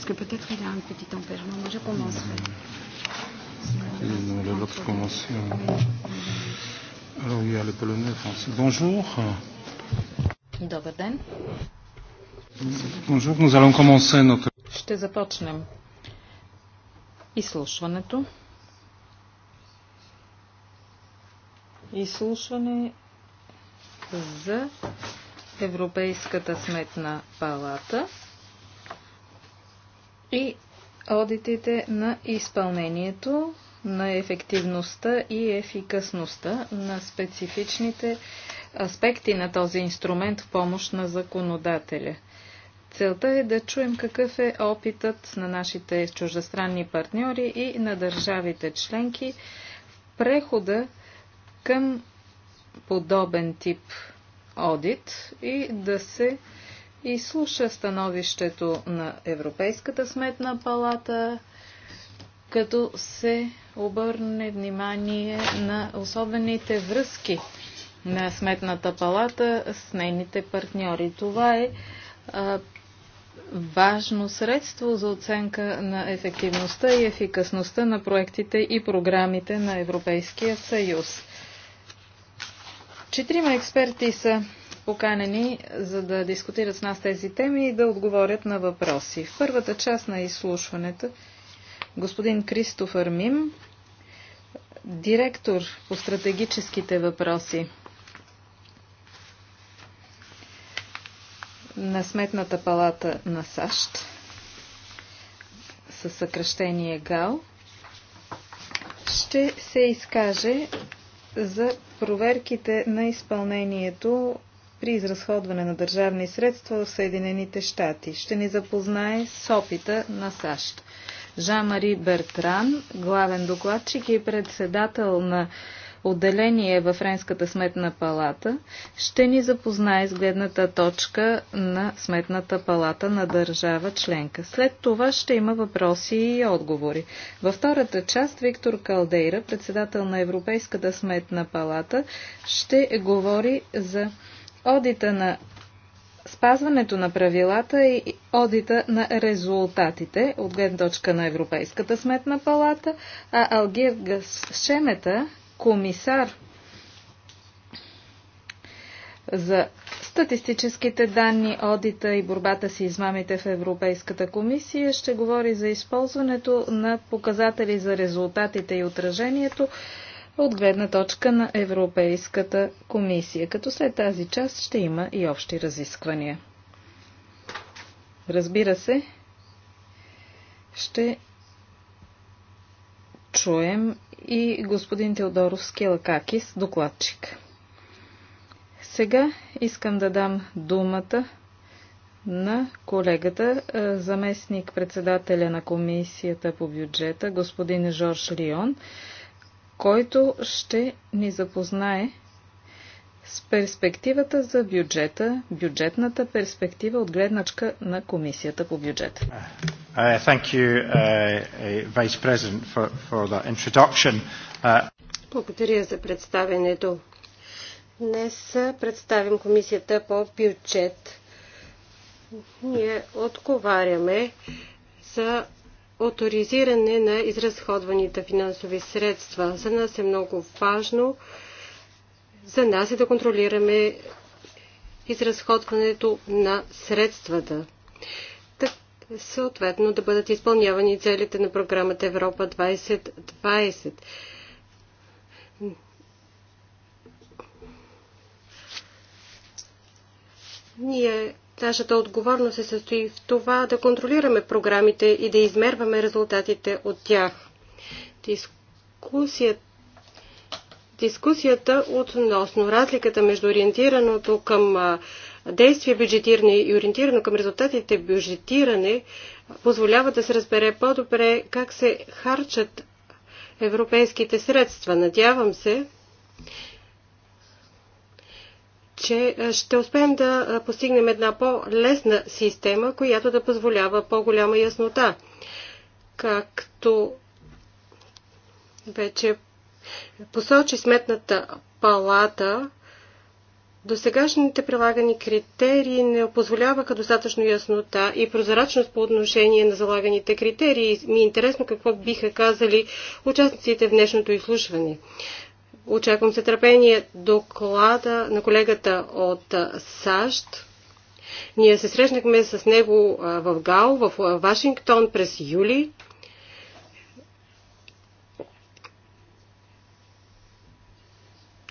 Parce que peut-être il a un petit tempérament. Moi, je commencerai. Oui, vote commence. Alors, il y a le polonais français. Bonjour. Добър Bonjour, nous allons commencer notre... Ще започнем изслушването. Изслушване за Европейската сметна палата и одитите на изпълнението, на ефективността и ефикасността на специфичните аспекти на този инструмент в помощ на законодателя. Целта е да чуем какъв е опитът на нашите чуждестранни партньори и на държавите членки в прехода към подобен тип одит и да се изслуша становището на Европейската сметна палата, като се обърне внимание на особените връзки на Сметната палата с нейните партньори. Това е а, важно средство за оценка на ефективността и ефикасността на проектите и програмите на Европейския съюз. Четирима експерти са поканени за да дискутират с нас тези теми и да отговорят на въпроси. В първата част на изслушването господин Кристофър Мим, директор по стратегическите въпроси на Сметната палата на САЩ със съкръщение ГАО, ще се изкаже за проверките на изпълнението при изразходване на държавни средства в Съединените щати. Ще ни запознае с опита на САЩ. Жан-Мари Бертран, главен докладчик и председател на отделение във Френската сметна палата, ще ни запознае с гледната точка на сметната палата на държава членка. След това ще има въпроси и отговори. Във втората част Виктор Калдейра, председател на Европейската сметна палата, ще говори за одита на спазването на правилата и одита на резултатите от гледна точка на Европейската сметна палата, а Алгир Гасшемета, комисар за статистическите данни, одита и борбата си измамите в Европейската комисия ще говори за използването на показатели за резултатите и отражението от гледна точка на Европейската комисия, като след тази част ще има и общи разисквания. Разбира се, ще чуем и господин Теодоров Скилакакис, докладчик. Сега искам да дам думата на колегата, е, заместник председателя на комисията по бюджета, господин Жорж Лион, който ще ни запознае с перспективата за бюджета, бюджетната перспектива от гледначка на Комисията по бюджет. Uh, uh, uh, Благодаря за представенето. Днес представим Комисията по бюджет. Ние отговаряме за авторизиране на изразходваните финансови средства. За нас е много важно. За нас е да контролираме изразходването на средствата. Так, съответно да бъдат изпълнявани целите на програмата Европа 2020. Ние Нашата отговорност се състои в това да контролираме програмите и да измерваме резултатите от тях. Дискусията дискусията относно разликата между ориентираното към действие бюджетиране и ориентирано към резултатите бюджетиране позволява да се разбере по-добре как се харчат европейските средства. Надявам се, че ще успеем да постигнем една по-лесна система, която да позволява по-голяма яснота. Както вече посочи сметната палата, досегашните прилагани критерии не позволяваха достатъчно яснота и прозрачност по отношение на залаганите критерии. Ми е интересно какво биха казали участниците в днешното изслушване. Очаквам се търпение доклада на колегата от САЩ. Ние се срещнахме с него в Гао, в Вашингтон през юли.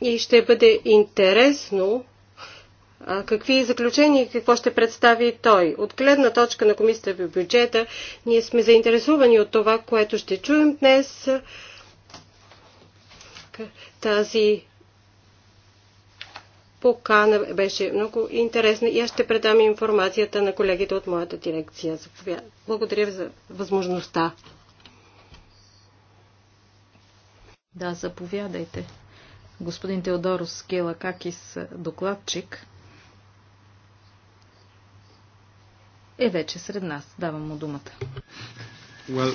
И ще бъде интересно какви заключения и какво ще представи той. От гледна точка на комисията по бюджета, ние сме заинтересувани от това, което ще чуем днес тази покана беше много интересна и аз ще предам информацията на колегите от моята дирекция. Благодаря за възможността. Да, заповядайте. Господин Теодорос Келакакис, докладчик, е вече сред нас. Давам му думата. Well,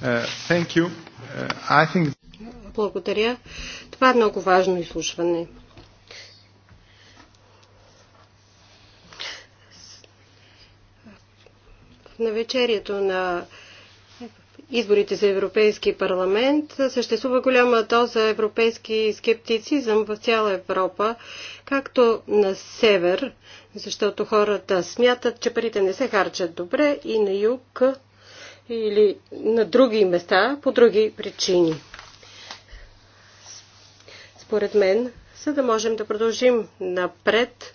uh, thank you. Uh, I think... Благодаря. Това е много важно изслушване. На вечерието на изборите за Европейски парламент съществува голяма доза европейски скептицизъм в цяла Европа, както на север, защото хората смятат, че парите не се харчат добре и на юг или на други места по други причини според мен, за да можем да продължим напред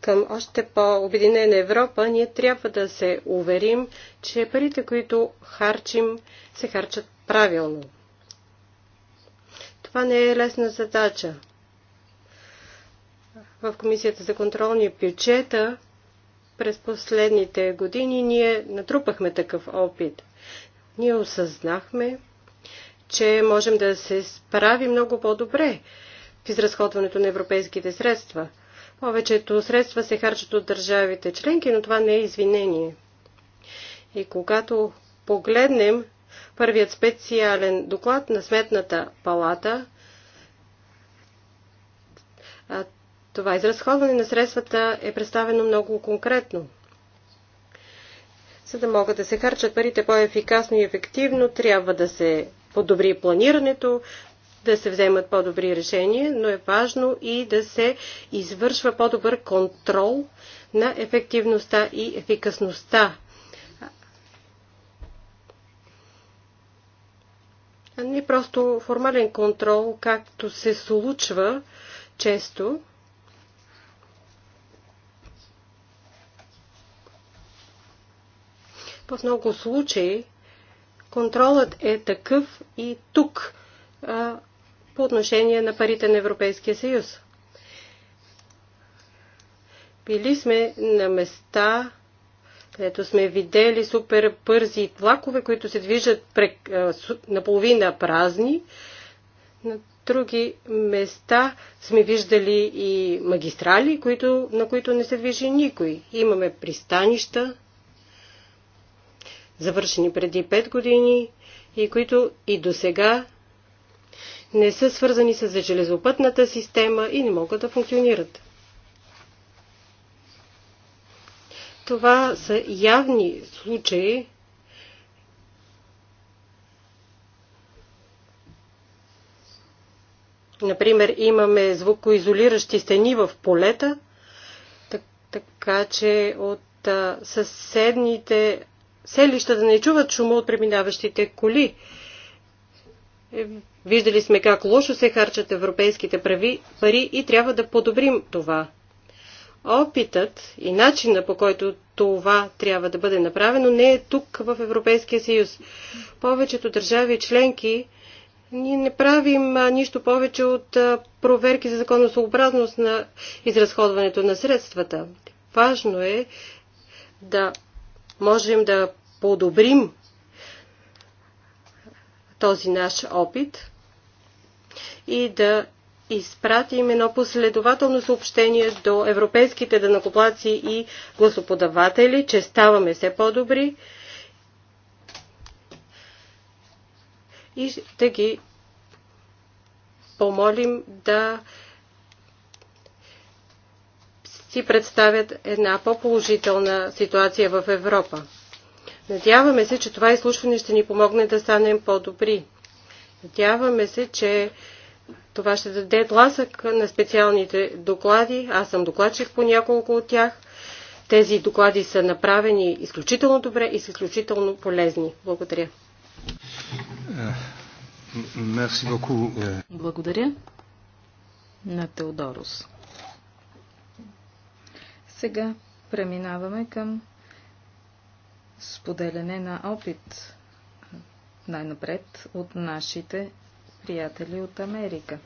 към още по-обединена Европа, ние трябва да се уверим, че парите, които харчим, се харчат правилно. Това не е лесна задача. В Комисията за контролни бюджета през последните години ние натрупахме такъв опит. Ние осъзнахме, че можем да се справим много по-добре в изразходването на европейските средства. Повечето средства се харчат от държавите членки, но това не е извинение. И когато погледнем първият специален доклад на Сметната палата, това изразходване на средствата е представено много конкретно. За да могат да се харчат парите по-ефикасно и ефективно, трябва да се подобри планирането, да се вземат по-добри решения, но е важно и да се извършва по-добър контрол на ефективността и ефикасността. А не просто формален контрол, както се случва често. В много случаи Контролът е такъв и тук а, по отношение на парите на Европейския съюз. Били сме на места, където сме видели супер бързи влакове, които се движат наполовина празни. На други места сме виждали и магистрали, които, на които не се движи никой. Имаме пристанища, завършени преди 5 години и които и до сега не са свързани с железопътната система и не могат да функционират. Това са явни случаи, Например, имаме звукоизолиращи стени в полета, така че от съседните селища да не чуват шума от преминаващите коли. Е, виждали сме как лошо се харчат европейските прави, пари и трябва да подобрим това. Опитът и начина по който това трябва да бъде направено не е тук в Европейския съюз. Повечето държави членки ние не правим нищо повече от проверки за законосъобразност на изразходването на средствата. Важно е да можем да подобрим този наш опит и да изпратим едно последователно съобщение до европейските данакоплаци и гласоподаватели, че ставаме все по-добри и да ги помолим да си представят една по-положителна ситуация в Европа. Надяваме се, че това изслушване ще ни помогне да станем по-добри. Надяваме се, че това ще даде тласък на специалните доклади. Аз съм докладчик по няколко от тях. Тези доклади са направени изключително добре и са изключително полезни. Благодаря. Е, е. Благодаря на Теодорус. Сега преминаваме към споделяне на опит най-напред от нашите приятели от Америка.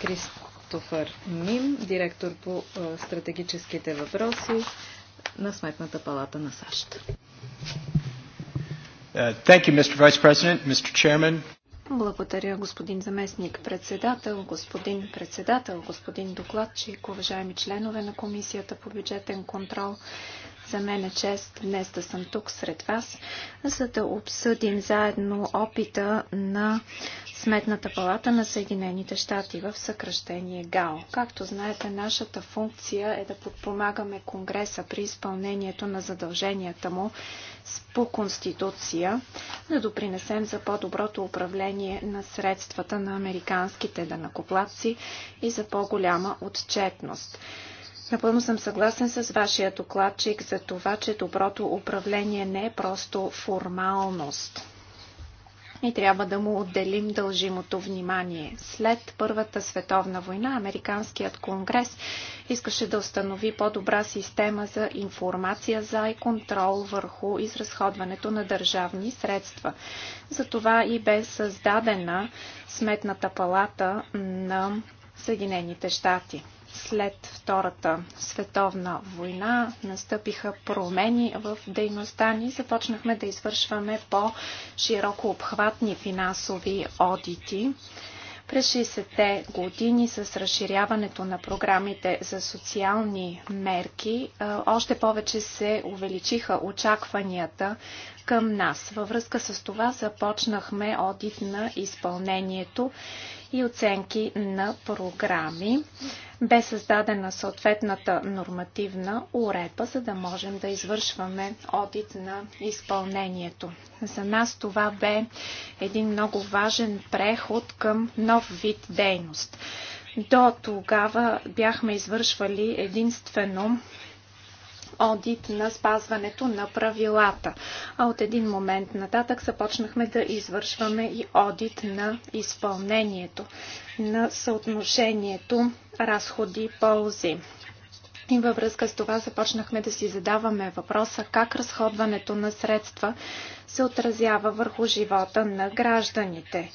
Кристофър Мим, директор по стратегическите въпроси на Сметната палата на САЩ. Uh, you, Mr. Vice President, Mr. Chairman. Благодаря, господин заместник председател, господин председател, господин докладчик, уважаеми членове на Комисията по бюджетен контрол. За мен е чест днес да съм тук сред вас, за да обсъдим заедно опита на Сметната палата на Съединените щати в съкръщение ГАО. Както знаете, нашата функция е да подпомагаме Конгреса при изпълнението на задълженията му по Конституция, да допринесем за по-доброто управление на средствата на американските данакоплатци и за по-голяма отчетност. Напълно съм съгласен с вашия докладчик за това, че доброто управление не е просто формалност и трябва да му отделим дължимото внимание. След Първата световна война Американският конгрес искаше да установи по-добра система за информация за и контрол върху изразходването на държавни средства. Затова и бе създадена Сметната палата на Съединените щати след Втората световна война настъпиха промени в дейността ни. Започнахме да извършваме по-широко обхватни финансови одити. През 60-те години с разширяването на програмите за социални мерки още повече се увеличиха очакванията към нас. Във връзка с това започнахме одит на изпълнението и оценки на програми. Бе създадена съответната нормативна уредба, за да можем да извършваме одит на изпълнението. За нас това бе един много важен преход към нов вид дейност. До тогава бяхме извършвали единствено одит на спазването на правилата. А от един момент нататък започнахме да извършваме и одит на изпълнението, на съотношението разходи-ползи. И във връзка с това започнахме да си задаваме въпроса как разходването на средства се отразява върху живота на гражданите.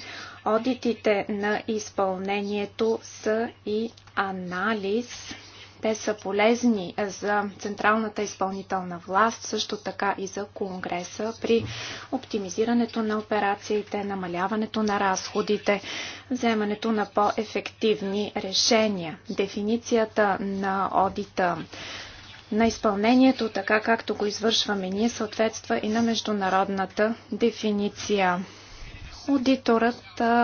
Одитите на изпълнението са и анализ те са полезни за Централната изпълнителна власт, също така и за Конгреса при оптимизирането на операциите, намаляването на разходите, вземането на по-ефективни решения. Дефиницията на одита на изпълнението, така както го извършваме ние, съответства и на международната дефиниция. Аудиторът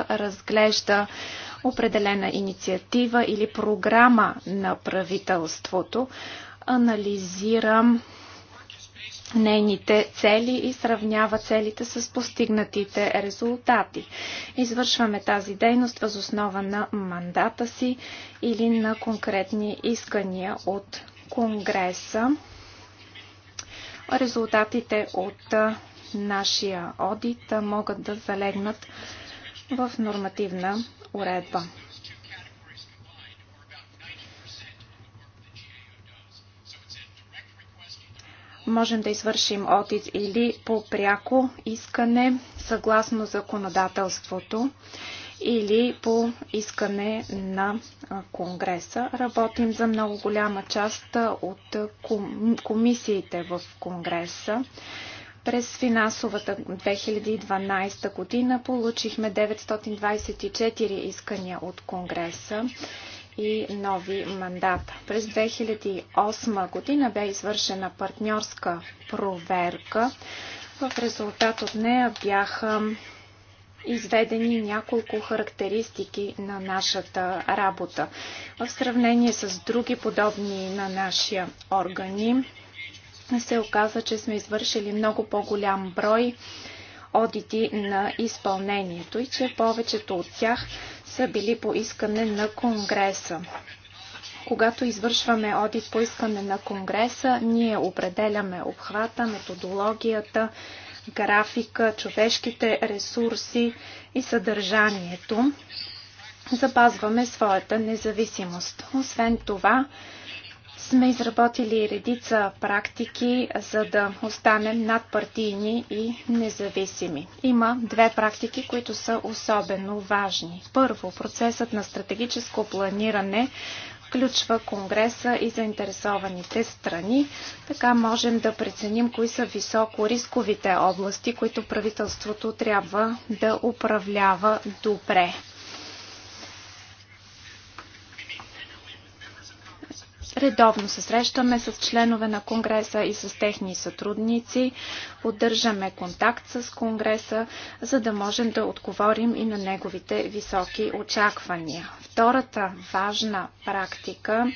разглежда определена инициатива или програма на правителството. Анализирам нейните цели и сравнява целите с постигнатите резултати. Извършваме тази дейност въз основа на мандата си или на конкретни искания от Конгреса. Резултатите от нашия одит могат да залегнат в нормативна уредба. Можем да извършим одит или по пряко искане съгласно законодателството или по искане на Конгреса. Работим за много голяма част от комисиите в Конгреса. През финансовата 2012 година получихме 924 искания от Конгреса и нови мандата. През 2008 година бе извършена партньорска проверка. В резултат от нея бяха изведени няколко характеристики на нашата работа. В сравнение с други подобни на нашия органи, се оказа, че сме извършили много по-голям брой одити на изпълнението и че повечето от тях са били по искане на Конгреса. Когато извършваме одит по искане на Конгреса, ние определяме обхвата, методологията, графика, човешките ресурси и съдържанието. Запазваме своята независимост. Освен това, сме изработили редица практики, за да останем надпартийни и независими. Има две практики, които са особено важни. Първо, процесът на стратегическо планиране включва Конгреса и заинтересованите страни. Така можем да преценим кои са високо рисковите области, които правителството трябва да управлява добре. Редовно се срещаме с членове на Конгреса и с техни сътрудници. Поддържаме контакт с Конгреса, за да можем да отговорим и на неговите високи очаквания. Втората важна практика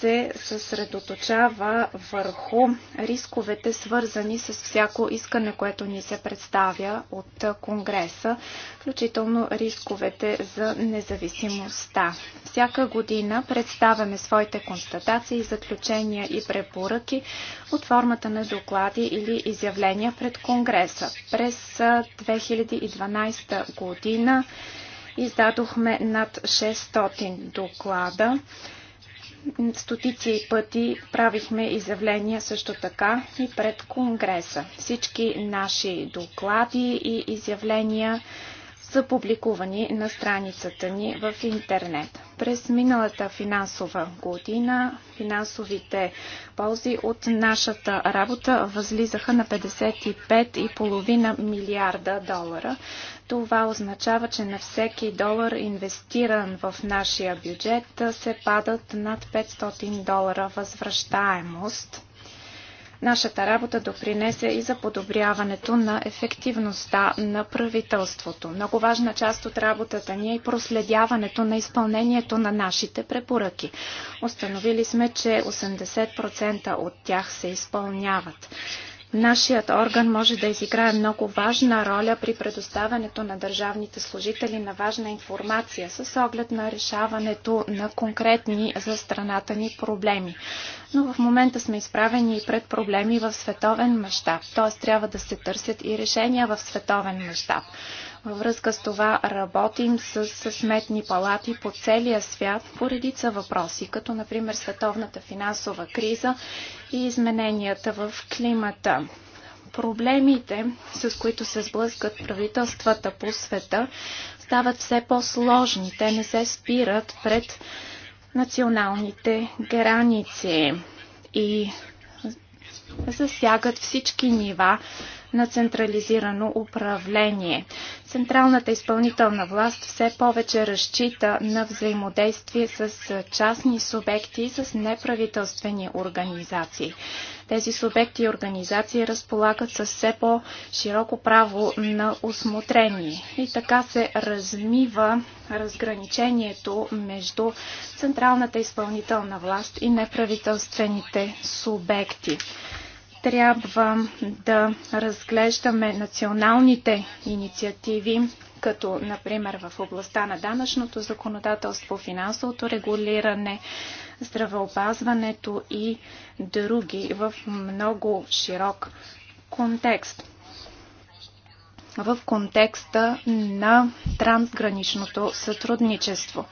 се съсредоточава върху рисковете, свързани с всяко искане, което ни се представя от Конгреса, включително рисковете за независимостта. Всяка година представяме своите констатации, заключения и препоръки от формата на доклади или изявления пред Конгреса. През 2012 година издадохме над 600 доклада. Стотици пъти правихме изявления също така и пред Конгреса. Всички наши доклади и изявления са публикувани на страницата ни в интернет. През миналата финансова година финансовите ползи от нашата работа възлизаха на 55,5 милиарда долара. Това означава, че на всеки долар инвестиран в нашия бюджет се падат над 500 долара възвръщаемост Нашата работа допринесе и за подобряването на ефективността на правителството. Много важна част от работата ни е и проследяването на изпълнението на нашите препоръки. Установили сме, че 80% от тях се изпълняват. Нашият орган може да изиграе много важна роля при предоставянето на държавните служители на важна информация с оглед на решаването на конкретни за страната ни проблеми. Но в момента сме изправени и пред проблеми в световен мащаб, т.е. трябва да се търсят и решения в световен мащаб. Във връзка с това работим с сметни палати по целия свят по редица въпроси, като например световната финансова криза и измененията в климата. Проблемите, с които се сблъскат правителствата по света, стават все по-сложни. Те не се спират пред националните граници и засягат всички нива на централизирано управление. Централната изпълнителна власт все повече разчита на взаимодействие с частни субекти и с неправителствени организации. Тези субекти и организации разполагат с все по-широко право на осмотрение. И така се размива разграничението между централната изпълнителна власт и неправителствените субекти трябва да разглеждаме националните инициативи, като например в областта на данъчното законодателство, финансовото регулиране, здравеопазването и други в много широк контекст. В контекста на трансграничното сътрудничество.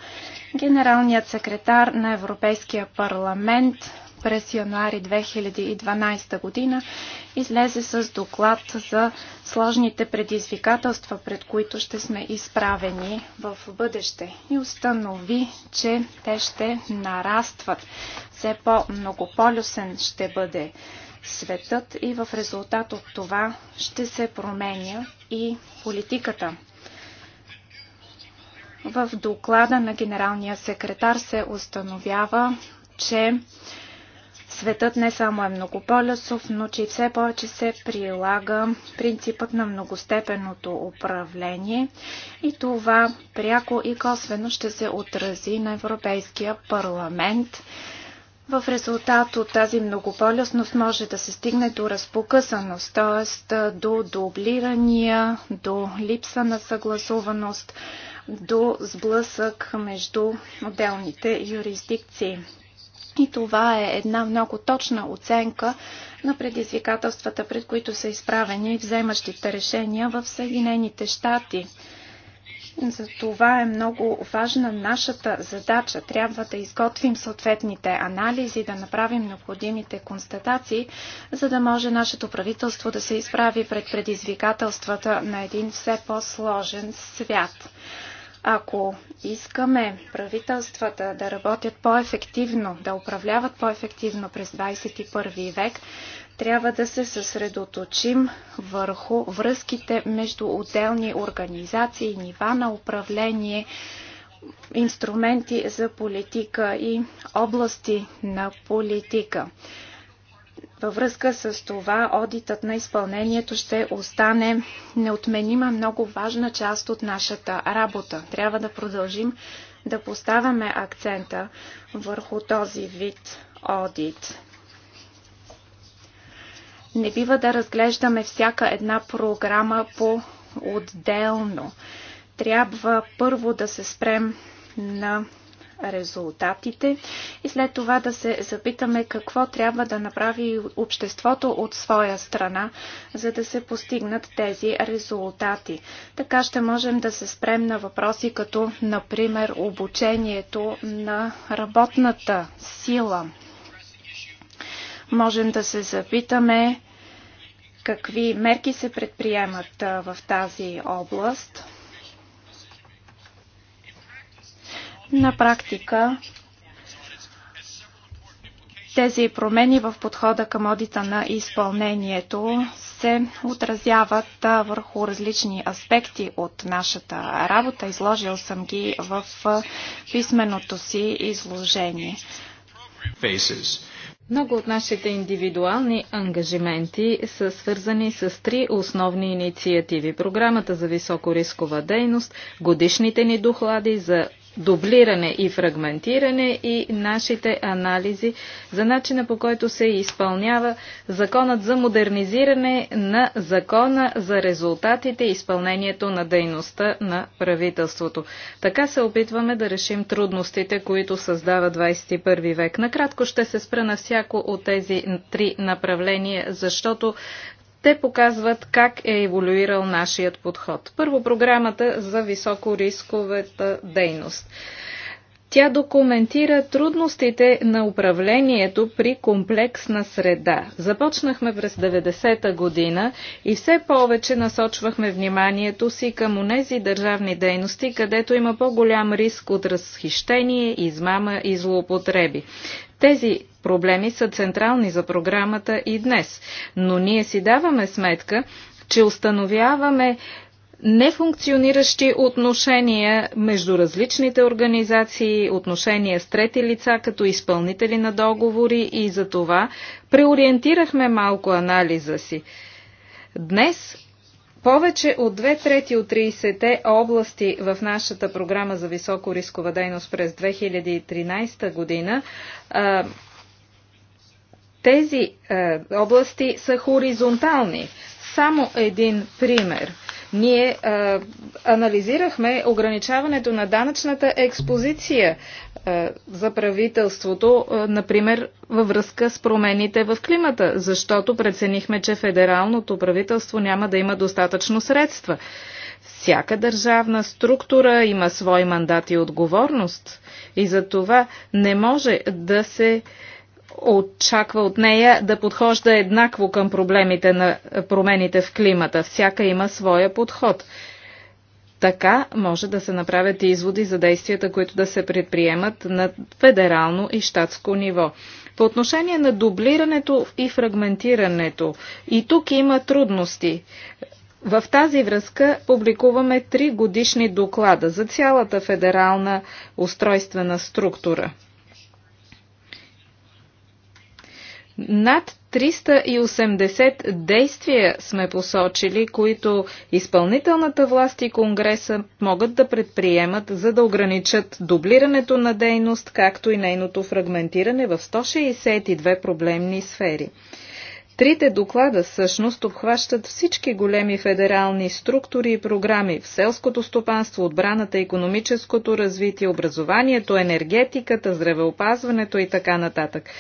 Генералният секретар на Европейския парламент през януари 2012 година излезе с доклад за сложните предизвикателства, пред които ще сме изправени в бъдеще и установи, че те ще нарастват. Все по-многополюсен ще бъде светът и в резултат от това ще се променя и политиката. В доклада на генералния секретар се установява, че Светът не само е многополюсов, но че и все повече се прилага принципът на многостепенното управление и това пряко и косвено ще се отрази на Европейския парламент. В резултат от тази многополюсност може да се стигне до разпокъсаност, т.е. до дублирания, до липса на съгласуваност, до сблъсък между отделните юрисдикции. И това е една много точна оценка на предизвикателствата, пред които са изправени вземащите решения в Съединените щати. За това е много важна нашата задача. Трябва да изготвим съответните анализи, да направим необходимите констатации, за да може нашето правителство да се изправи пред предизвикателствата на един все по-сложен свят. Ако искаме правителствата да работят по-ефективно, да управляват по-ефективно през 21 век, трябва да се съсредоточим върху връзките между отделни организации, нива на управление, инструменти за политика и области на политика. Във връзка с това, одитът на изпълнението ще остане неотменима много важна част от нашата работа. Трябва да продължим да поставяме акцента върху този вид одит. Не бива да разглеждаме всяка една програма по-отделно. Трябва първо да се спрем на резултатите и след това да се запитаме какво трябва да направи обществото от своя страна, за да се постигнат тези резултати. Така ще можем да се спрем на въпроси като, например, обучението на работната сила. Можем да се запитаме какви мерки се предприемат в тази област – На практика тези промени в подхода към одита на изпълнението се отразяват върху различни аспекти от нашата работа. Изложил съм ги в писменото си изложение. Много от нашите индивидуални ангажименти са свързани с три основни инициативи. Програмата за високорискова дейност, годишните ни доклади за дублиране и фрагментиране и нашите анализи за начина по който се изпълнява Законът за модернизиране на Закона за резултатите и изпълнението на дейността на правителството. Така се опитваме да решим трудностите, които създава 21 век. Накратко ще се спра на всяко от тези три направления, защото те показват как е еволюирал нашият подход. Първо програмата за високорисковата дейност. Тя документира трудностите на управлението при комплексна среда. Започнахме през 90-та година и все повече насочвахме вниманието си към онези държавни дейности, където има по-голям риск от разхищение, измама и злоупотреби. Тези проблеми са централни за програмата и днес. Но ние си даваме сметка, че установяваме нефункциониращи отношения между различните организации, отношения с трети лица като изпълнители на договори и за това преориентирахме малко анализа си. Днес повече от две трети от 30-те области в нашата програма за високо рискова дейност през 2013 година тези е, области са хоризонтални. Само един пример. Ние е, анализирахме ограничаването на данъчната експозиция е, за правителството, е, например, във връзка с промените в климата, защото преценихме, че федералното правителство няма да има достатъчно средства. Всяка държавна структура има свой мандат и отговорност и за това не може да се е, очаква от нея да подхожда еднакво към проблемите на промените в климата. Всяка има своя подход. Така може да се направят и изводи за действията, които да се предприемат на федерално и щатско ниво. По отношение на дублирането и фрагментирането, и тук има трудности. В тази връзка публикуваме три годишни доклада за цялата федерална устройствена структура – Над 380 действия сме посочили, които изпълнителната власт и Конгреса могат да предприемат, за да ограничат дублирането на дейност, както и нейното фрагментиране в 162 проблемни сфери. Трите доклада всъщност обхващат всички големи федерални структури и програми в селското стопанство, отбраната, економическото развитие, образованието, енергетиката, здравеопазването и така нататък.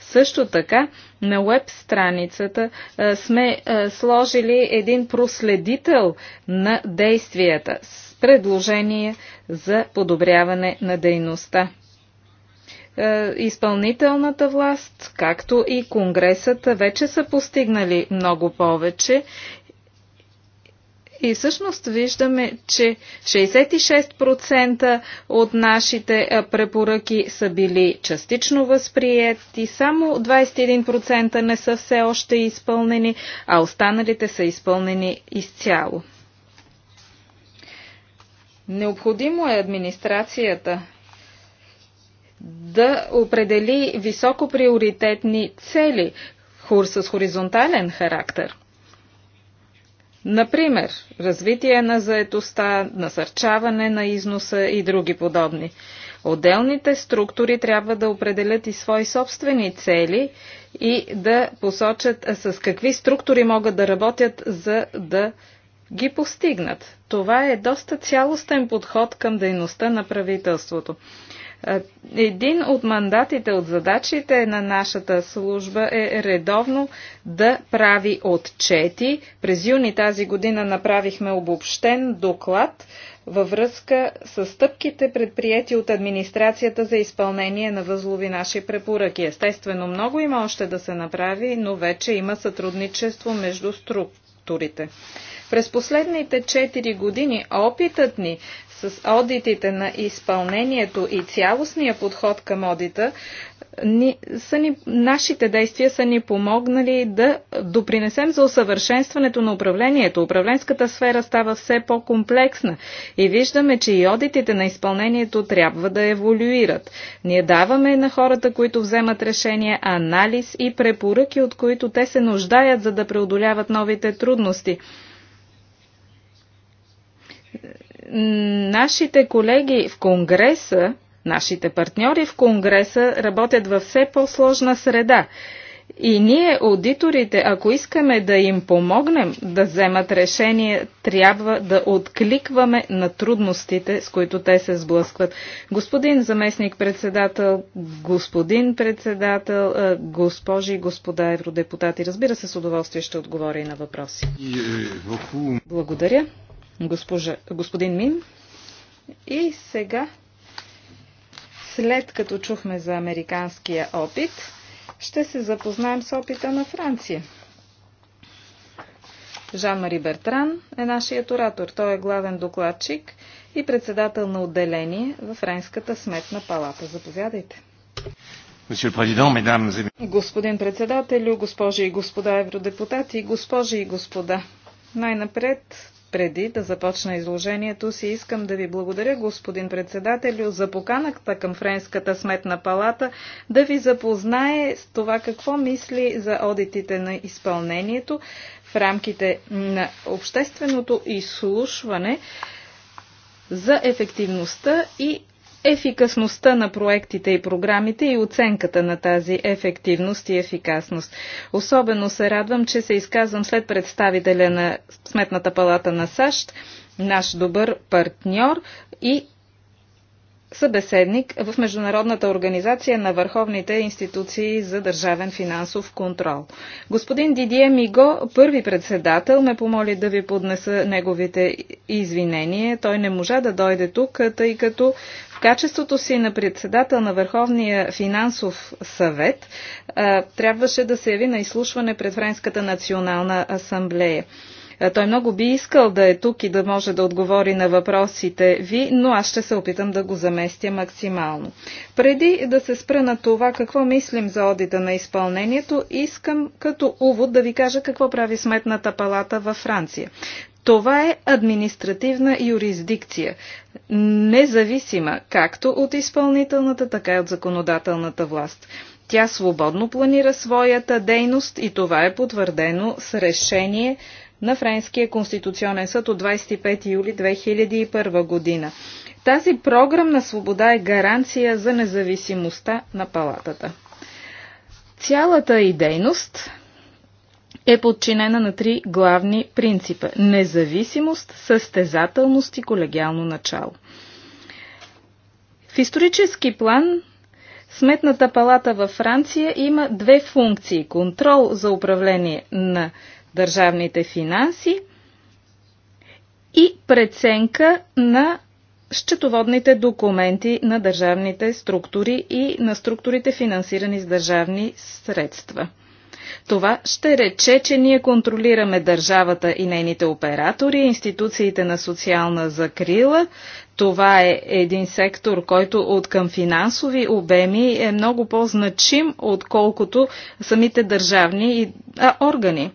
Също така на веб страницата сме сложили един проследител на действията с предложение за подобряване на дейността. Е, изпълнителната власт, както и Конгресът вече са постигнали много повече. И всъщност виждаме, че 66% от нашите е, препоръки са били частично възприяти, само 21% не са все още изпълнени, а останалите са изпълнени изцяло. Необходимо е администрацията да определи високоприоритетни цели с хоризонтален характер. Например, развитие на заетостта, насърчаване на износа и други подобни. Отделните структури трябва да определят и свои собствени цели и да посочат с какви структури могат да работят, за да ги постигнат. Това е доста цялостен подход към дейността на правителството. Е, един от мандатите, от задачите на нашата служба е редовно да прави отчети. През юни тази година направихме обобщен доклад във връзка с стъпките предприяти от администрацията за изпълнение на възлови наши препоръки. Естествено, много има още да се направи, но вече има сътрудничество между структурите. През последните 4 години опитът ни с одитите на изпълнението и цялостния подход към одита, ни, са ни, нашите действия са ни помогнали да допринесем за усъвършенстването на управлението. Управленската сфера става все по-комплексна и виждаме, че и одитите на изпълнението трябва да еволюират. Ние даваме на хората, които вземат решения, анализ и препоръки, от които те се нуждаят, за да преодоляват новите трудности Нашите колеги в Конгреса, нашите партньори в Конгреса работят във все по-сложна среда. И ние, аудиторите, ако искаме да им помогнем да вземат решение, трябва да откликваме на трудностите, с които те се сблъскват. Господин заместник-председател, господин председател, е, госпожи и господа евродепутати, разбира се, с удоволствие ще отговоря и на въпроси. Е, Благодаря госпожа, господин Мин. И сега, след като чухме за американския опит, ще се запознаем с опита на Франция. Жан-Мари Бертран е нашият оратор. Той е главен докладчик и председател на отделение в Френската сметна палата. Заповядайте. Господин председателю, госпожи и господа евродепутати, госпожи и господа, най-напред преди да започна изложението си, искам да ви благодаря, господин председателю, за поканата към Френската сметна палата да ви запознае с това какво мисли за одитите на изпълнението в рамките на общественото изслушване за ефективността и ефикасността на проектите и програмите и оценката на тази ефективност и ефикасност. Особено се радвам, че се изказвам след представителя на Сметната палата на САЩ, наш добър партньор и събеседник в Международната организация на върховните институции за държавен финансов контрол. Господин Дидие Миго, първи председател, ме помоли да ви поднеса неговите извинения. Той не можа да дойде тук, тъй като в качеството си на председател на Върховния финансов съвет трябваше да се яви на изслушване пред Френската национална асамблея. Той много би искал да е тук и да може да отговори на въпросите ви, но аз ще се опитам да го заместя максимално. Преди да се спра на това какво мислим за одита на изпълнението, искам като увод да ви кажа какво прави Сметната палата във Франция. Това е административна юрисдикция, независима както от изпълнителната, така и от законодателната власт. Тя свободно планира своята дейност и това е потвърдено с решение на Френския конституционен съд от 25 юли 2001 година. Тази програмна свобода е гаранция за независимостта на палатата. Цялата и дейност е подчинена на три главни принципа – независимост, състезателност и колегиално начало. В исторически план Сметната палата във Франция има две функции – контрол за управление на държавните финанси и преценка на счетоводните документи на държавните структури и на структурите финансирани с държавни средства – това ще рече, че ние контролираме държавата и нейните оператори, институциите на социална закрила. Това е един сектор, който от към финансови обеми е много по-значим, отколкото самите държавни органи.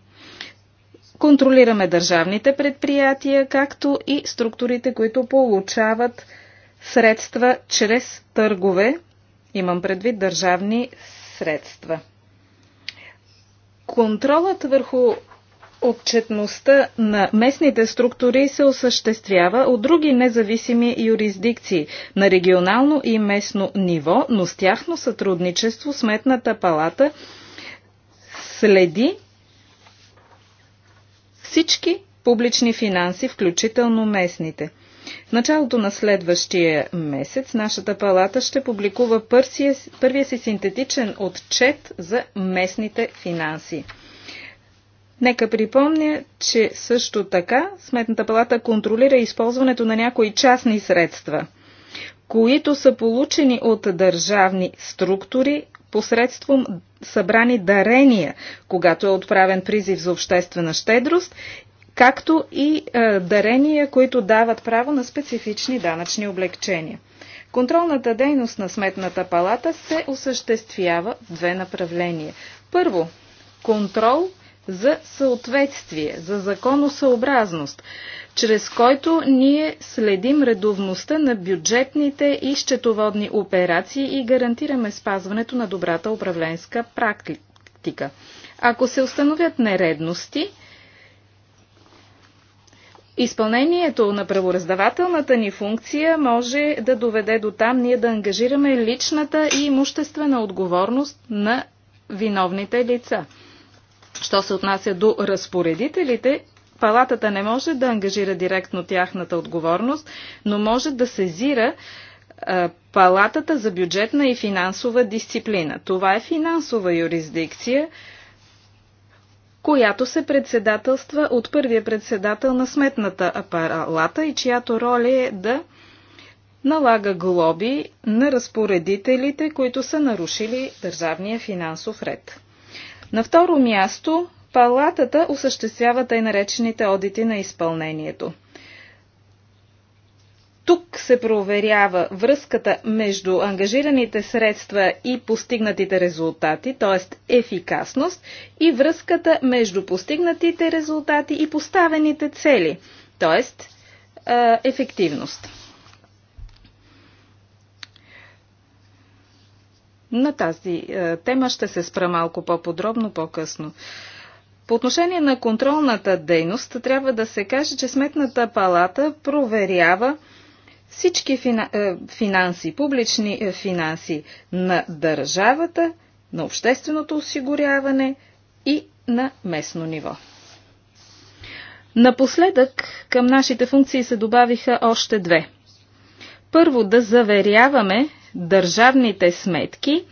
Контролираме държавните предприятия, както и структурите, които получават средства чрез търгове, имам предвид държавни средства. Контролът върху отчетността на местните структури се осъществява от други независими юрисдикции на регионално и местно ниво, но с тяхно сътрудничество Сметната палата следи всички публични финанси, включително местните. В началото на следващия месец нашата палата ще публикува първия си синтетичен отчет за местните финанси. Нека припомня, че също така Сметната палата контролира използването на някои частни средства, които са получени от държавни структури посредством събрани дарения, когато е отправен призив за обществена щедрост както и е, дарения, които дават право на специфични данъчни облегчения. Контролната дейност на Сметната палата се осъществява в две направления. Първо, контрол за съответствие, за законосъобразност, чрез който ние следим редовността на бюджетните и счетоводни операции и гарантираме спазването на добрата управленска практика. Ако се установят нередности, Изпълнението на правораздавателната ни функция може да доведе до там ние да ангажираме личната и имуществена отговорност на виновните лица. Що се отнася до разпоредителите, палатата не може да ангажира директно тяхната отговорност, но може да сезира палатата за бюджетна и финансова дисциплина. Това е финансова юрисдикция, която се председателства от първия председател на сметната апаралата и чиято роля е да налага глоби на разпоредителите, които са нарушили държавния финансов ред. На второ място, палатата осъществява тъй наречените одити на изпълнението тук се проверява връзката между ангажираните средства и постигнатите резултати, т.е. ефикасност, и връзката между постигнатите резултати и поставените цели, т.е. ефективност. На тази тема ще се спра малко по-подробно по-късно. По отношение на контролната дейност трябва да се каже, че Сметната палата проверява всички е, финанси, публични е, финанси на държавата, на общественото осигуряване и на местно ниво. Напоследък към нашите функции се добавиха още две. Първо да заверяваме държавните сметки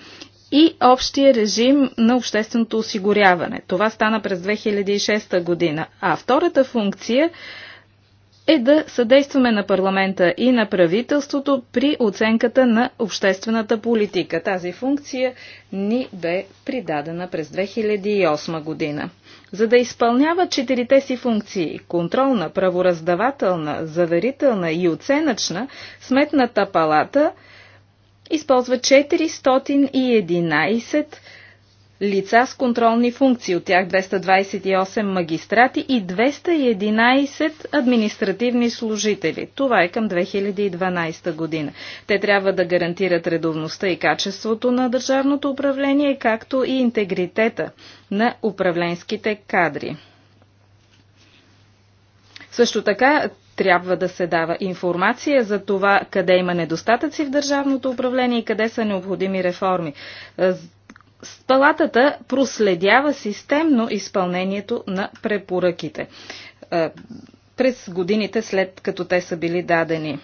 и общия режим на общественото осигуряване. Това стана през 2006 година. А втората функция е да съдействаме на парламента и на правителството при оценката на обществената политика. Тази функция ни бе придадена през 2008 година. За да изпълнява четирите си функции – контролна, правораздавателна, заверителна и оценъчна, Сметната палата използва 411 лица с контролни функции, от тях 228 магистрати и 211 административни служители. Това е към 2012 година. Те трябва да гарантират редовността и качеството на държавното управление, както и интегритета на управленските кадри. Също така трябва да се дава информация за това къде има недостатъци в държавното управление и къде са необходими реформи. Е, Палатата проследява системно изпълнението на препоръките е, през годините след като те са били дадени.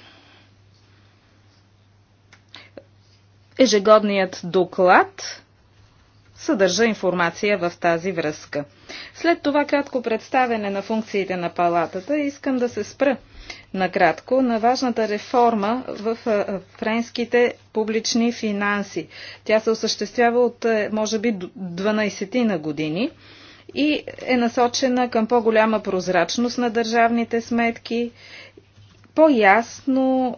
Ежегодният доклад съдържа информация в тази връзка. След това кратко представене на функциите на палатата искам да се спра накратко на важната реформа в френските публични финанси. Тя се осъществява от е, може би 12 на години и е насочена към по-голяма прозрачност на държавните сметки, по-ясно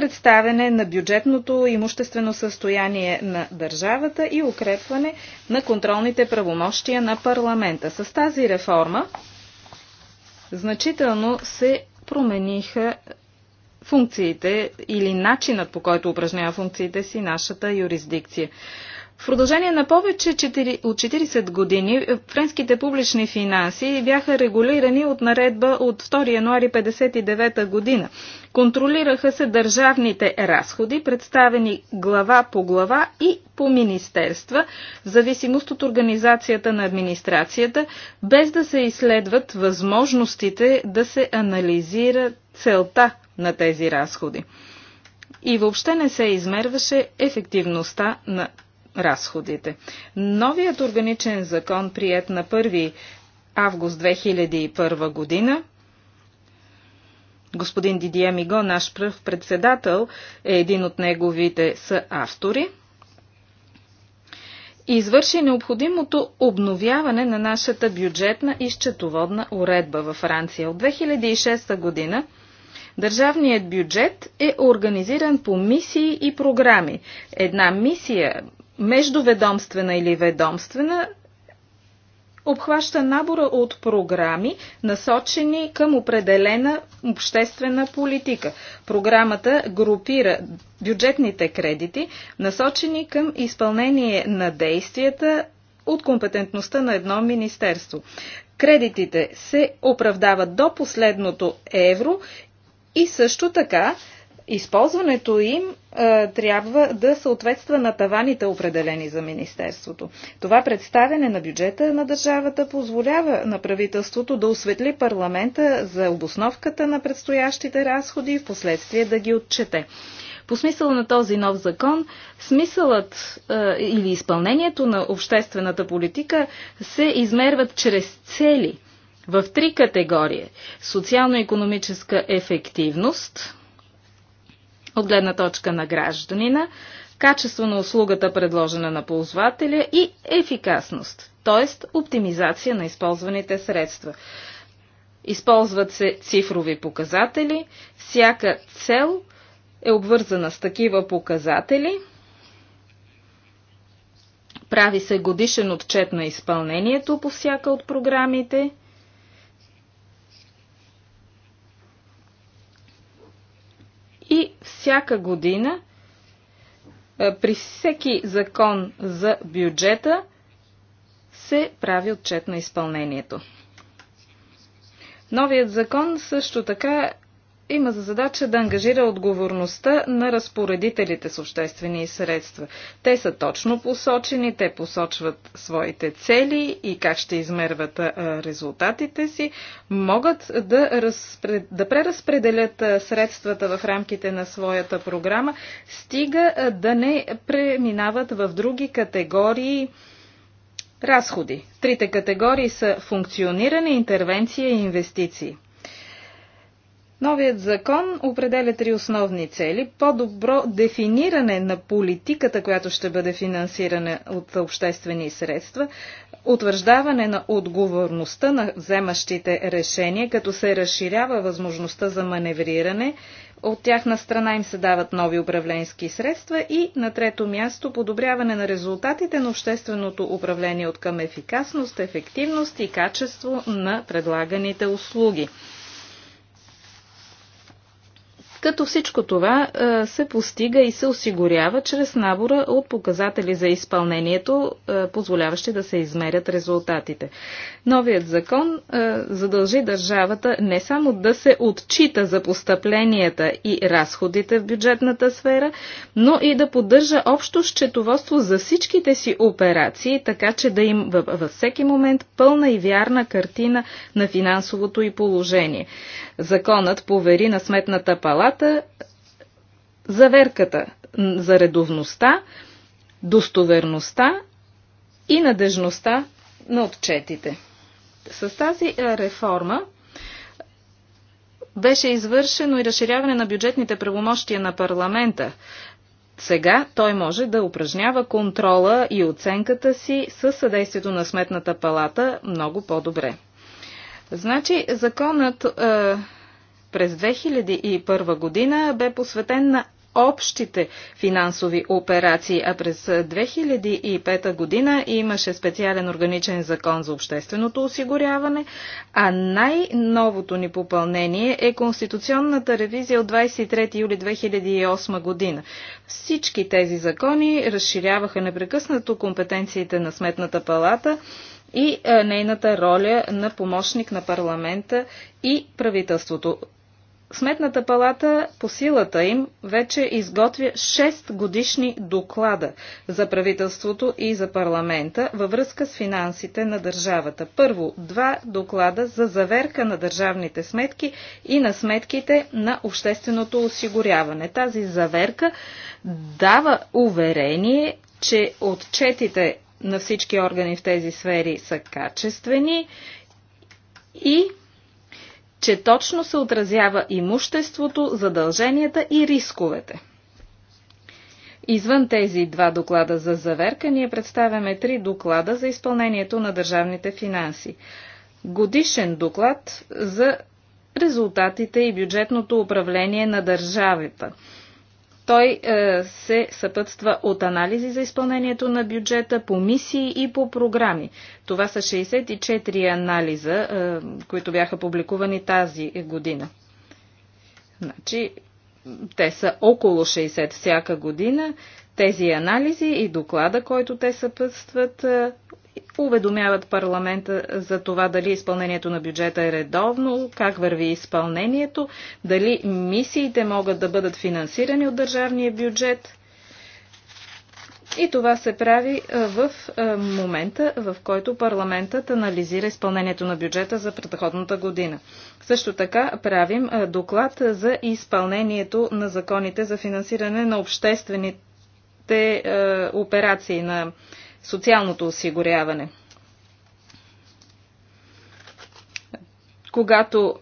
представяне на бюджетното имуществено състояние на държавата и укрепване на контролните правомощия на парламента. С тази реформа значително се промениха функциите или начинът по който упражнява функциите си нашата юрисдикция. В продължение на повече 4, от 40 години е, френските публични финанси бяха регулирани от наредба от 2 януари 1959 година. Контролираха се държавните разходи, представени глава по глава и по министерства, в зависимост от организацията на администрацията, без да се изследват възможностите да се анализира целта на тези разходи. И въобще не се измерваше ефективността на разходите. Новият органичен закон, прият на 1 август 2001 година, господин Дидия Миго, наш пръв председател, е един от неговите съавтори, автори. извърши необходимото обновяване на нашата бюджетна и счетоводна уредба във Франция. От 2006 година Държавният бюджет е организиран по мисии и програми. Една мисия междуведомствена или ведомствена, обхваща набора от програми, насочени към определена обществена политика. Програмата групира бюджетните кредити, насочени към изпълнение на действията от компетентността на едно министерство. Кредитите се оправдават до последното евро и също така използването им а, е, трябва да съответства на таваните определени за Министерството. Това представяне на бюджета на държавата позволява на правителството да осветли парламента за обосновката на предстоящите разходи и в последствие да ги отчете. По смисъл на този нов закон, смисълът а, е, или изпълнението на обществената политика се измерват чрез цели в три категории – социално-економическа ефективност – от гледна точка на гражданина, качество на услугата предложена на ползвателя и ефикасност, т.е. оптимизация на използваните средства. Използват се цифрови показатели, всяка цел е обвързана с такива показатели, прави се годишен отчет на изпълнението по всяка от програмите – и всяка година е, при всеки закон за бюджета се прави отчет на изпълнението. Новият закон също така има за задача да ангажира отговорността на разпоредителите с обществени средства. Те са точно посочени, те посочват своите цели и как ще измерват резултатите си, могат да, разпред... да преразпределят средствата в рамките на своята програма, стига да не преминават в други категории разходи. Трите категории са функциониране, интервенция и инвестиции. Новият закон определя три основни цели. По-добро дефиниране на политиката, която ще бъде финансирана от обществени средства, утвърждаване на отговорността на вземащите решения, като се разширява възможността за маневриране, от тяхна страна им се дават нови управленски средства и на трето място подобряване на резултатите на общественото управление от към ефикасност, ефективност и качество на предлаганите услуги като всичко това се постига и се осигурява чрез набора от показатели за изпълнението, позволяващи да се измерят резултатите. Новият закон задължи държавата не само да се отчита за постъпленията и разходите в бюджетната сфера, но и да поддържа общо счетоводство за всичките си операции, така че да им във всеки момент пълна и вярна картина на финансовото и положение. Законът повери на Сметната палата правилата заверката за редовността, достоверността и надежността на отчетите. С тази е, реформа беше извършено и разширяване на бюджетните правомощия на парламента. Сега той може да упражнява контрола и оценката си със съдействието на Сметната палата много по-добре. Значи, законът е, през 2001 година бе посветен на общите финансови операции, а през 2005 година имаше специален органичен закон за общественото осигуряване, а най-новото ни попълнение е Конституционната ревизия от 23 юли 2008 година. Всички тези закони разширяваха непрекъснато компетенциите на Сметната палата и е, нейната роля на помощник на парламента и правителството. Сметната палата по силата им вече изготвя 6 годишни доклада за правителството и за парламента във връзка с финансите на държавата. Първо, два доклада за заверка на държавните сметки и на сметките на общественото осигуряване. Тази заверка дава уверение, че отчетите на всички органи в тези сфери са качествени и че точно се отразява имуществото, задълженията и рисковете. Извън тези два доклада за заверка, ние представяме три доклада за изпълнението на държавните финанси. Годишен доклад за резултатите и бюджетното управление на държавата – той е, се съпътства от анализи за изпълнението на бюджета по мисии и по програми. Това са 64 анализа, е, които бяха публикувани тази година. Значи, те са около 60 всяка година. Тези анализи и доклада, който те съпътстват, е, уведомяват парламента за това дали изпълнението на бюджета е редовно, как върви изпълнението, дали мисиите могат да бъдат финансирани от държавния бюджет. И това се прави в момента, в който парламентът анализира изпълнението на бюджета за предходната година. Също така правим доклад за изпълнението на законите за финансиране на обществените операции на социалното осигуряване. Когато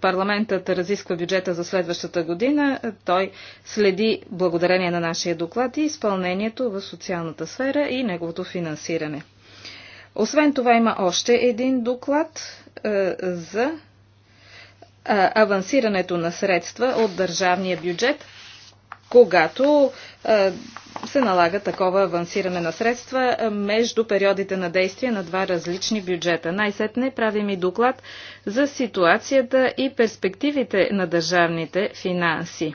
парламентът разисква бюджета за следващата година, той следи благодарение на нашия доклад и изпълнението в социалната сфера и неговото финансиране. Освен това има още един доклад за авансирането на средства от държавния бюджет – когато се налага такова авансиране на средства между периодите на действие на два различни бюджета. Най-сетне правим и доклад за ситуацията и перспективите на държавните финанси.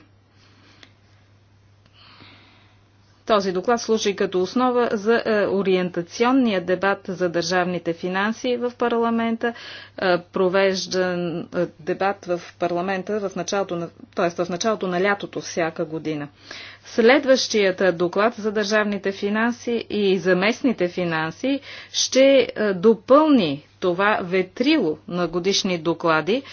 Този доклад служи като основа за е, ориентационния дебат за държавните финанси в парламента, е, провеждан е, дебат в парламента в началото на, т.е. в началото на лятото всяка година. Следващият доклад за държавните финанси и за местните финанси ще допълни това ветрило на годишни доклади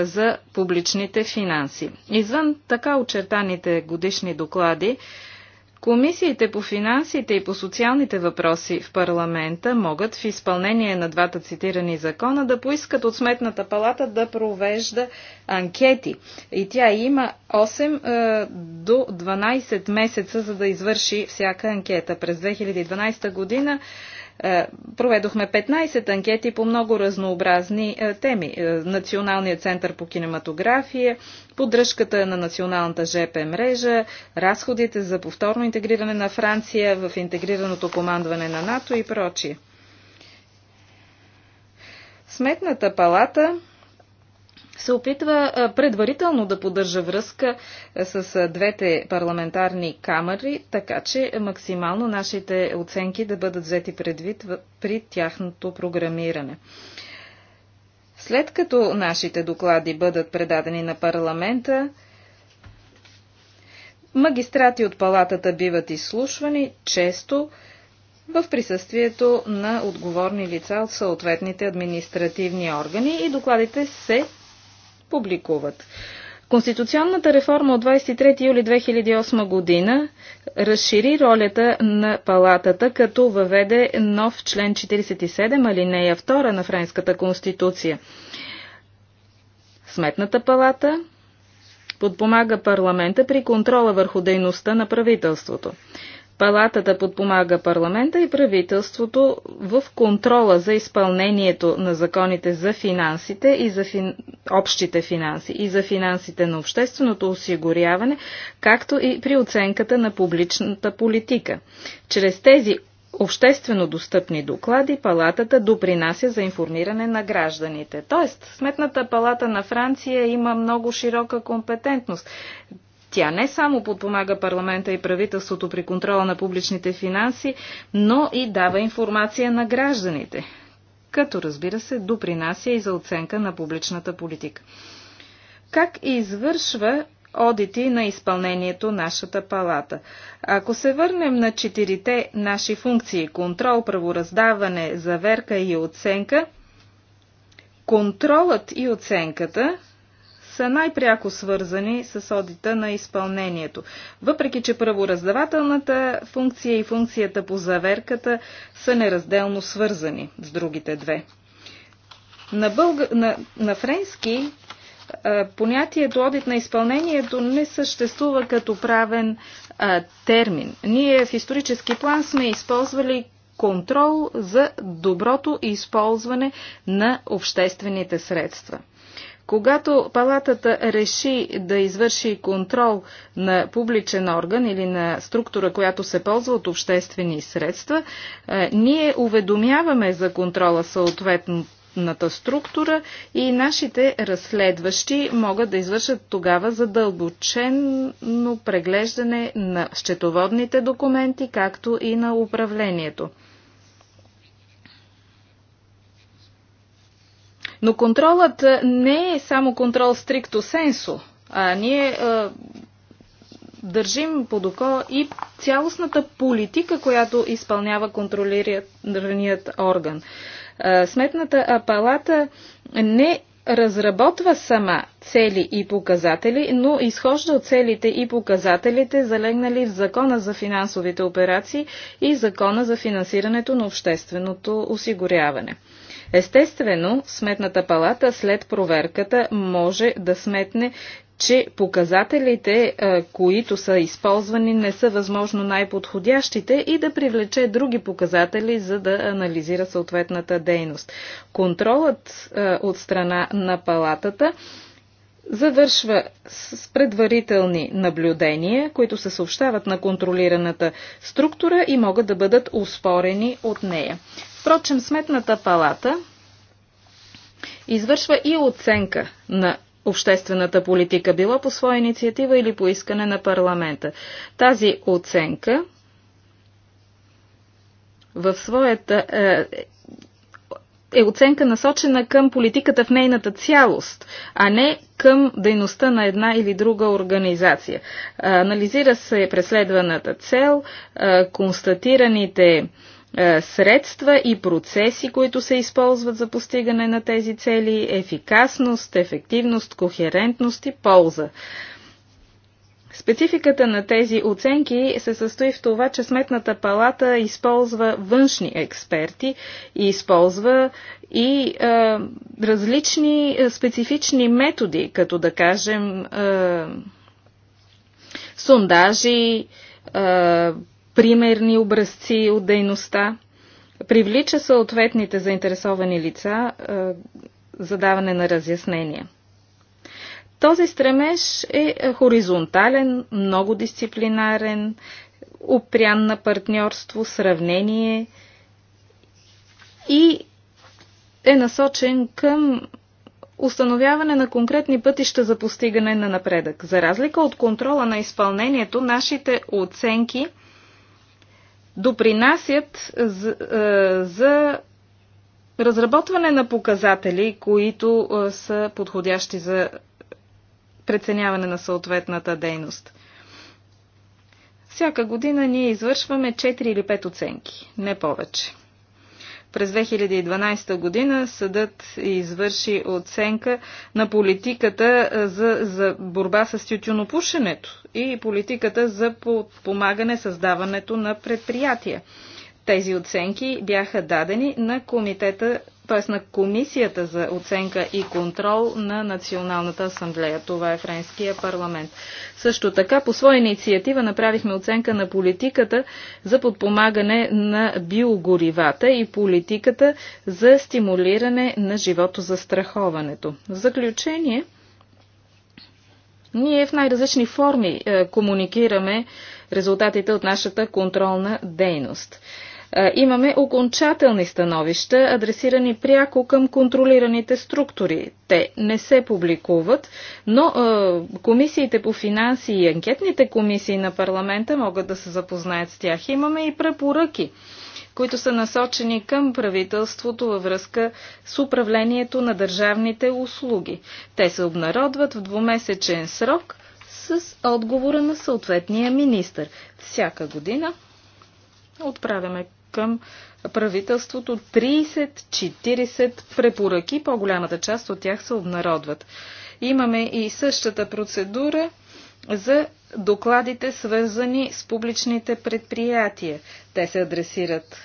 за публичните финанси. Извън така очертаните годишни доклади, Комисиите по финансите и по социалните въпроси в парламента могат в изпълнение на двата цитирани закона да поискат от Сметната палата да провежда анкети. И тя има 8 е, до 12 месеца, за да извърши всяка анкета. През 2012 година е, проведохме 15 анкети по много разнообразни е, теми. Е, Националният център по кинематография, поддръжката на националната ЖП мрежа, разходите за повторно интегриране на Франция в интегрираното командване на НАТО и прочие. Сметната палата се опитва предварително да поддържа връзка с двете парламентарни камери, така че максимално нашите оценки да бъдат взети предвид при тяхното програмиране. След като нашите доклади бъдат предадени на парламента, магистрати от палатата биват изслушвани често в присъствието на отговорни лица от съответните административни органи и докладите се публикуват. Конституционната реформа от 23 юли 2008 година разшири ролята на палатата, като въведе нов член 47 алинея 2 на Френската конституция. Сметната палата подпомага парламента при контрола върху дейността на правителството. Палатата подпомага парламента и правителството в контрола за изпълнението на законите за финансите и за фин... общите финанси и за финансите на общественото осигуряване, както и при оценката на публичната политика. Чрез тези обществено достъпни доклади палатата допринася за информиране на гражданите. Тоест, Сметната палата на Франция има много широка компетентност. Тя не само подпомага парламента и правителството при контрола на публичните финанси, но и дава информация на гражданите, като разбира се допринася и за оценка на публичната политика. Как извършва одити на изпълнението нашата палата. Ако се върнем на четирите наши функции – контрол, правораздаване, заверка и оценка, контролът и оценката – са най-пряко свързани с одита на изпълнението. Въпреки, че правораздавателната функция и функцията по заверката са неразделно свързани с другите две. На, бълг... на, на френски понятието одит на изпълнението не съществува като правен а, термин. Ние в исторически план сме използвали контрол за доброто използване на обществените средства. Когато палатата реши да извърши контрол на публичен орган или на структура, която се ползва от обществени средства, е, ние уведомяваме за контрола съответната структура и нашите разследващи могат да извършат тогава задълбочено преглеждане на счетоводните документи, както и на управлението. Но контролът не е само контрол стрикто сенсо, а ние а, държим под око и цялостната политика, която изпълнява контролираният орган. А, сметната палата не разработва сама цели и показатели, но изхожда от целите и показателите, залегнали в Закона за финансовите операции и Закона за финансирането на общественото осигуряване. Естествено, Сметната палата след проверката може да сметне, че показателите, които са използвани, не са възможно най-подходящите и да привлече други показатели, за да анализира съответната дейност. Контролът от страна на палатата завършва с предварителни наблюдения, които се съобщават на контролираната структура и могат да бъдат успорени от нея. Впрочем, Сметната палата извършва и оценка на обществената политика, било по своя инициатива или по искане на парламента. Тази оценка в своята е, е оценка насочена към политиката в нейната цялост, а не към дейността на една или друга организация. Анализира се преследваната цел, констатираните е, средства и процеси, които се използват за постигане на тези цели, ефикасност, ефективност, кохерентност и полза. Спецификата на тези оценки се състои в това, че Сметната палата използва външни експерти и използва и е, различни е, специфични методи, като да кажем е, сундажи, е, примерни образци от дейността, привлича съответните заинтересовани лица е, за даване на разяснения. Този стремеж е, е хоризонтален, много дисциплинарен, упрян на партньорство, сравнение и е насочен към установяване на конкретни пътища за постигане на напредък. За разлика от контрола на изпълнението, нашите оценки – допринасят за, е, за разработване на показатели, които е, са подходящи за преценяване на съответната дейност. Всяка година ние извършваме 4 или 5 оценки, не повече. През 2012 година съдът извърши оценка на политиката за, за борба с тютюнопушенето и политиката за подпомагане създаването на предприятия. Тези оценки бяха дадени на Комитета т.е. на Комисията за оценка и контрол на Националната асамблея. Това е Френския парламент. Също така, по своя инициатива направихме оценка на политиката за подпомагане на биогоривата и политиката за стимулиране на живото за страховането. В заключение, ние в най-различни форми е, комуникираме резултатите от нашата контролна дейност. Е, имаме окончателни становища, адресирани пряко към контролираните структури. Те не се публикуват, но е, комисиите по финанси и анкетните комисии на парламента могат да се запознаят с тях. Имаме и препоръки които са насочени към правителството във връзка с управлението на държавните услуги. Те се обнародват в двумесечен срок с отговора на съответния министр. Всяка година отправяме към правителството 30-40 препоръки, по-голямата част от тях се обнародват. Имаме и същата процедура за докладите, свързани с публичните предприятия. Те се адресират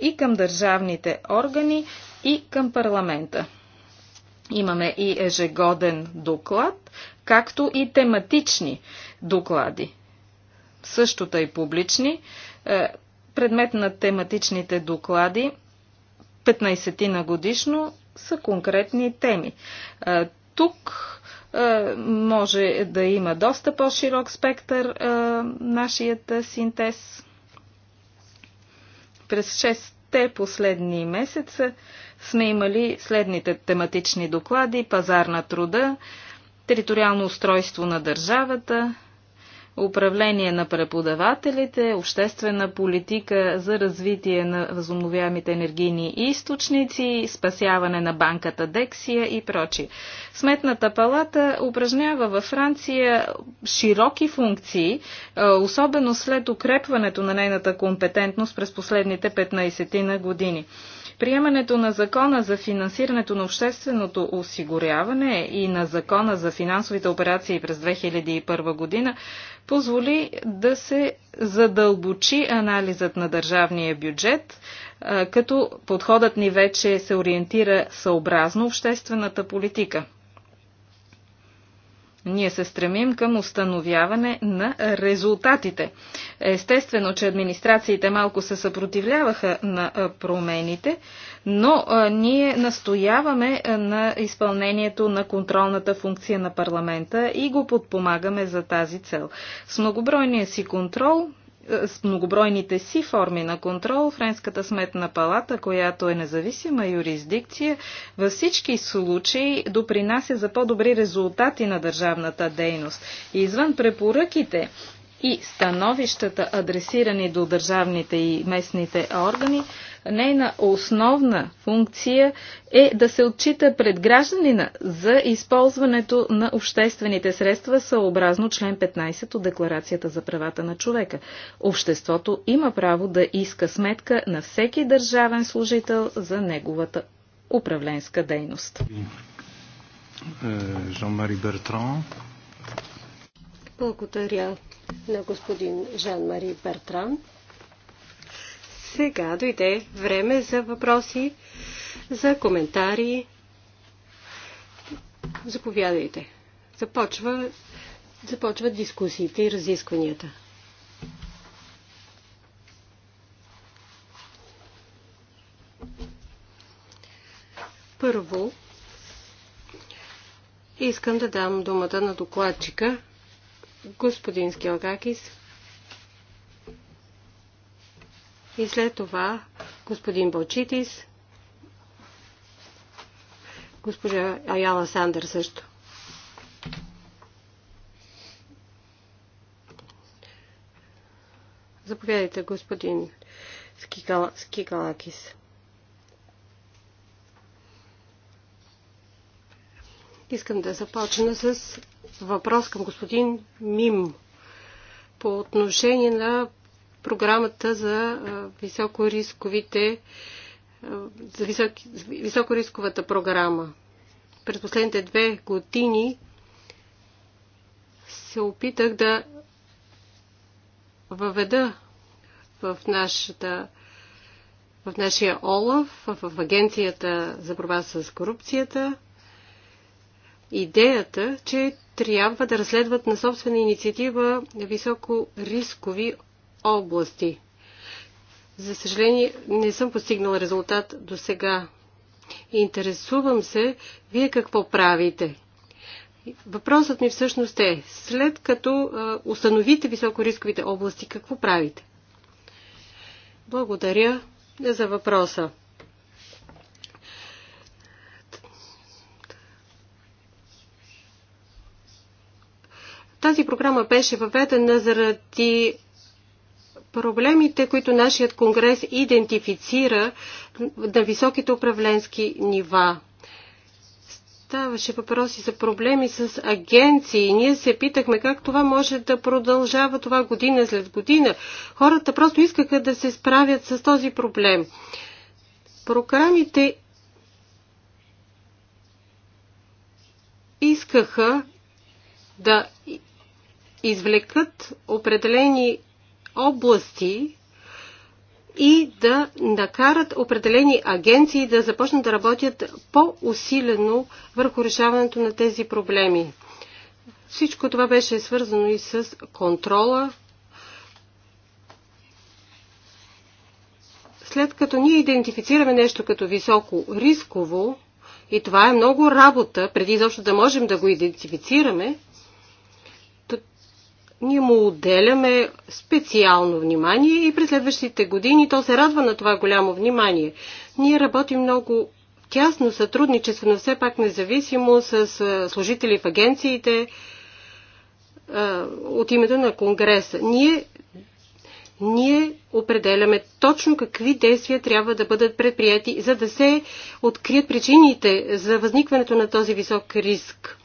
и към държавните органи, и към парламента. Имаме и ежегоден доклад, както и тематични доклади. Същото и публични, е, Предмет на тематичните доклади 15 на годишно са конкретни теми. Тук може да има доста по-широк спектър нашият синтез. През 6-те последни месеца сме имали следните тематични доклади – пазар на труда, териториално устройство на държавата, управление на преподавателите, обществена политика за развитие на възобновяемите енергийни източници, спасяване на банката Дексия и прочи. Сметната палата упражнява във Франция широки функции, особено след укрепването на нейната компетентност през последните 15 на години. Приемането на закона за финансирането на общественото осигуряване и на закона за финансовите операции през 2001 година позволи да се задълбочи анализът на държавния бюджет, като подходът ни вече се ориентира съобразно обществената политика. Ние се стремим към установяване на резултатите. Естествено, че администрациите малко се съпротивляваха на промените, но ние настояваме на изпълнението на контролната функция на парламента и го подпомагаме за тази цел. С многобройния си контрол е, с многобройните си форми на контрол, Френската сметна палата, която е независима юрисдикция, във всички случаи допринася за по-добри резултати на държавната дейност. И извън препоръките и становищата, адресирани до държавните и местните органи, нейна основна функция е да се отчита пред гражданина за използването на обществените средства съобразно член 15 от Декларацията за правата на човека. Обществото има право да иска сметка на всеки държавен служител за неговата управленска дейност. Е, Жан-Мари Бертран. Благодаря на господин Жан-Мари Бертран. Сега дойде време за въпроси, за коментари. Заповядайте. Започва, започват дискусиите и разискванията. Първо, искам да дам думата на докладчика господин Скилгакис и след това господин Бочитис, госпожа Аяла Сандър също. Заповядайте, господин Скикала, Скикалакис. Искам да започна с въпрос към господин Мим по отношение на програмата за високорисковите за високи, високорисковата програма. През последните две години се опитах да въведа в нашата в нашия ОЛАВ, в Агенцията за борба с корупцията, идеята, че трябва да разследват на собствена инициатива високо рискови области. За съжаление, не съм постигнал резултат до сега. Интересувам се, вие какво правите? Въпросът ми всъщност е, след като установите високорисковите области, какво правите? Благодаря за въпроса. Тази програма беше въведена заради проблемите, които нашият конгрес идентифицира на високите управленски нива. Ставаше въпроси за проблеми с агенции. Ние се питахме как това може да продължава това година след година. Хората просто искаха да се справят с този проблем. Програмите искаха да извлекат определени области и да накарат определени агенции да започнат да работят по-усилено върху решаването на тези проблеми. Всичко това беше свързано и с контрола. След като ние идентифицираме нещо като високо рисково, и това е много работа, преди изобщо да можем да го идентифицираме, ние му отделяме специално внимание и през следващите години то се радва на това голямо внимание. Ние работим много тясно сътрудничество, но все пак независимо с служители в агенциите от името на Конгреса. Ние, ние определяме точно какви действия трябва да бъдат предприяти, за да се открият причините за възникването на този висок риск.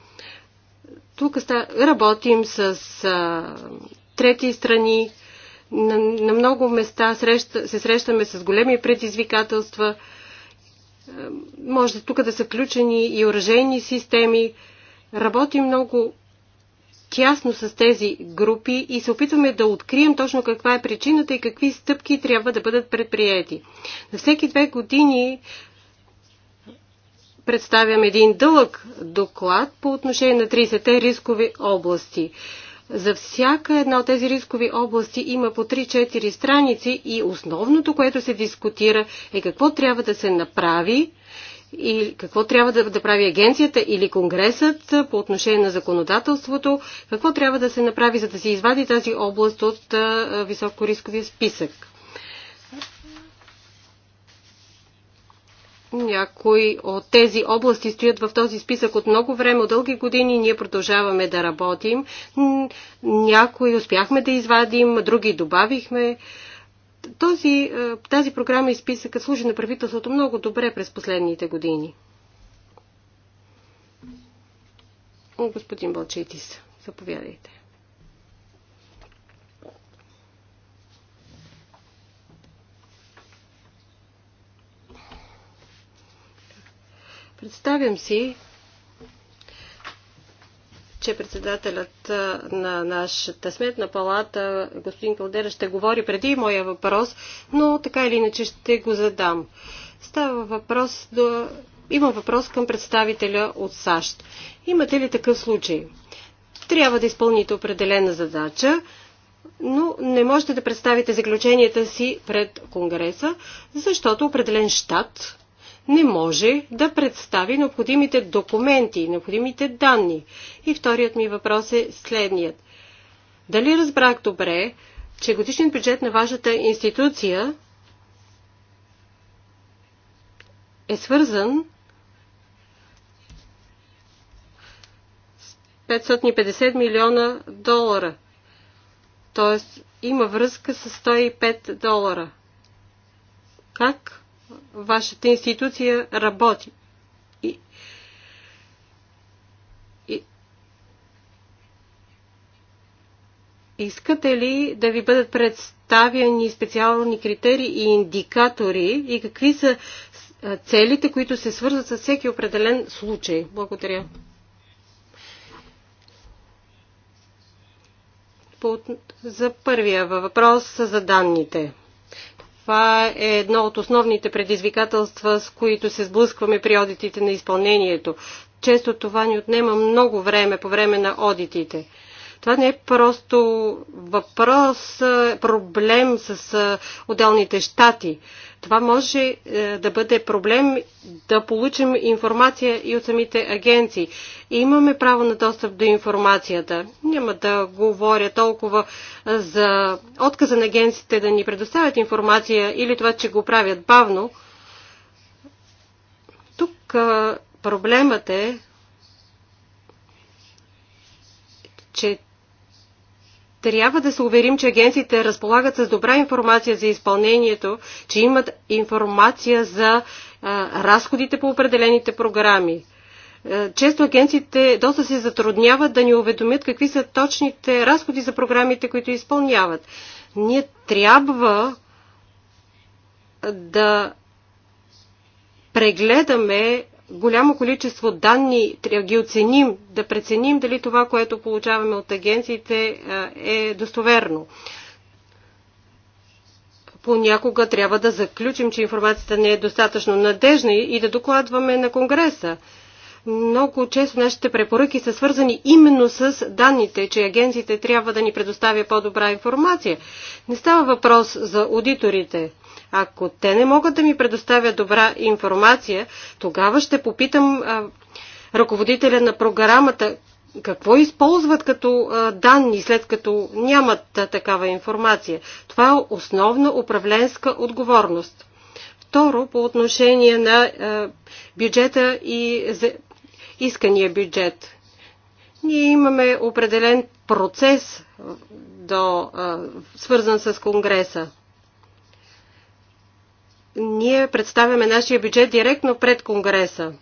Тук работим с а, трети страни. На, на много места среща, се срещаме с големи предизвикателства. Може тук да са включени и оръжейни системи. Работим много тясно с тези групи и се опитваме да открием точно каква е причината и какви стъпки трябва да бъдат предприяти. На всеки две години представям един дълъг доклад по отношение на 30-те рискови области. За всяка една от тези рискови области има по 3-4 страници и основното, което се дискутира е какво трябва да се направи и какво трябва да, да прави агенцията или Конгресът по отношение на законодателството, какво трябва да се направи, за да се извади тази област от а, високорисковия списък. Някои от тези области стоят в този списък от много време, от дълги години. Ние продължаваме да работим. Някои успяхме да извадим, други добавихме. Този, е, тази програма и списъкът е служи на правителството много добре през последните години. Господин Балчетис, заповядайте. Представям си, че председателят на нашата сметна палата, господин Калдера, ще говори преди моя въпрос, но така или иначе ще го задам. Става въпрос до... Има въпрос към представителя от САЩ. Имате ли такъв случай? Трябва да изпълните определена задача, но не можете да представите заключенията си пред Конгреса, защото определен щат не може да представи необходимите документи, необходимите данни. И вторият ми въпрос е следният. Дали разбрах добре, че годишният бюджет на вашата институция е свързан 550 милиона долара. Тоест има връзка с 105 долара. Как вашата институция работи. И, и, искате ли да ви бъдат представени специални критерии и индикатори и какви са целите, които се свързват с всеки определен случай? Благодаря. За първия въпрос за данните. Това е едно от основните предизвикателства, с които се сблъскваме при одитите на изпълнението. Често това ни отнема много време по време на одитите. Това не е просто въпрос, проблем с отделните щати. Това може е, да бъде проблем да получим информация и от самите агенции. И имаме право на достъп до информацията. Няма да говоря толкова е, за отказа на агенциите да ни предоставят информация или това, че го правят бавно. Тук е, проблемът е, че трябва да се уверим, че агенциите разполагат с добра информация за изпълнението, че имат информация за а, разходите по определените програми. Често агенциите доста се затрудняват да ни уведомят какви са точните разходи за програмите, които изпълняват. Ние трябва да прегледаме голямо количество данни трябва ги оценим, да преценим дали това, което получаваме от агенциите е, е достоверно. Понякога трябва да заключим, че информацията не е достатъчно надежна и да докладваме на Конгреса. Много често нашите препоръки са свързани именно с данните, че агенциите трябва да ни предоставя по-добра информация. Не става въпрос за аудиторите. Ако те не могат да ми предоставят добра информация, тогава ще попитам а, ръководителя на програмата какво използват като а, данни, след като нямат а, такава информация. Това е основна управленска отговорност. Второ, по отношение на а, бюджета и искания бюджет. Ние имаме определен процес, до, а, свързан с Конгреса. Ние представяме нашия бюджет директно пред Конгреса.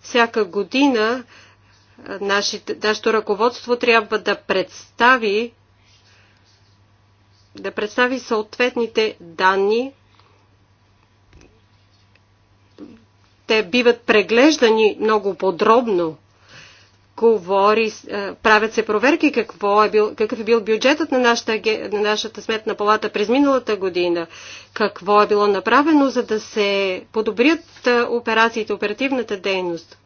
Всяка година нашите, нашето ръководство трябва да представи да представи съответните данни те биват преглеждани много подробно. Говори, е, правят се проверки какво е бил, какъв е бил бюджетът на нашата, на нашата сметна палата през миналата година, какво е било направено, за да се подобрят е, операциите, оперативната дейност.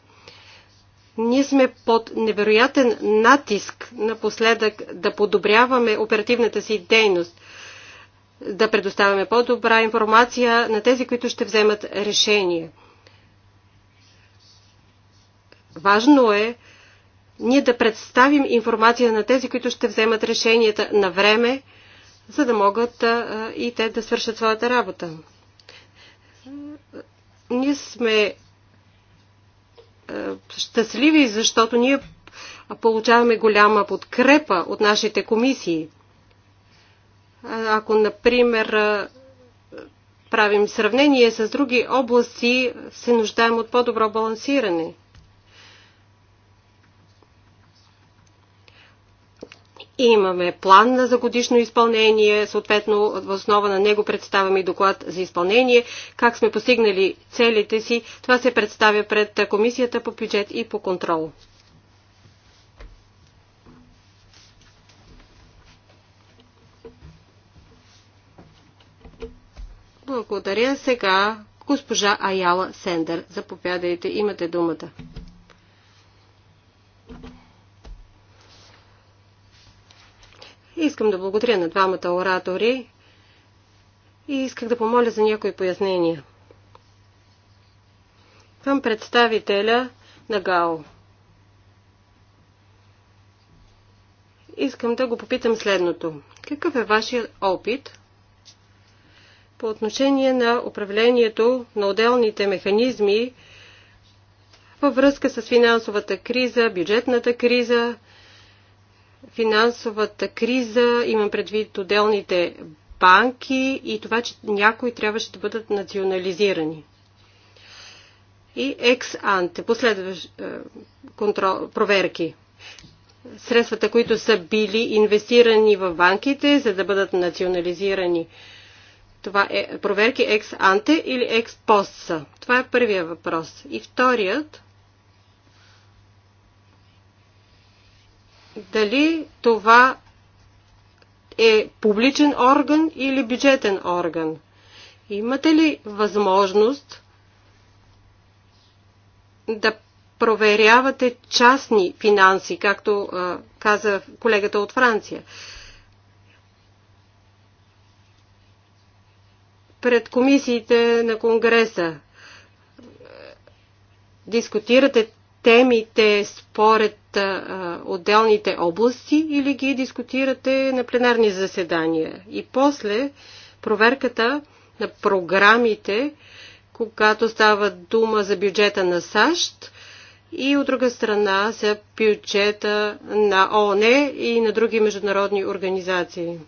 Ние сме под невероятен натиск напоследък да подобряваме оперативната си дейност, да предоставяме по-добра информация на тези, които ще вземат решение. Важно е ние да представим информация на тези, които ще вземат решенията на време, за да могат а, и те да свършат своята работа. Ние сме а, щастливи, защото ние получаваме голяма подкрепа от нашите комисии. Ако, например, правим сравнение с други области, се нуждаем от по-добро балансиране – Имаме план за годишно изпълнение, съответно в основа на него представяме и доклад за изпълнение, как сме постигнали целите си. Това се представя пред Комисията по бюджет и по контрол. Благодаря. Сега госпожа Аяла Сендер. Заповядайте, имате думата. Искам да благодаря на двамата оратори и исках да помоля за някои пояснения. Към представителя на ГАО. Искам да го попитам следното. Какъв е вашият опит по отношение на управлението на отделните механизми във връзка с финансовата криза, бюджетната криза, финансовата криза, имам предвид отделните банки и това, че някои трябваше да бъдат национализирани. И екс-анте, последващ е, контрол, проверки. Средствата, които са били инвестирани в банките, за да бъдат национализирани. Това е проверки екс-анте или екс-пост са. Това е първия въпрос. И вторият – дали това е публичен орган или бюджетен орган. Имате ли възможност да проверявате частни финанси, както а, каза колегата от Франция? Пред комисиите на Конгреса дискутирате темите според а, отделните области или ги дискутирате на пленарни заседания? И после проверката на програмите, когато става дума за бюджета на САЩ и от друга страна за бюджета на ООН и на други международни организации.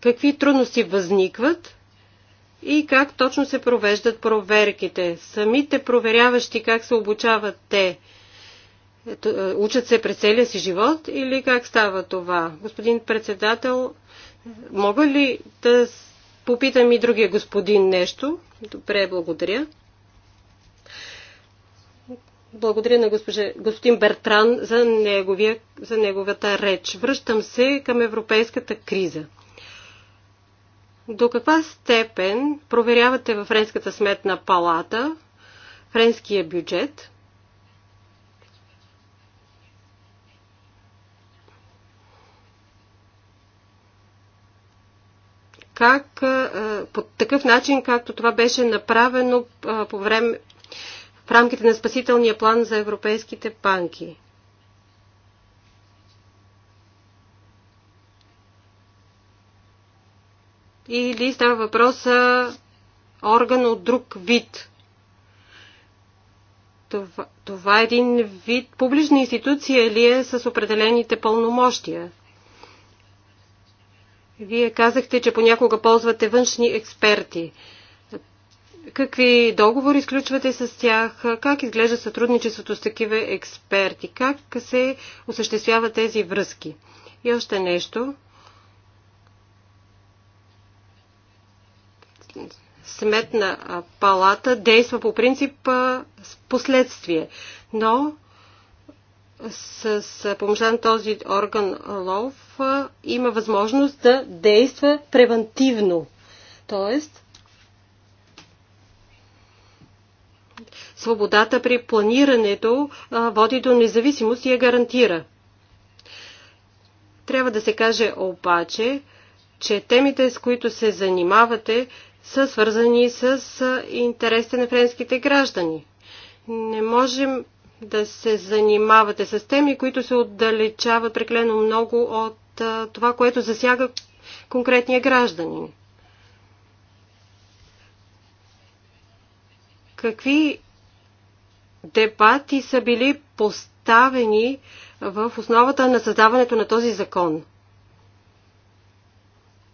Какви трудности възникват и как точно се провеждат проверките. Самите проверяващи как се обучават те? Ето, е, учат се през целия си живот или как става това? Господин председател, мога ли да попитам и другия господин нещо? Добре, благодаря. Благодаря на госпожа, господин Бертран за, неговия, за неговата реч. Връщам се към европейската криза до каква степен проверявате във Френската сметна палата френския бюджет? Как, по такъв начин, както това беше направено по време, в рамките на спасителния план за европейските банки. или става въпрос за орган от друг вид. Това, това е един вид публична институция ли е с определените пълномощия? Вие казахте, че понякога ползвате външни експерти. Какви договори изключвате с тях? Как изглежда сътрудничеството с такива експерти? Как се осъществяват тези връзки? И още нещо. сметна палата действа по принцип с последствие, но с помощта на този орган ЛОВ има възможност да действа превентивно. Тоест, свободата при планирането води до независимост и я гарантира. Трябва да се каже обаче, че темите, с които се занимавате, са свързани с интересите на френските граждани. Не можем да се занимавате с теми, които се отдалечават преклено много от това, което засяга конкретния гражданин. Какви дебати са били поставени в основата на създаването на този закон?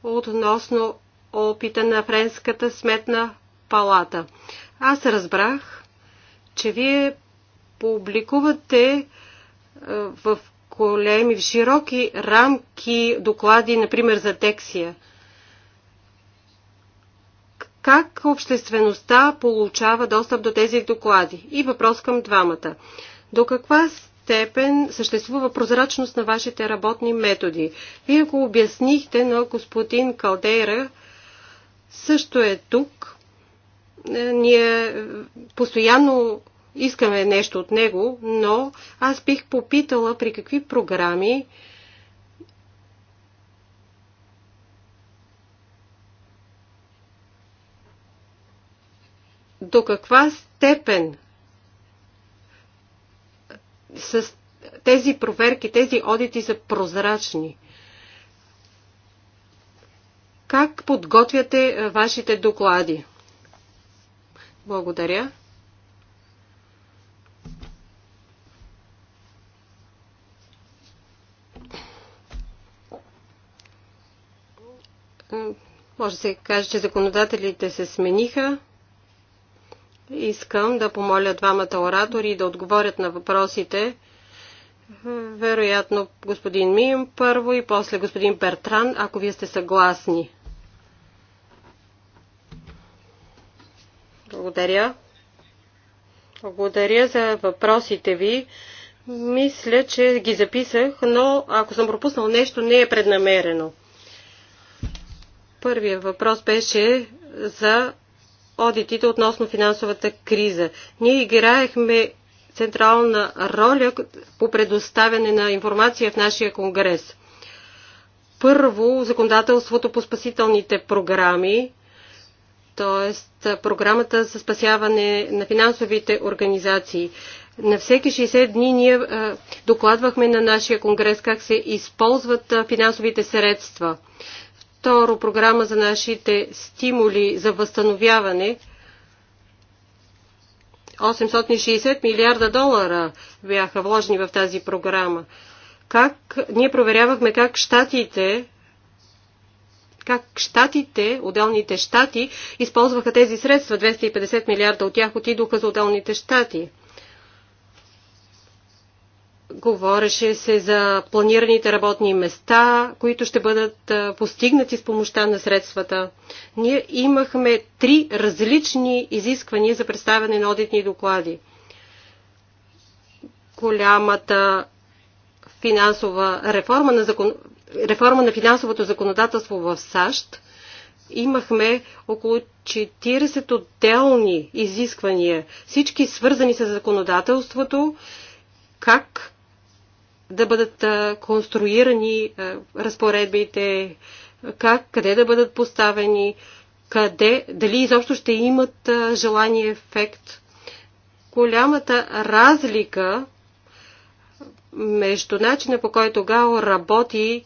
Относно опита на Френската сметна палата. Аз разбрах, че вие публикувате е, в големи, в широки рамки доклади, например за Тексия. Как обществеността получава достъп до тези доклади? И въпрос към двамата. До каква степен съществува прозрачност на вашите работни методи? Вие го обяснихте на господин Калдейра, също е тук. Е, ние постоянно искаме нещо от него, но аз бих попитала при какви програми до каква степен с тези проверки, тези одити са прозрачни – как подготвяте е, вашите доклади? Благодаря. Е, може да се каже, че законодателите се смениха. Искам да помоля двамата оратори да отговорят на въпросите. Вероятно господин Мим първо и после господин Бертран, ако вие сте съгласни. Благодаря. Благодаря за въпросите ви. Мисля, че ги записах, но ако съм пропуснал нещо, не е преднамерено. Първият въпрос беше за одитите относно финансовата криза. Ние играехме централна роля по предоставяне на информация в нашия конгрес. Първо, законодателството по спасителните програми т.е. програмата за спасяване на финансовите организации. На всеки 60 дни ние докладвахме на нашия конгрес как се използват финансовите средства. Второ, програма за нашите стимули за възстановяване. 860 милиарда долара бяха вложени в тази програма. Как ние проверявахме как щатите как щатите, отделните щати, използваха тези средства. 250 милиарда от тях отидоха за отделните щати. Говореше се за планираните работни места, които ще бъдат постигнати с помощта на средствата. Ние имахме три различни изисквания за представяне на одитни доклади. Голямата финансова реформа на закон реформа на финансовото законодателство в САЩ, имахме около 40 отделни изисквания, всички свързани с законодателството, как да бъдат конструирани разпоредбите, как, къде да бъдат поставени, къде, дали изобщо ще имат желание ефект. Голямата разлика между начина по който Гао работи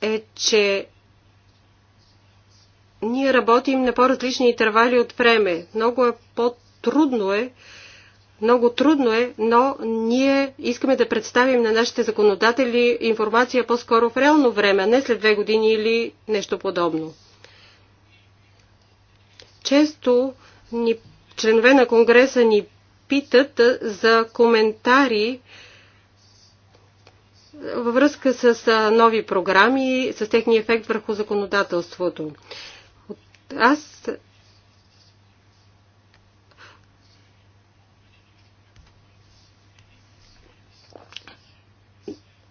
е, че ние работим на по-различни интервали от време. Много е по-трудно е, много трудно е, но ние искаме да представим на нашите законодатели информация по-скоро в реално време, а не след две години или нещо подобно. Често ни членове на Конгреса ни питат за коментари във връзка с нови програми, с техния ефект върху законодателството. Аз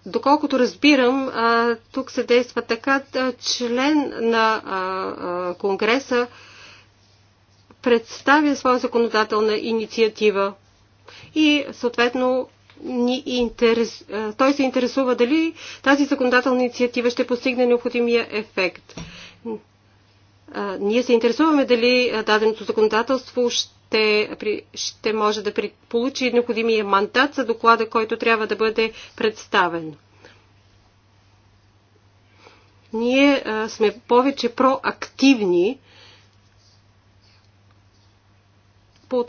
Доколкото разбирам, тук се действа така, член на Конгреса представя своя законодателна инициатива и съответно ни интерес, той се интересува дали тази законодателна инициатива ще постигне необходимия ефект. Ние се интересуваме дали даденото законодателство ще, ще може да получи необходимия мандат за доклада, който трябва да бъде представен. Ние сме повече проактивни, По,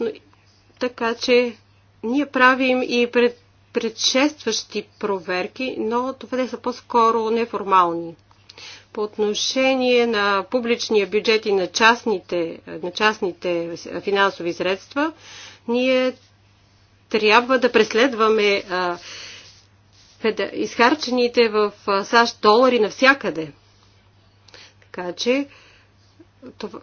така че ние правим и пред, предшестващи проверки, но това те са по-скоро неформални. По отношение на публичния бюджет и на частните, на частните финансови средства, ние трябва да преследваме изхарчените в САЩ долари навсякъде. Така че това,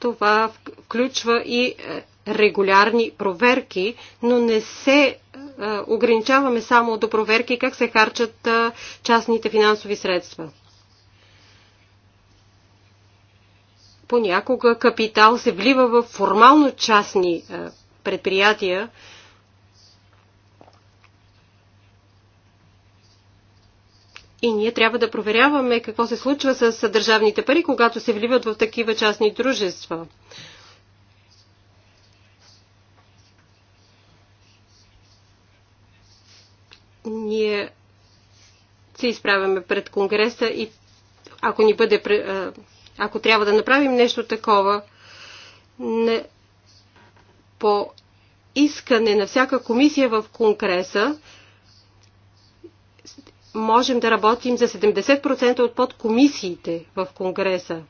това включва и е, регулярни проверки, но не се е, ограничаваме само до проверки как се харчат е, частните финансови средства. Понякога капитал се влива в формално частни предприятия, И ние трябва да проверяваме какво се случва с държавните пари, когато се вливат в такива частни дружества. Ние се изправяме пред Конгреса и ако ни бъде, ако трябва да направим нещо такова, не, по искане на всяка комисия в Конгреса, можем да работим за 70% от подкомисиите в Конгреса.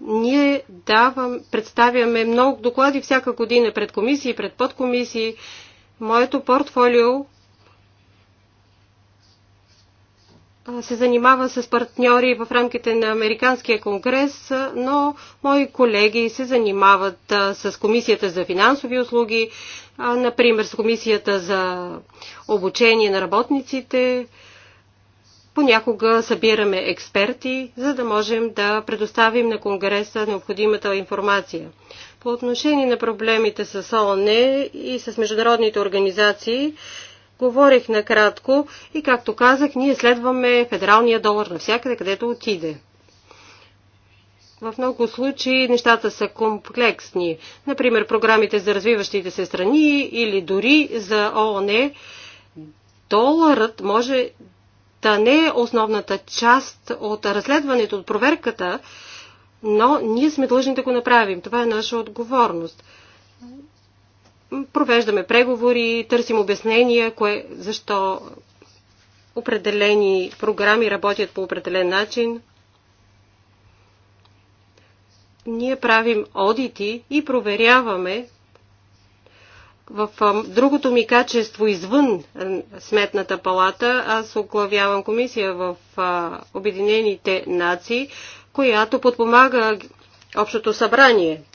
Ние давам, представяме много доклади всяка година пред комисии, пред подкомисии. Моето портфолио се занимава с партньори в рамките на Американския конгрес, но мои колеги се занимават с Комисията за финансови услуги, например с Комисията за обучение на работниците. Понякога събираме експерти, за да можем да предоставим на Конгреса необходимата информация. По отношение на проблемите с ООН и с международните организации, Говорих накратко и, както казах, ние следваме федералния долар навсякъде, където отиде. В много случаи нещата са комплексни. Например, програмите за развиващите се страни или дори за ООН. Доларът може да не е основната част от разследването, от проверката, но ние сме длъжни да го направим. Това е наша отговорност провеждаме преговори, търсим обяснения, кое, защо определени програми работят по определен начин. Ние правим одити и проверяваме в другото ми качество извън Сметната палата, аз оглавявам комисия в Обединените нации, която подпомага Общото събрание –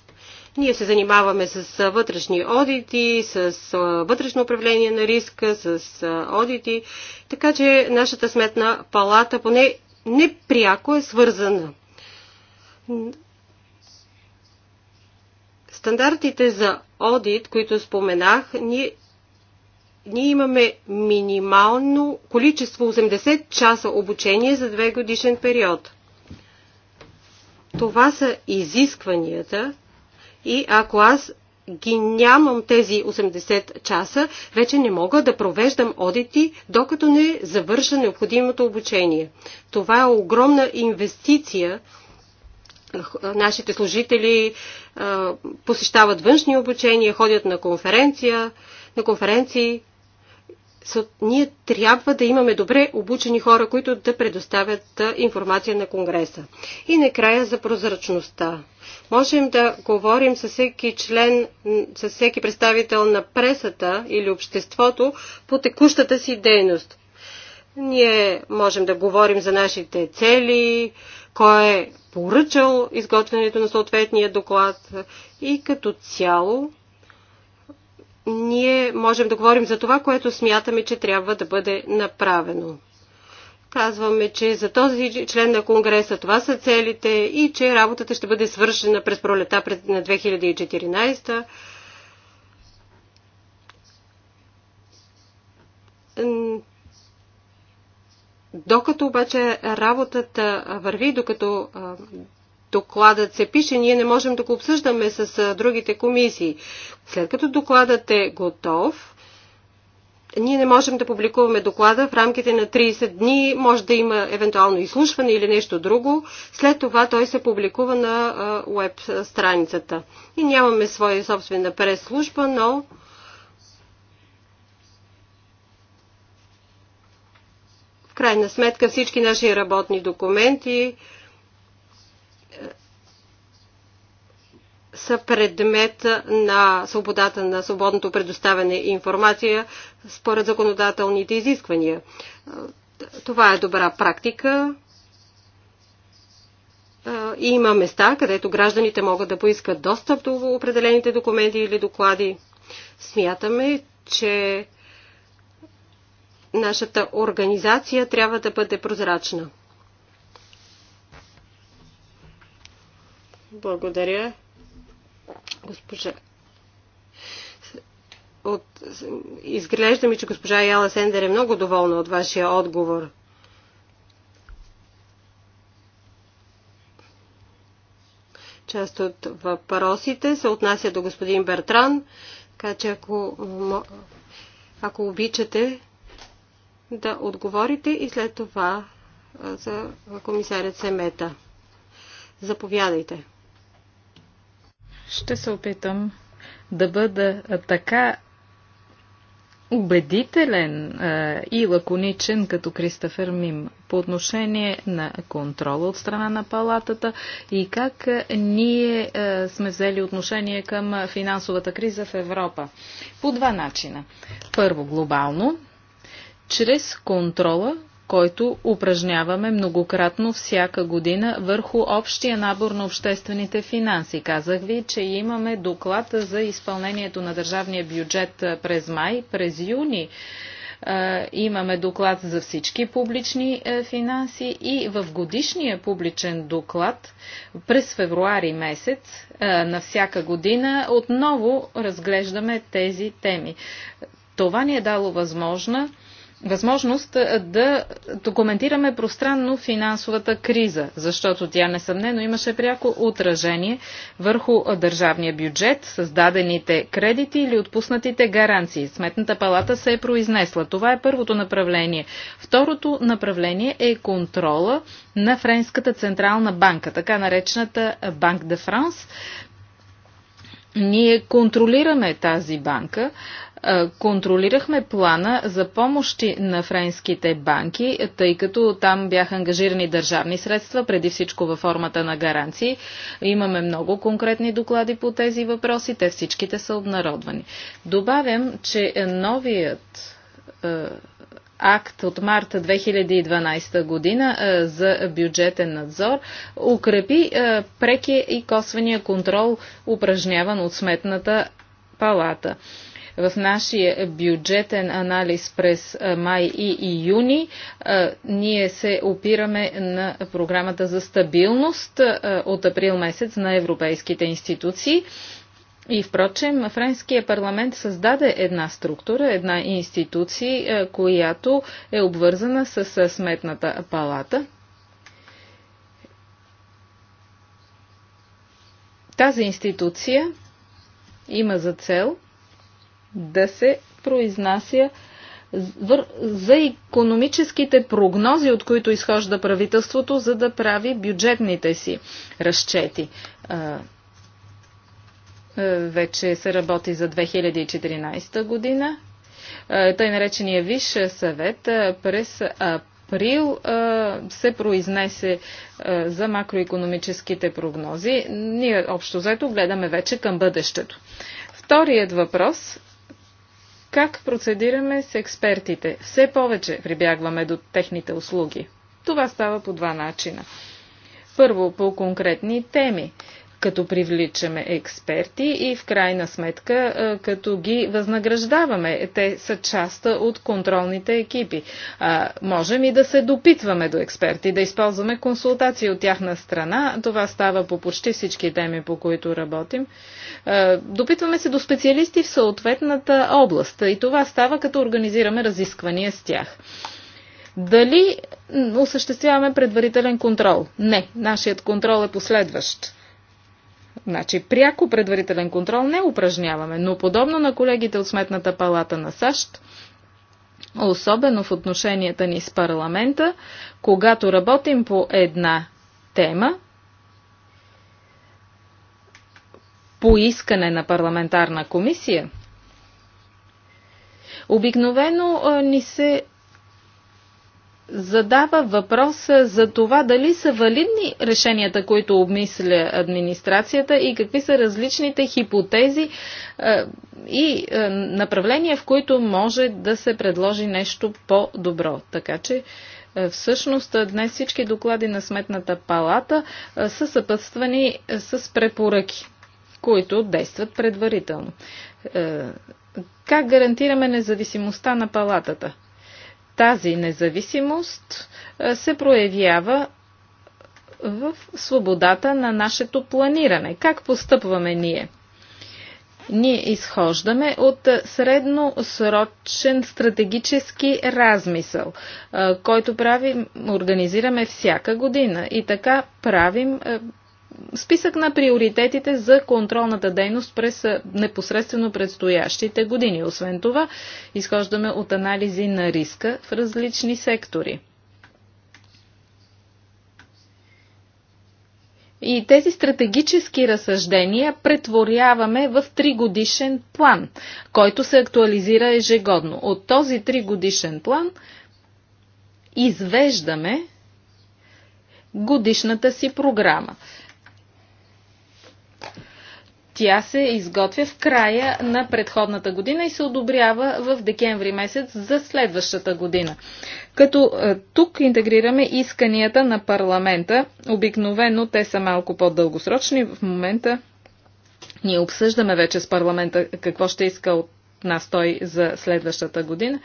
ние се занимаваме с вътрешни одити, с вътрешно управление на риска, с одити, така че нашата сметна палата поне непряко е свързана. Стандартите за одит, които споменах, ние, ние имаме минимално количество 80 часа обучение за 2 годишен период. Това са изискванията, и ако аз ги нямам тези 80 часа, вече не мога да провеждам одити, докато не завърша необходимото обучение. Това е огромна инвестиция. Нашите служители посещават външни обучения, ходят на конференция, на конференции, ние трябва да имаме добре обучени хора, които да предоставят информация на Конгреса. И накрая за прозрачността. Можем да говорим с всеки член, с всеки представител на пресата или обществото по текущата си дейност. Ние можем да говорим за нашите цели, кой е поръчал изготвянето на съответния доклад и като цяло ние можем да говорим за това, което смятаме, че трябва да бъде направено. Казваме, че за този член на Конгреса това са целите и че работата ще бъде свършена през пролета на 2014. Докато обаче работата върви, докато докладът се пише, ние не можем да го обсъждаме с другите комисии. След като докладът е готов, ние не можем да публикуваме доклада в рамките на 30 дни, може да има евентуално изслушване или нещо друго. След това той се публикува на веб страницата. И нямаме своя собствена прес-служба, но в крайна сметка всички наши работни документи са предмет на свободата на свободното предоставяне и информация според законодателните изисквания. Това е добра практика. И има места, където гражданите могат да поискат достъп до определените документи или доклади. Смятаме, че нашата организация трябва да бъде прозрачна. Благодаря. Госпожа. От... Изглежда ми, че госпожа Яла Сендер е много доволна от вашия отговор. Част от въпросите се отнася до господин Бертран, така че ако, ако обичате да отговорите и след това за комисарят Семета. Заповядайте. Ще се опитам да бъда така убедителен а, и лаконичен като Кристофер Мим по отношение на контрола от страна на палатата и как ние а, сме взели отношение към финансовата криза в Европа. По два начина. Първо, глобално, чрез контрола, който упражняваме многократно всяка година върху общия набор на обществените финанси. Казах ви, че имаме доклад за изпълнението на държавния бюджет през май, през юни имаме доклад за всички публични финанси и в годишния публичен доклад през февруари месец на всяка година отново разглеждаме тези теми. Това ни е дало възможност възможност е, да документираме пространно финансовата криза, защото тя несъмнено имаше пряко отражение върху държавния бюджет, създадените кредити или отпуснатите гаранции. Сметната палата се е произнесла. Това е първото направление. Второто направление е контрола на Френската централна банка, така наречената Банк де Франс, ние контролираме тази банка е, контролирахме плана за помощи на френските банки, тъй като там бяха ангажирани държавни средства, преди всичко във формата на гаранции. Имаме много конкретни доклади по тези въпроси, те всичките са обнародвани. Добавям, че новият е, акт от март 2012 година е, за бюджетен надзор укрепи прекия и косвения контрол, упражняван от сметната палата. В нашия бюджетен анализ през май и юни ние се опираме на програмата за стабилност от април месец на европейските институции. И впрочем, Френския парламент създаде една структура, една институция, която е обвързана с Сметната палата. Тази институция има за цел – да се произнася за економическите прогнози, от които изхожда правителството, за да прави бюджетните си разчети. Вече се работи за 2014 година. Тъй наречения Висш съвет през април се произнесе за макроекономическите прогнози. Ние общо заето гледаме вече към бъдещето. Вторият въпрос как процедираме с експертите. Все повече прибягваме до техните услуги. Това става по два начина. Първо, по конкретни теми като привличаме експерти и в крайна сметка е, като ги възнаграждаваме. Те са част от контролните екипи. Е, можем и да се допитваме до експерти, да използваме консултации от тяхна страна. Това става по почти всички теми, по които работим. Е, допитваме се до специалисти в съответната област и това става като организираме разисквания с тях. Дали осъществяваме предварителен контрол? Не. Нашият контрол е последващ Значи пряко предварителен контрол не упражняваме, но подобно на колегите от Сметната палата на САЩ, особено в отношенията ни с парламента, когато работим по една тема, по искане на парламентарна комисия, обикновено ни се задава въпроса е, за това дали са валидни решенията, които обмисля администрацията и какви са различните хипотези е, и е, направления, в които може да се предложи нещо по-добро. Така че Всъщност днес всички доклади на Сметната палата са съпътствани с препоръки, които действат предварително. Как гарантираме независимостта на палатата? Тази независимост се проявява в свободата на нашето планиране. Как постъпваме ние? Ние изхождаме от средносрочен стратегически размисъл, който правим, организираме всяка година. И така правим списък на приоритетите за контролната дейност през непосредствено предстоящите години. Освен това, изхождаме от анализи на риска в различни сектори. И тези стратегически разсъждения претворяваме в тригодишен план, който се актуализира ежегодно. От този тригодишен план извеждаме годишната си програма. Тя се изготвя в края на предходната година и се одобрява в декември месец за следващата година. Като е, тук интегрираме исканията на парламента. Обикновено те са малко по-дългосрочни. В момента ние обсъждаме вече с парламента какво ще иска от нас той за следващата година.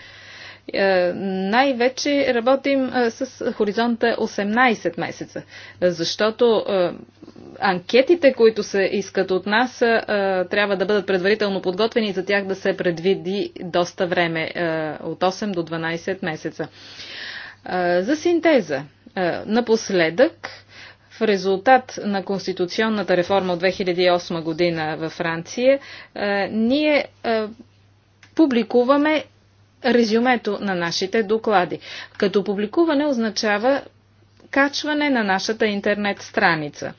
Е, най-вече работим е, с хоризонта 18 месеца, е, защото анкетите, които се искат от нас, трябва да бъдат предварително подготвени и за тях да се предвиди доста време, от 8 до 12 месеца. За синтеза. Напоследък, в резултат на конституционната реформа от 2008 година във Франция, ние публикуваме резюмето на нашите доклади. Като публикуване означава качване на нашата интернет страница.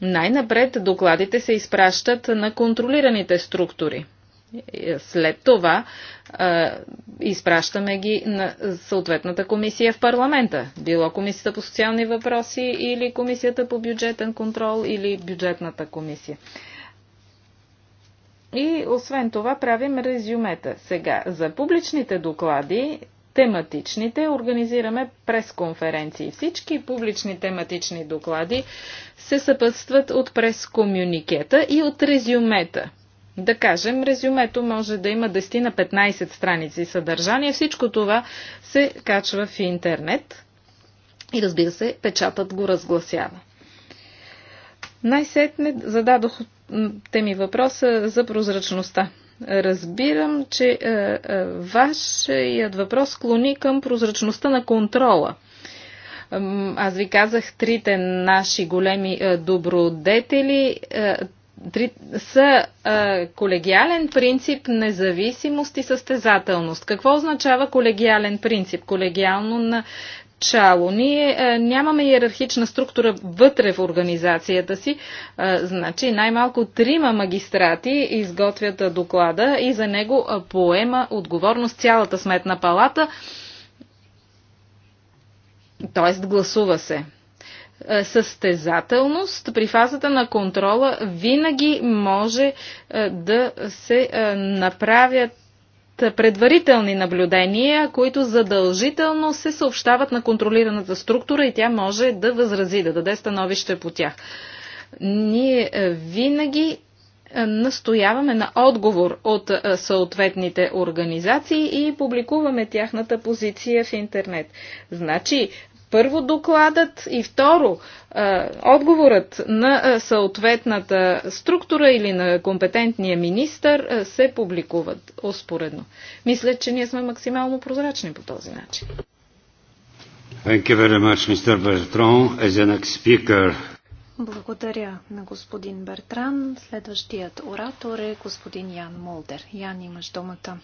Най-напред докладите се изпращат на контролираните структури. След това е, изпращаме ги на съответната комисия в парламента. Било комисията по социални въпроси или комисията по бюджетен контрол или бюджетната комисия. И освен това правим резюмета. Сега, за публичните доклади, тематичните, организираме пресконференции. Всички публични тематични доклади се съпътстват от прескомюникета и от резюмета. Да кажем, резюмето може да има 10 на 15 страници съдържание. Всичко това се качва в интернет и разбира се, печатът го разгласява. Най-сетне зададох те ми въпроса за прозрачността. Разбирам, че е, е, вашият въпрос клони към прозрачността на контрола. Аз ви казах трите наши големи е, добродетели. Е, три, са е, колегиален принцип, независимост и състезателност. Какво означава колегиален принцип? Колегиално на начало. Ние е, нямаме иерархична структура вътре в организацията си, е, значи най-малко трима магистрати изготвят е, доклада и за него поема отговорност цялата сметна палата, т.е. гласува се състезателност при фазата на контрола винаги може да се направят предварителни наблюдения, които задължително се съобщават на контролираната структура и тя може да възрази, да даде становище по тях. Ние е, винаги е, настояваме на отговор от е, съответните организации и публикуваме тяхната позиция в интернет. Значи, първо докладът и второ отговорът на съответната структура или на компетентния министър се публикуват успоредно. Мисля, че ние сме максимално прозрачни по този начин. Much, Благодаря на господин Бертран. Следващият оратор е господин Ян Молдер. Ян, имаш думата.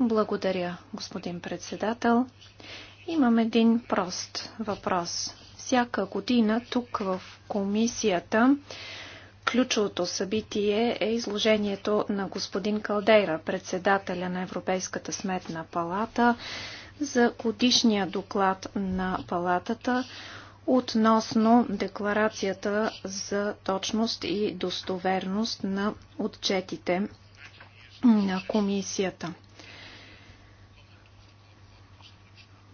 Благодаря, господин председател. Имам един прост въпрос. Всяка година тук в комисията ключовото събитие е изложението на господин Калдейра, председателя на Европейската сметна палата, за годишния доклад на палатата относно декларацията за точност и достоверност на отчетите на комисията.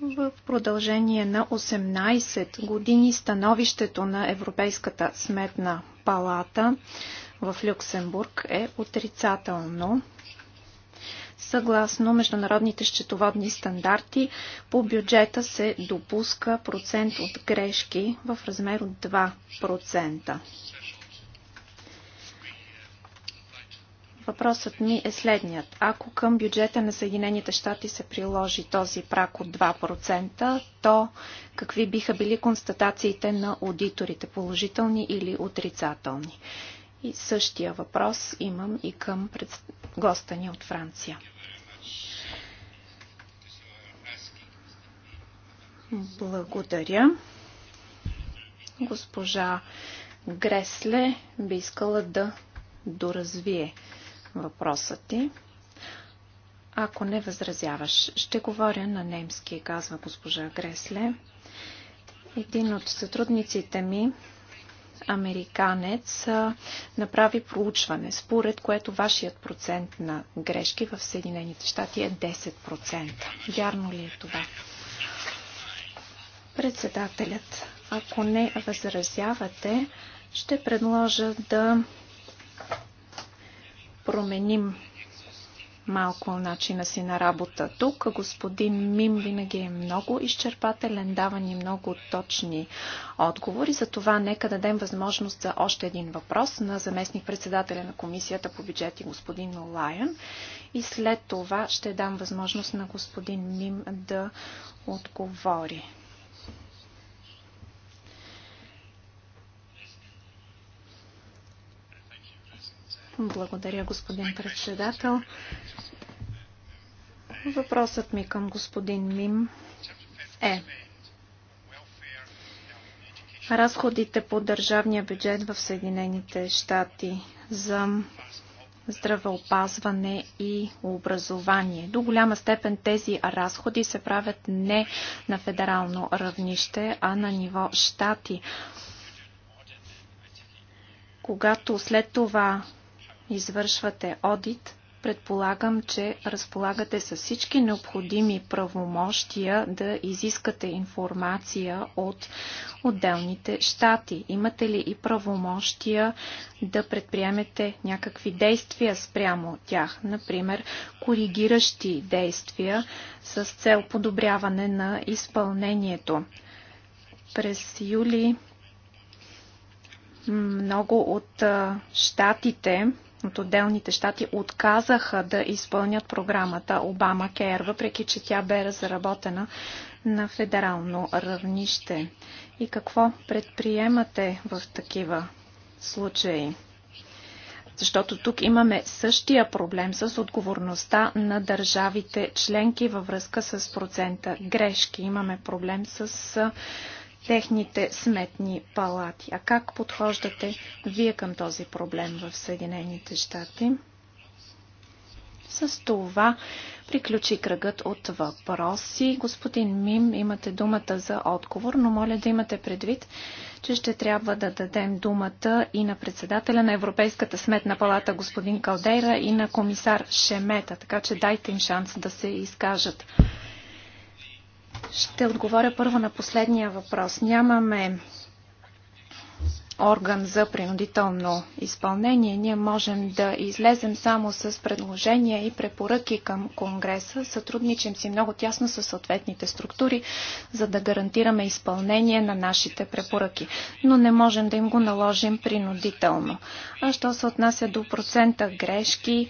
В продължение на 18 години становището на Европейската сметна палата в Люксембург е отрицателно. Съгласно международните счетоводни стандарти, по бюджета се допуска процент от грешки в размер от 2%. Въпросът ми е следният. Ако към бюджета на Съединените щати се приложи този прак от 2%, то какви биха били констатациите на аудиторите, положителни или отрицателни? И същия въпрос имам и към пред... госта ни от Франция. Благодаря. Госпожа Гресле би искала да доразвие Въпросът ти. Ако не възразяваш, ще говоря на немски, казва госпожа Гресле. Един от сътрудниците ми, американец, направи проучване, според което вашият процент на грешки в Съединените щати е 10%. Вярно ли е това? Председателят, ако не възразявате, ще предложа да променим малко начина си на работа. Тук господин Мим винаги е много изчерпателен, дава ни много точни отговори. За това нека дадем възможност за още един въпрос на заместник председателя на комисията по бюджети господин Лайон. И след това ще дам възможност на господин Мим да отговори. Благодаря, господин председател. Въпросът ми към господин Мим е разходите по държавния бюджет в Съединените щати за здравеопазване и образование. До голяма степен тези разходи се правят не на федерално равнище, а на ниво щати. Когато след това извършвате одит, предполагам, че разполагате с всички необходими правомощия да изискате информация от отделните щати. Имате ли и правомощия да предприемете някакви действия спрямо тях, например коригиращи действия с цел подобряване на изпълнението? През юли много от щатите от отделните щати отказаха да изпълнят програмата Обама Кер, въпреки че тя бе разработена на федерално равнище. И какво предприемате в такива случаи? Защото тук имаме същия проблем с отговорността на държавите членки във връзка с процента грешки. Имаме проблем с техните сметни палати. А как подхождате вие към този проблем в Съединените щати? С това приключи кръгът от въпроси. Господин Мим, имате думата за отговор, но моля да имате предвид, че ще трябва да дадем думата и на председателя на Европейската сметна палата господин Калдейра и на комисар Шемета, така че дайте им шанс да се изкажат. Ще отговоря първо на последния въпрос. Нямаме орган за принудително изпълнение. Ние можем да излезем само с предложения и препоръки към Конгреса. Сътрудничим си много тясно с съответните структури, за да гарантираме изпълнение на нашите препоръки. Но не можем да им го наложим принудително. А що се отнася до процента грешки,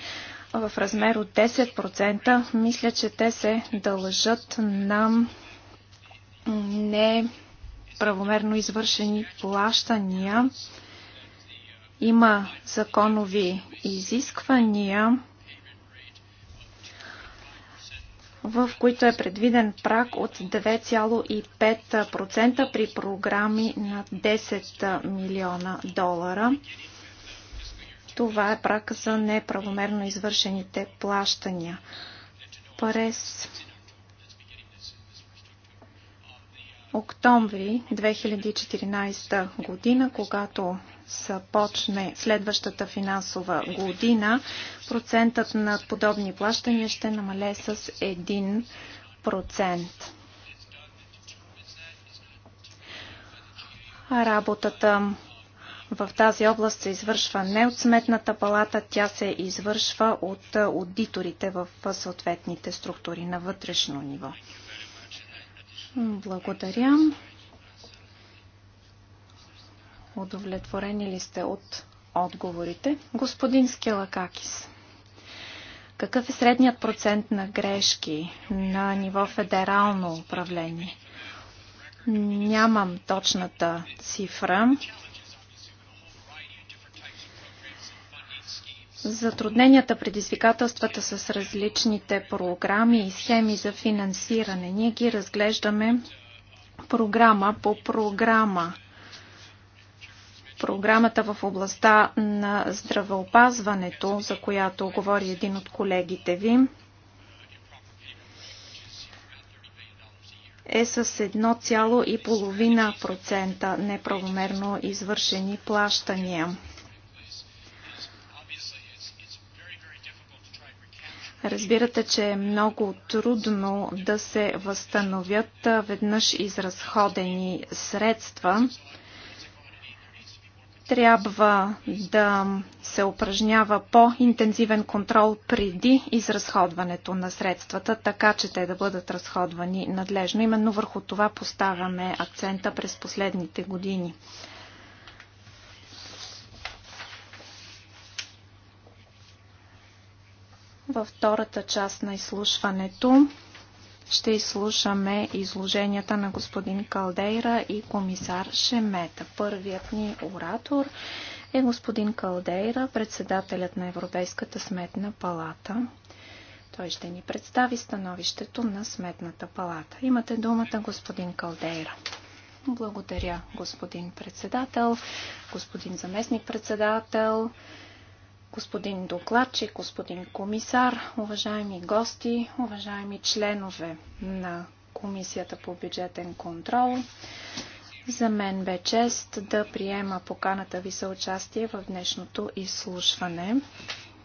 в размер от 10%, мисля, че те се дължат на неправомерно извършени плащания. Има законови изисквания, в които е предвиден прак от 2,5% при програми на 10 милиона долара. Това е прака за неправомерно извършените плащания. През октомври 2014 година, когато започне следващата финансова година, процентът на подобни плащания ще намале с 1%. Работата в тази област се извършва не от сметната палата, тя се извършва от аудиторите в съответните структури на вътрешно ниво. Благодаря. Удовлетворени ли сте от отговорите? Господин Скелакакис, Какъв е средният процент на грешки на ниво федерално управление? Нямам точната цифра. затрудненията, предизвикателствата с различните програми и схеми за финансиране. Ние ги разглеждаме програма по програма. Програмата в областта на здравеопазването, за която говори един от колегите ви, е с 1,5% неправомерно извършени плащания. Разбирате, че е много трудно да се възстановят веднъж изразходени средства. Трябва да се упражнява по-интензивен контрол преди изразходването на средствата, така че те да бъдат разходвани надлежно. Именно върху това поставяме акцента през последните години. Във втората част на изслушването ще изслушаме изложенията на господин Калдейра и комисар Шемета. Първият ни оратор е господин Калдейра, председателят на Европейската сметна палата. Той ще ни представи становището на Сметната палата. Имате думата, господин Калдейра. Благодаря, господин председател, господин заместник председател, господин докладчик, господин комисар, уважаеми гости, уважаеми членове на Комисията по бюджетен контрол. За мен бе чест да приема поканата ви за участие в днешното изслушване,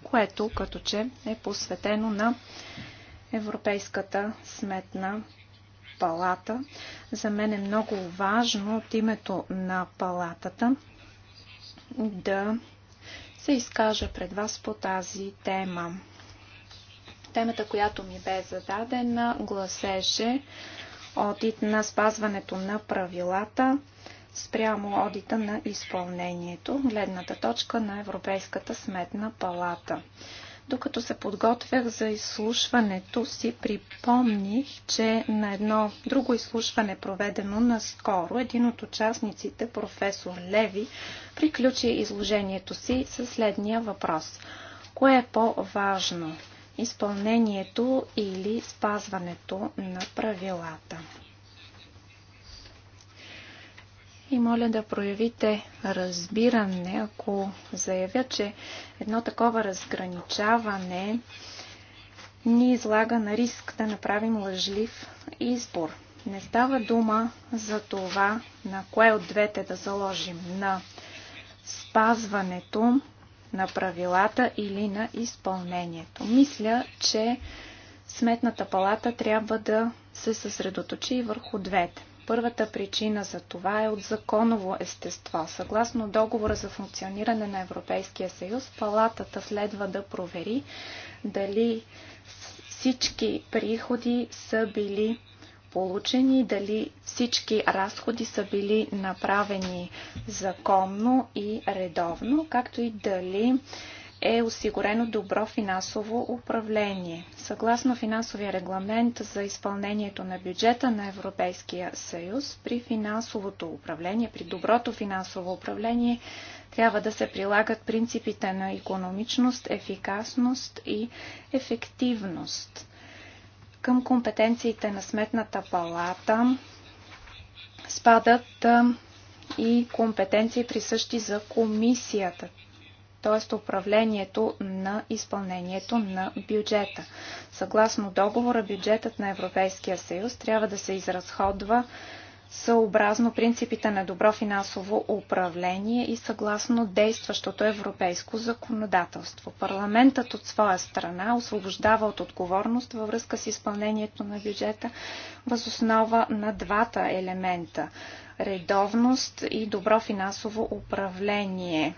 което като че е посветено на Европейската сметна палата. За мен е много важно от името на палатата да се изкажа пред вас по тази тема. Темата, която ми бе зададена, гласеше одит на спазването на правилата спрямо одита на изпълнението, гледната точка на Европейската сметна палата. Докато се подготвях за изслушването си, припомних, че на едно друго изслушване, проведено наскоро, един от участниците, професор Леви, приключи изложението си със следния въпрос. Кое е по-важно? Изпълнението или спазването на правилата? и моля да проявите разбиране, ако заявя, че едно такова разграничаване ни излага на риск да направим лъжлив избор. Не става дума за това на кое от двете да заложим на спазването на правилата или на изпълнението. Мисля, че Сметната палата трябва да се съсредоточи върху двете. Първата причина за това е от законово естество. Съгласно договора за функциониране на Европейския съюз, палатата следва да провери дали всички приходи са били получени, дали всички разходи са били направени законно и редовно, както и дали е осигурено добро финансово управление. Съгласно финансовия регламент за изпълнението на бюджета на Европейския съюз, при финансовото управление, при доброто финансово управление, трябва да се прилагат принципите на економичност, ефикасност и ефективност. Към компетенциите на Сметната палата спадат и компетенции присъщи за комисията т.е. управлението на изпълнението на бюджета. Съгласно договора, бюджетът на Европейския съюз трябва да се изразходва съобразно принципите на добро финансово управление и съгласно действащото европейско законодателство. Парламентът от своя страна освобождава от отговорност във връзка с изпълнението на бюджета възоснова на двата елемента – редовност и добро финансово управление.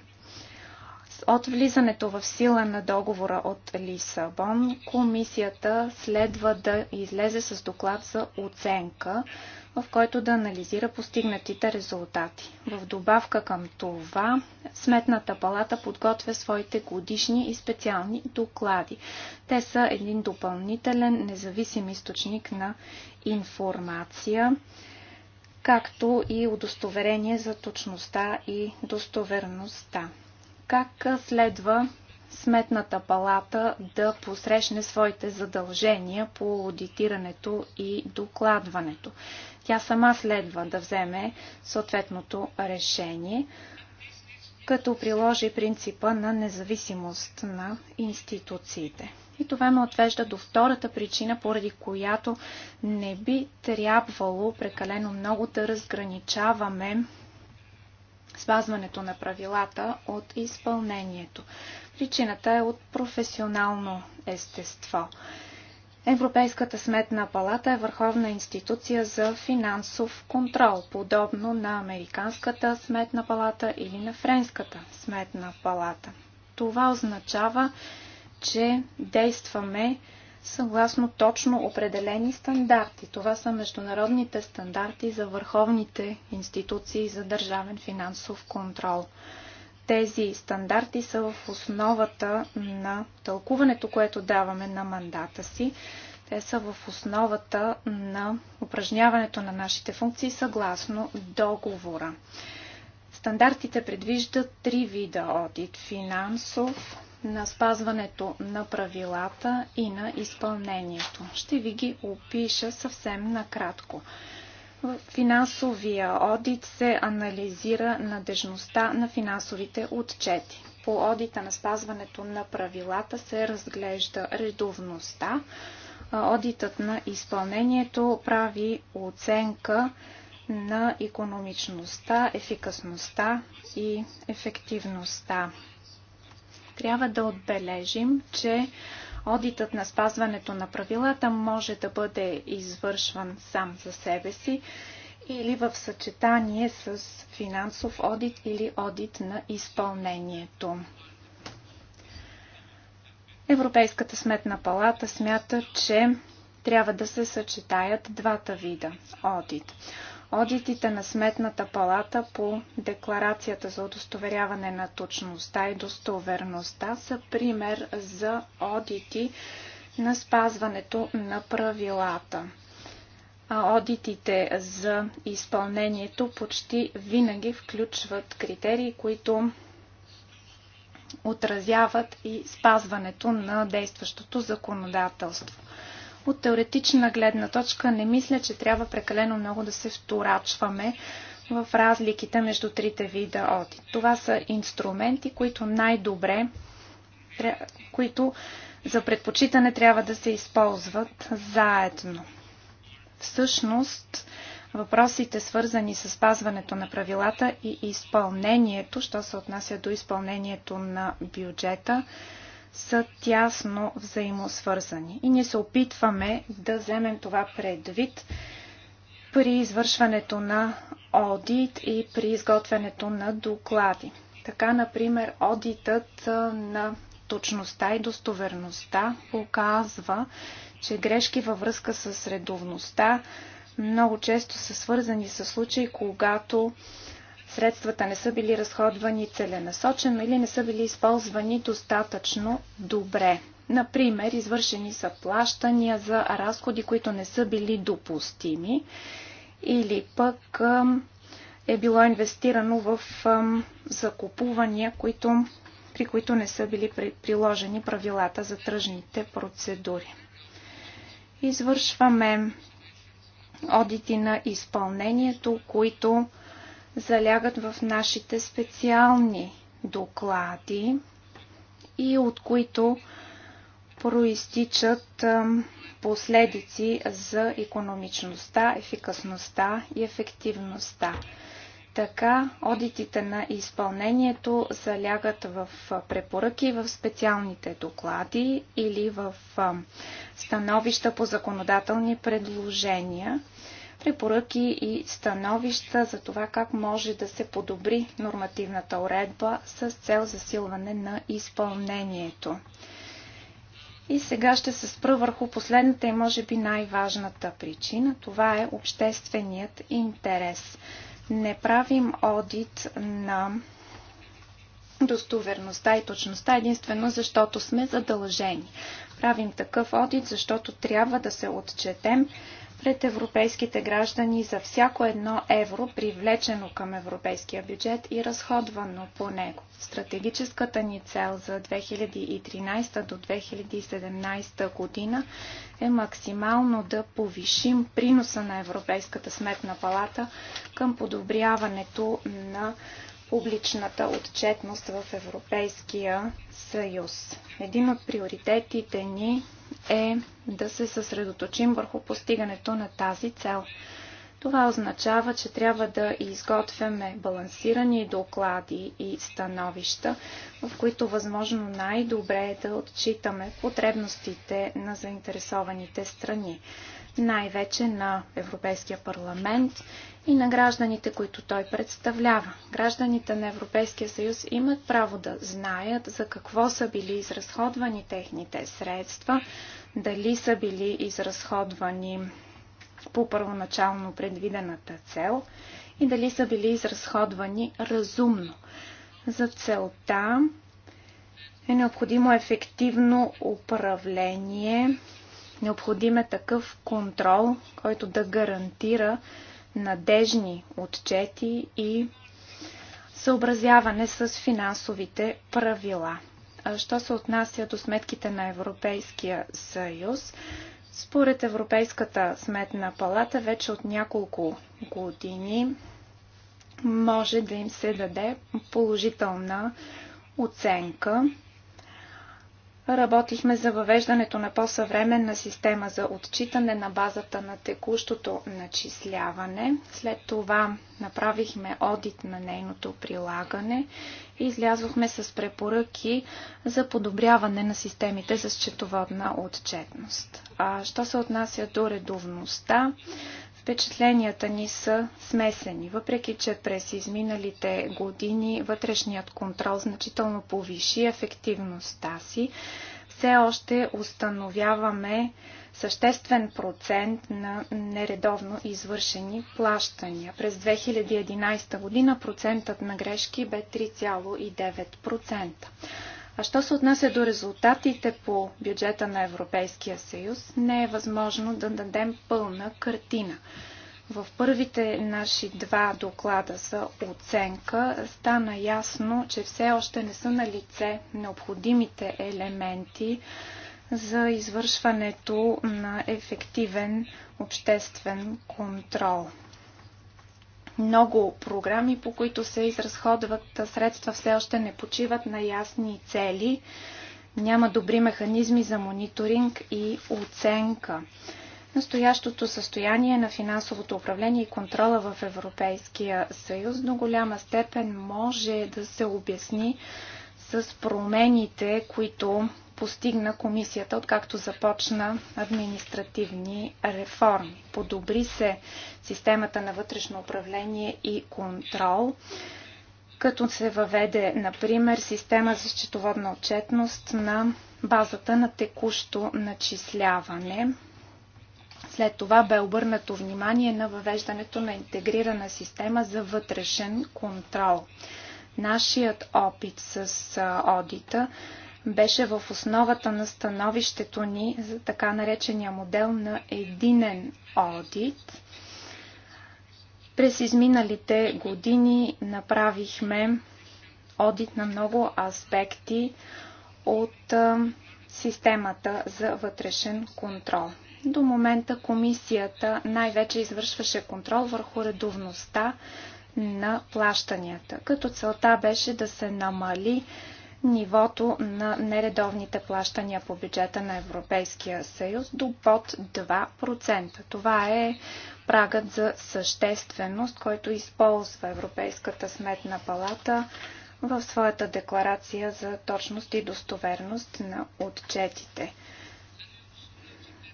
От влизането в сила на договора от Лисабон, комисията следва да излезе с доклад за оценка, в който да анализира постигнатите резултати. В добавка към това, Сметната палата подготвя своите годишни и специални доклади. Те са един допълнителен независим източник на информация както и удостоверение за точността и достоверността. Как следва Сметната палата да посрещне своите задължения по аудитирането и докладването? Тя сама следва да вземе съответното решение, като приложи принципа на независимост на институциите. И това ме отвежда до втората причина, поради която не би трябвало прекалено много да разграничаваме спазването на правилата от изпълнението. Причината е от професионално естество. Европейската сметна палата е върховна институция за финансов контрол, подобно на Американската сметна палата или на Френската сметна палата. Това означава, че действаме съгласно точно определени стандарти. Това са международните стандарти за върховните институции за държавен финансов контрол. Тези стандарти са в основата на тълкуването, което даваме на мандата си. Те са в основата на упражняването на нашите функции съгласно договора. Стандартите предвиждат три вида одит – финансов, на спазването на правилата и на изпълнението. Ще ви ги опиша съвсем накратко. финансовия одит се анализира надежността на финансовите отчети. По одита на спазването на правилата се разглежда редовността. Одитът на изпълнението прави оценка на економичността, ефикасността и ефективността. Трябва да отбележим, че Одитът на спазването на правилата може да бъде извършван сам за себе си или в съчетание с финансов одит или одит на изпълнението. Европейската сметна палата смята, че трябва да се съчетаят двата вида одит. Одитите на Сметната палата по декларацията за удостоверяване на точността и достоверността са пример за одити на спазването на правилата. А одитите за изпълнението почти винаги включват критерии, които отразяват и спазването на действащото законодателство. От теоретична гледна точка не мисля, че трябва прекалено много да се вторачваме в разликите между трите вида одит. Това са инструменти, които най-добре, които за предпочитане трябва да се използват заедно. Всъщност, въпросите свързани с спазването на правилата и изпълнението, що се отнася до изпълнението на бюджета, са тясно взаимосвързани. И ние се опитваме да вземем това предвид при извършването на одит и при изготвянето на доклади. Така, например, одитът на точността и достоверността показва, че грешки във връзка с редовността много често са свързани с случаи, когато средствата не са били разходвани целенасочено или не са били използвани достатъчно добре. Например, извършени са плащания за разходи, които не са били допустими или пък е било инвестирано в закупувания, които, при които не са били приложени правилата за тръжните процедури. Извършваме одити на изпълнението, които залягат в нашите специални доклади и от които проистичат последици за економичността, ефикасността и ефективността. Така, одитите на изпълнението залягат в препоръки в специалните доклади или в становища по законодателни предложения препоръки и становища за това как може да се подобри нормативната уредба с цел засилване на изпълнението. И сега ще се спра върху последната и може би най-важната причина. Това е общественият интерес. Не правим одит на достоверността и точността единствено защото сме задължени. Правим такъв одит, защото трябва да се отчетем пред европейските граждани за всяко едно евро, привлечено към европейския бюджет и разходвано по него. Стратегическата ни цел за 2013 до 2017 година е максимално да повишим приноса на Европейската сметна палата към подобряването на публичната отчетност в Европейския съюз. Един от приоритетите ни е да се съсредоточим върху постигането на тази цел. Това означава, че трябва да изготвяме балансирани доклади и становища, в които възможно най-добре е да отчитаме потребностите на заинтересованите страни най-вече на Европейския парламент и на гражданите, които той представлява. Гражданите на Европейския съюз имат право да знаят за какво са били изразходвани техните средства, дали са били изразходвани по първоначално предвидената цел и дали са били изразходвани разумно. За целта е необходимо ефективно управление Необходим е такъв контрол, който да гарантира надежни отчети и съобразяване с финансовите правила. Що се отнася до сметките на Европейския съюз, според Европейската сметна палата вече от няколко години може да им се даде положителна оценка. Работихме за въвеждането на по-съвременна система за отчитане на базата на текущото начисляване. След това направихме одит на нейното прилагане и излязохме с препоръки за подобряване на системите за счетоводна отчетност. А що се отнася до редовността, Впечатленията ни са смесени, въпреки че през изминалите години вътрешният контрол значително повиши ефективността си, все още установяваме съществен процент на нередовно извършени плащания. През 2011 година процентът на грешки бе 3,9%. А що се отнася до резултатите по бюджета на Европейския съюз, не е възможно да дадем пълна картина. В първите наши два доклада за оценка стана ясно, че все още не са на лице необходимите елементи за извършването на ефективен обществен контрол. Много програми, по които се изразходват средства, все още не почиват на ясни цели. Няма добри механизми за мониторинг и оценка. Настоящото състояние на финансовото управление и контрола в Европейския съюз до голяма степен може да се обясни с промените, които постигна комисията, откакто започна административни реформи. Подобри се системата на вътрешно управление и контрол, като се въведе, например, система за счетоводна отчетност на базата на текущо начисляване. След това бе обърнато внимание на въвеждането на интегрирана система за вътрешен контрол. Нашият опит с одита беше в основата на становището ни за така наречения модел на единен одит. През изминалите години направихме одит на много аспекти от системата за вътрешен контрол. До момента комисията най-вече извършваше контрол върху редовността на плащанията, като целта беше да се намали нивото на нередовните плащания по бюджета на Европейския съюз до под 2%. Това е прагът за същественост, който използва Европейската сметна палата в своята декларация за точност и достоверност на отчетите.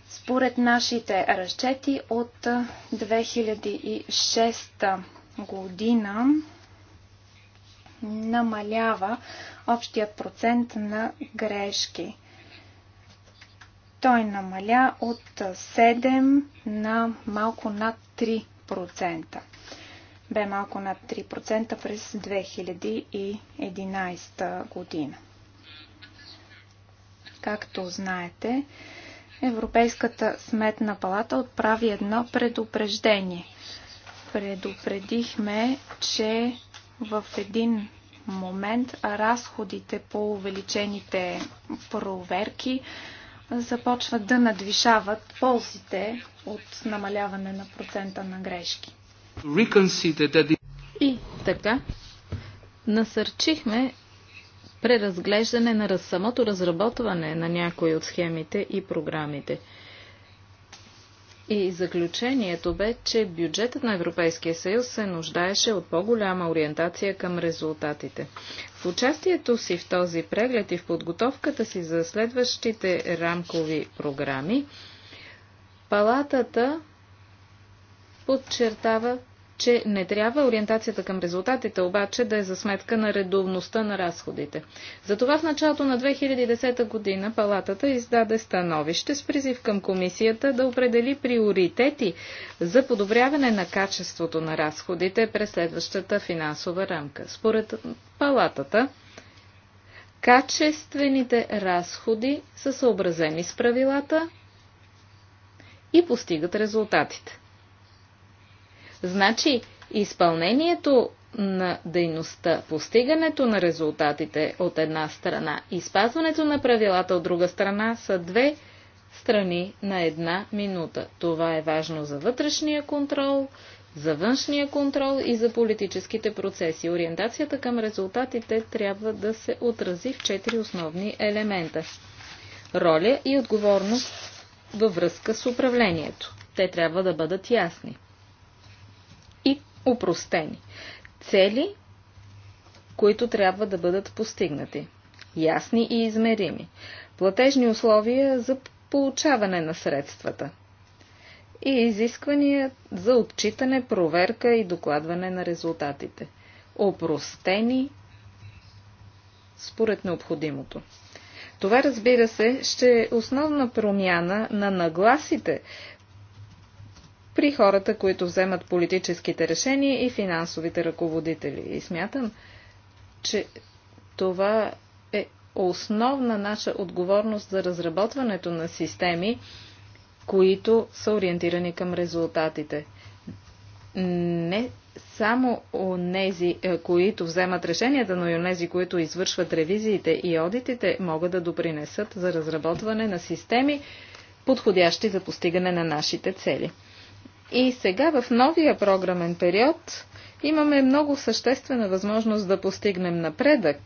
Според нашите разчети от 2006 година намалява общият процент на грешки. Той намаля от 7 на малко над 3%. Бе малко над 3% през 2011 година. Както знаете, Европейската сметна палата отправи едно предупреждение. Предупредихме, че в един момент разходите по увеличените проверки започват да надвишават ползите от намаляване на процента на грешки. И така, насърчихме преразглеждане на самото разработване на някои от схемите и програмите – и заключението бе, че бюджетът на Европейския съюз се нуждаеше от по-голяма ориентация към резултатите. В участието си в този преглед и в подготовката си за следващите рамкови програми, палатата подчертава че не трябва ориентацията към резултатите обаче да е за сметка на редовността на разходите. Затова в началото на 2010 година палатата издаде становище с призив към комисията да определи приоритети за подобряване на качеството на разходите през следващата финансова рамка. Според палатата, качествените разходи са съобразени с правилата и постигат резултатите. Значи, изпълнението на дейността, постигането на резултатите от една страна и спазването на правилата от друга страна са две страни на една минута. Това е важно за вътрешния контрол, за външния контрол и за политическите процеси. Ориентацията към резултатите трябва да се отрази в четири основни елемента. Роля и отговорност във връзка с управлението. Те трябва да бъдат ясни упростени. Цели, които трябва да бъдат постигнати. Ясни и измерими. Платежни условия за получаване на средствата. И изисквания за отчитане, проверка и докладване на резултатите. Опростени според необходимото. Това, разбира се, ще е основна промяна на нагласите при хората, които вземат политическите решения и финансовите ръководители. И смятам, че това е основна наша отговорност за разработването на системи, които са ориентирани към резултатите. Не само онези, е, които вземат решенията, но и онези, които извършват ревизиите и одитите, могат да допринесат за разработване на системи, подходящи за постигане на нашите цели. И сега в новия програмен период имаме много съществена възможност да постигнем напредък,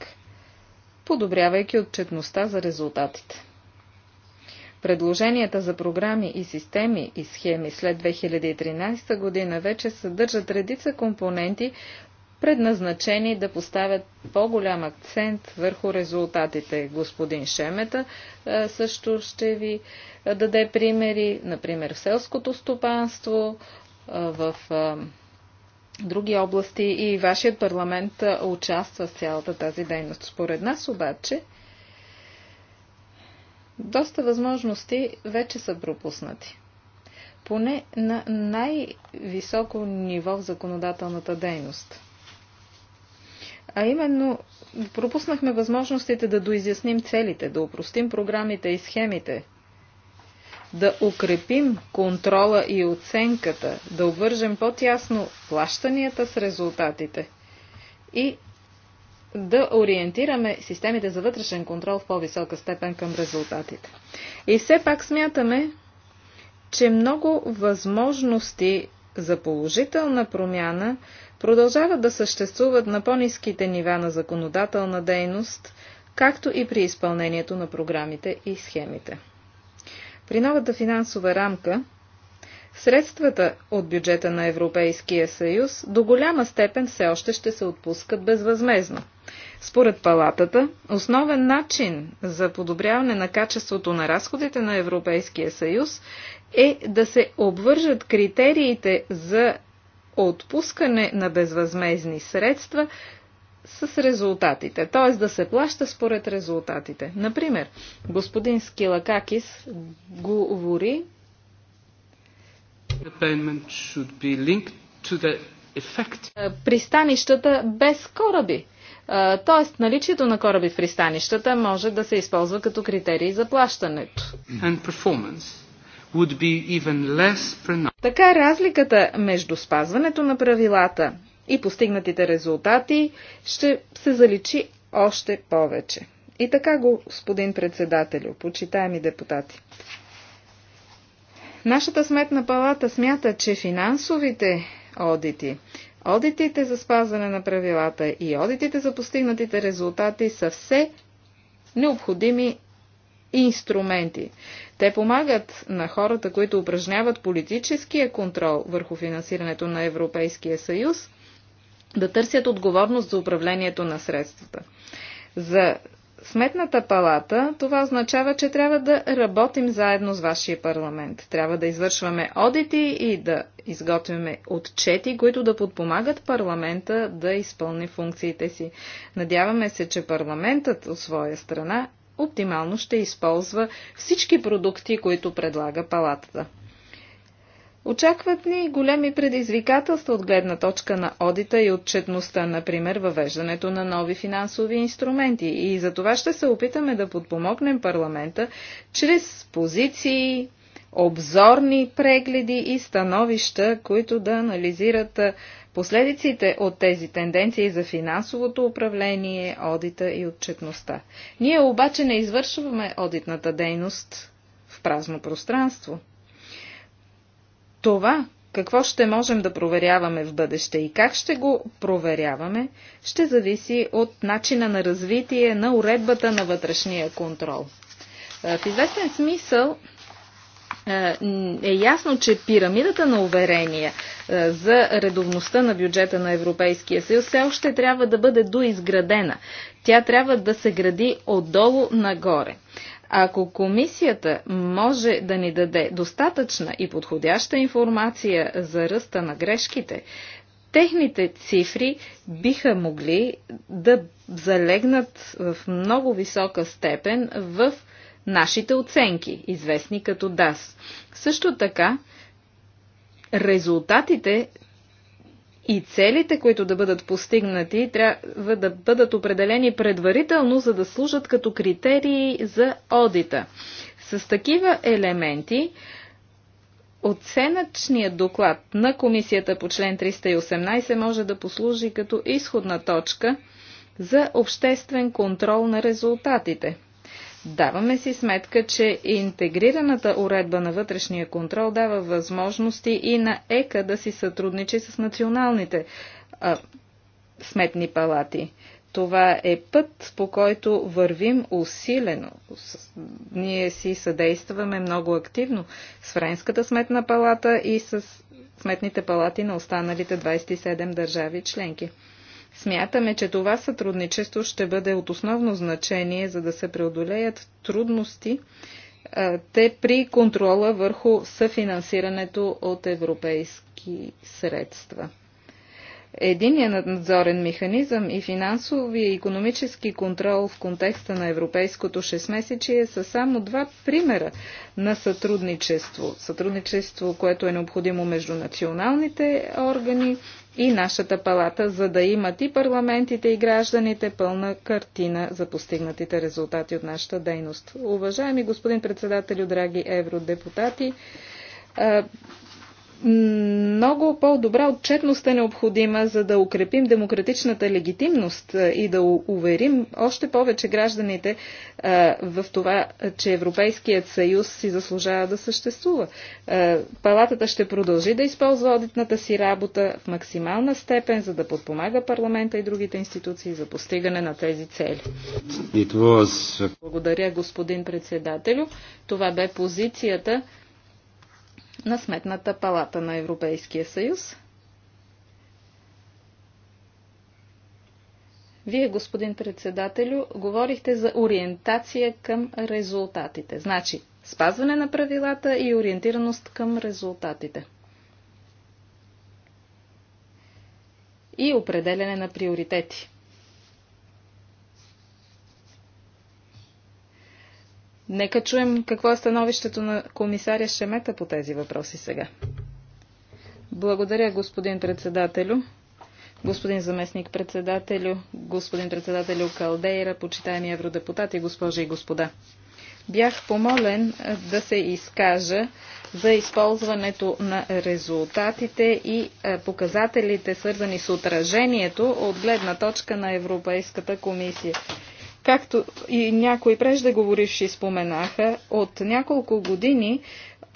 подобрявайки отчетността за резултатите. Предложенията за програми и системи и схеми след 2013 година вече съдържат редица компоненти, предназначени да поставят по-голям акцент върху резултатите. Господин Шемета е, също ще ви е, даде примери, например в селското стопанство, е, в други области и вашият парламент участва в цялата тази дейност. Според нас обаче, доста възможности вече са пропуснати. Поне на най-високо ниво в законодателната дейност. А именно, пропуснахме възможностите да доизясним целите, да упростим програмите и схемите, да укрепим контрола и оценката, да обвържем по-тясно плащанията с резултатите и да ориентираме системите за вътрешен контрол в по-висока степен към резултатите. И все пак смятаме, че много възможности за положителна промяна продължават да съществуват на по-низките нива на законодателна дейност, както и при изпълнението на програмите и схемите. При новата финансова рамка средствата от бюджета на Европейския съюз до голяма степен все още ще се отпускат безвъзмезно – според палатата, основен начин за подобряване на качеството на разходите на Европейския съюз е да се обвържат критериите за отпускане на безвъзмезни средства с резултатите, т.е. да се плаща според резултатите. Например, господин Скилакакис говори Пристанищата без кораби Тоест, наличието на кораби в пристанищата може да се използва като критерий за плащането. Така разликата между спазването на правилата и постигнатите резултати ще се заличи още повече. И така, господин председателю, почитаеми депутати. Нашата сметна палата смята, че финансовите одити Одитите за спазване на правилата и одитите за постигнатите резултати са все необходими инструменти. Те помагат на хората, които упражняват политическия контрол върху финансирането на Европейския съюз, да търсят отговорност за управлението на средствата. За Сметната палата това означава, че трябва да работим заедно с вашия парламент. Трябва да извършваме одити и да изготвяме отчети, които да подпомагат парламента да изпълни функциите си. Надяваме се, че парламентът от своя страна оптимално ще използва всички продукти, които предлага палатата. Очакват ни големи предизвикателства от гледна точка на одита и отчетността, например въвеждането на нови финансови инструменти. И за това ще се опитаме да подпомогнем парламента чрез позиции, обзорни прегледи и становища, които да анализират последиците от тези тенденции за финансовото управление, одита и отчетността. Ние обаче не извършваме одитната дейност в празно пространство. Това, какво ще можем да проверяваме в бъдеще и как ще го проверяваме, ще зависи от начина на развитие на уредбата на вътрешния контрол. В известен смисъл е, е ясно, че пирамидата на уверения е, за редовността на бюджета на Европейския съюз все още трябва да бъде доизградена. Тя трябва да се гради отдолу нагоре. Ако комисията може да ни даде достатъчна и подходяща информация за ръста на грешките, техните цифри биха могли да залегнат в много висока степен в нашите оценки, известни като DAS. Също така, резултатите и целите, които да бъдат постигнати, трябва да бъдат определени предварително, за да служат като критерии за одита. С такива елементи оценъчният доклад на комисията по член 318 може да послужи като изходна точка за обществен контрол на резултатите. Даваме си сметка, че интегрираната уредба на вътрешния контрол дава възможности и на ЕКА да си сътрудничи с националните а, сметни палати. Това е път, по който вървим усилено. Ние си съдействаме много активно с Френската сметна палата и с сметните палати на останалите 27 държави членки. Смятаме, че това сътрудничество ще бъде от основно значение, за да се преодолеят трудности, те при контрола върху съфинансирането от европейски средства. Единият надзорен механизъм и финансовия и економически контрол в контекста на европейското 6-месечие са само два примера на сътрудничество. Сътрудничество, което е необходимо между националните органи и нашата палата, за да имат и парламентите и гражданите пълна картина за постигнатите резултати от нашата дейност. Уважаеми господин председателю, драги евродепутати, много по-добра отчетност е необходима, за да укрепим демократичната легитимност е, и да уверим още повече гражданите е, в това, че Европейският съюз си заслужава да съществува. Е, палатата ще продължи да използва одитната си работа в максимална степен, за да подпомага парламента и другите институции за постигане на тези цели. Was... Благодаря, господин председателю. Това бе позицията на Сметната палата на Европейския съюз. Вие, господин председателю, говорихте за ориентация към резултатите. Значи, спазване на правилата и ориентираност към резултатите. И определене на приоритети. Нека чуем какво е становището на комисаря Шемета по тези въпроси сега. Благодаря, господин председателю. Господин заместник председателю, господин председателю Калдейра, почитаеми евродепутати, госпожи и господа. Бях помолен да се изкажа за използването на резултатите и е, показателите, свързани с отражението от гледна точка на Европейската комисия. Както и някои преждеговоривши споменаха, от няколко години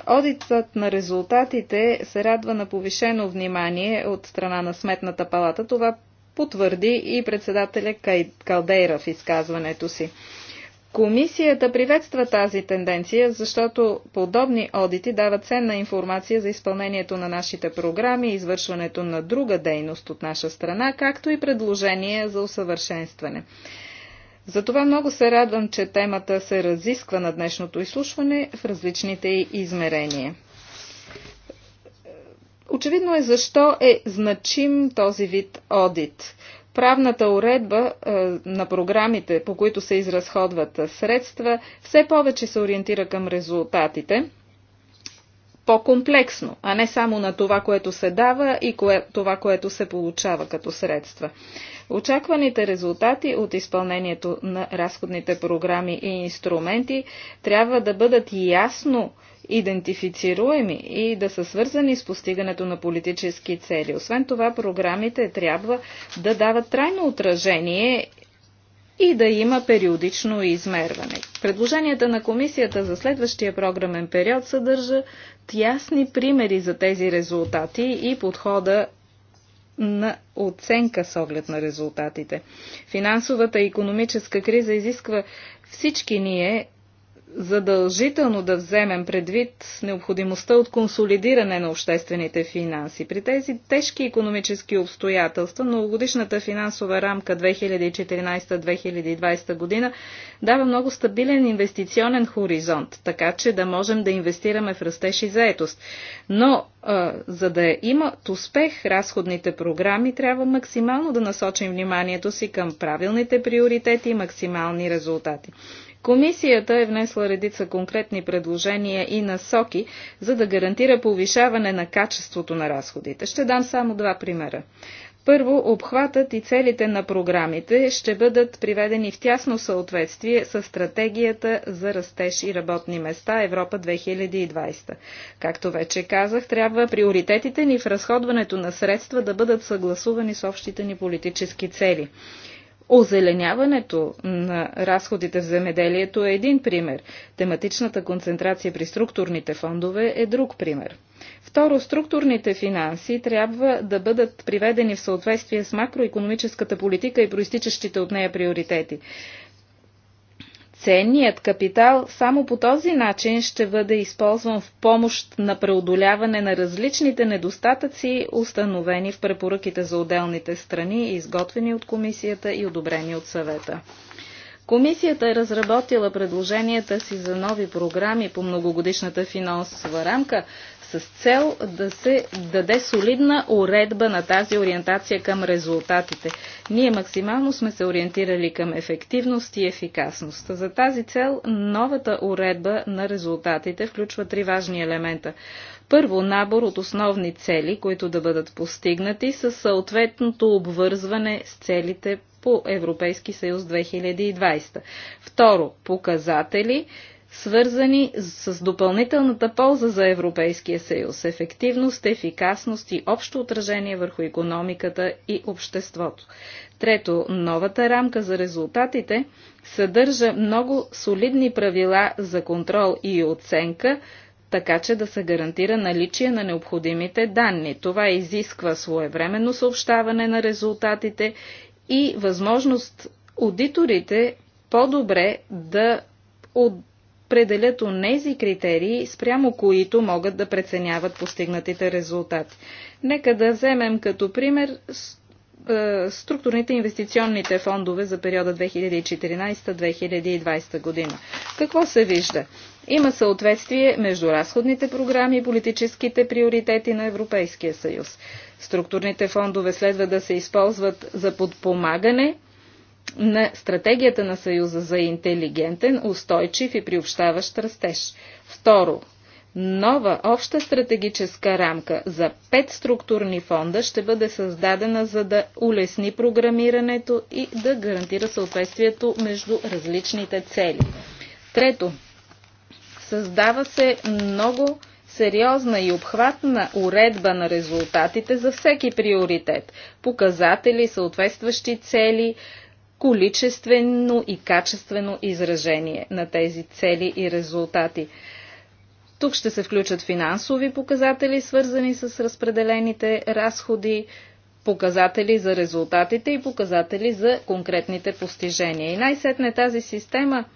Одитът на резултатите се радва на повишено внимание от страна на Сметната палата. Това потвърди и председателя Калдейра в изказването си. Комисията приветства тази тенденция, защото подобни одити дават ценна информация за изпълнението на нашите програми извършването на друга дейност от наша страна, както и предложения за усъвършенстване. Затова много се радвам, че темата се разисква на днешното изслушване в различните измерения. Очевидно е защо е значим този вид одит. Правната уредба е, на програмите, по които се изразходват средства, все повече се ориентира към резултатите по-комплексно, а не само на това, което се дава и кое, това, което се получава като средства. Очакваните резултати от изпълнението на разходните програми и инструменти трябва да бъдат ясно идентифицируеми и да са свързани с постигането на политически цели. Освен това, програмите трябва да дават трайно отражение и да има периодично измерване. Предложенията на комисията за следващия програмен период съдържат ясни примери за тези резултати и подхода на оценка с оглед на резултатите. Финансовата и економическа криза изисква всички ние задължително да вземем предвид необходимостта от консолидиране на обществените финанси. При тези тежки економически обстоятелства, многогодишната финансова рамка 2014-2020 година дава много стабилен инвестиционен хоризонт, така че да можем да инвестираме в растеж и заетост. Но а, за да имат успех разходните програми, трябва максимално да насочим вниманието си към правилните приоритети и максимални резултати. Комисията е внесла редица конкретни предложения и насоки, за да гарантира повишаване на качеството на разходите. Ще дам само два примера. Първо, обхватът и целите на програмите ще бъдат приведени в тясно съответствие с стратегията за растеж и работни места Европа 2020. Както вече казах, трябва приоритетите ни в разходването на средства да бъдат съгласувани с общите ни политически цели. Озеленяването на разходите в земеделието е един пример. Тематичната концентрация при структурните фондове е друг пример. Второ, структурните финанси трябва да бъдат приведени в съответствие с макроекономическата политика и проистичащите от нея приоритети. Ценният капитал само по този начин ще бъде използван в помощ на преодоляване на различните недостатъци, установени в препоръките за отделните страни, изготвени от комисията и одобрени от съвета. Комисията е разработила предложенията си за нови програми по многогодишната финансова рамка с цел да се даде солидна уредба на тази ориентация към резултатите. Ние максимално сме се ориентирали към ефективност и ефикасност. За тази цел новата уредба на резултатите включва три важни елемента. Първо, набор от основни цели, които да бъдат постигнати с съответното обвързване с целите по Европейски съюз 2020. Второ, показатели, свързани с допълнителната полза за Европейския съюз, ефективност, ефикасност и общо отражение върху економиката и обществото. Трето, новата рамка за резултатите съдържа много солидни правила за контрол и оценка, така че да се гарантира наличие на необходимите данни. Това изисква своевременно съобщаване на резултатите и възможност аудиторите по-добре да определят онези критерии, спрямо които могат да преценяват постигнатите резултати. Нека да вземем като пример е, структурните инвестиционните фондове за периода 2014-2020 година. Какво се вижда? Има съответствие между разходните програми и политическите приоритети на Европейския съюз. Структурните фондове следва да се използват за подпомагане на стратегията на Съюза за интелигентен, устойчив и приобщаващ растеж. Второ, нова обща стратегическа рамка за пет структурни фонда ще бъде създадена, за да улесни програмирането и да гарантира съответствието между различните цели. Трето, създава се много сериозна и обхватна уредба на резултатите за всеки приоритет, показатели, съответстващи цели, количествено и качествено изражение на тези цели и резултати. Тук ще се включат финансови показатели, свързани с разпределените разходи, показатели за резултатите и показатели за конкретните постижения. И най-сетне тази система –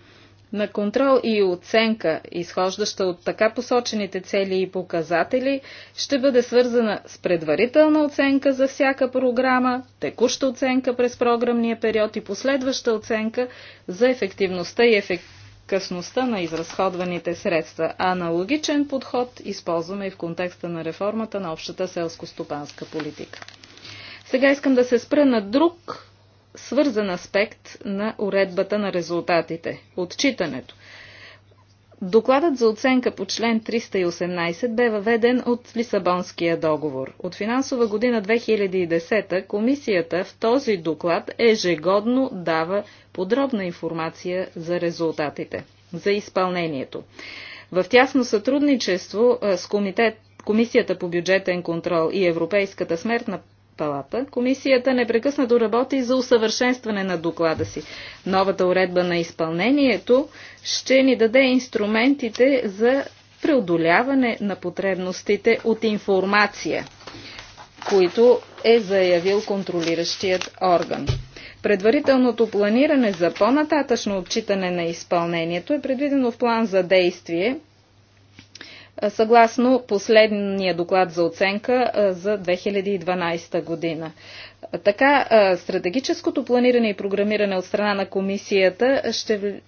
на контрол и оценка, изхождаща от така посочените цели и показатели, ще бъде свързана с предварителна оценка за всяка програма, текуща оценка през програмния период и последваща оценка за ефективността и ефикасността на изразходваните средства. Аналогичен подход използваме и в контекста на реформата на общата селско-стопанска политика. Сега искам да се спра на друг свързан аспект на уредбата на резултатите – отчитането. Докладът за оценка по член 318 бе въведен от Лисабонския договор. От финансова година 2010 комисията в този доклад ежегодно дава подробна информация за резултатите, за изпълнението. В тясно сътрудничество с комитет Комисията по бюджетен контрол и Европейската смертна палата, комисията непрекъснато работи за усъвършенстване на доклада си. Новата уредба на изпълнението ще ни даде инструментите за преодоляване на потребностите от информация, които е заявил контролиращият орган. Предварителното планиране за по-нататъчно отчитане на изпълнението е предвидено в план за действие е, съгласно последния доклад за оценка е, за 2012 година. Така, е, стратегическото планиране и програмиране от страна на комисията ще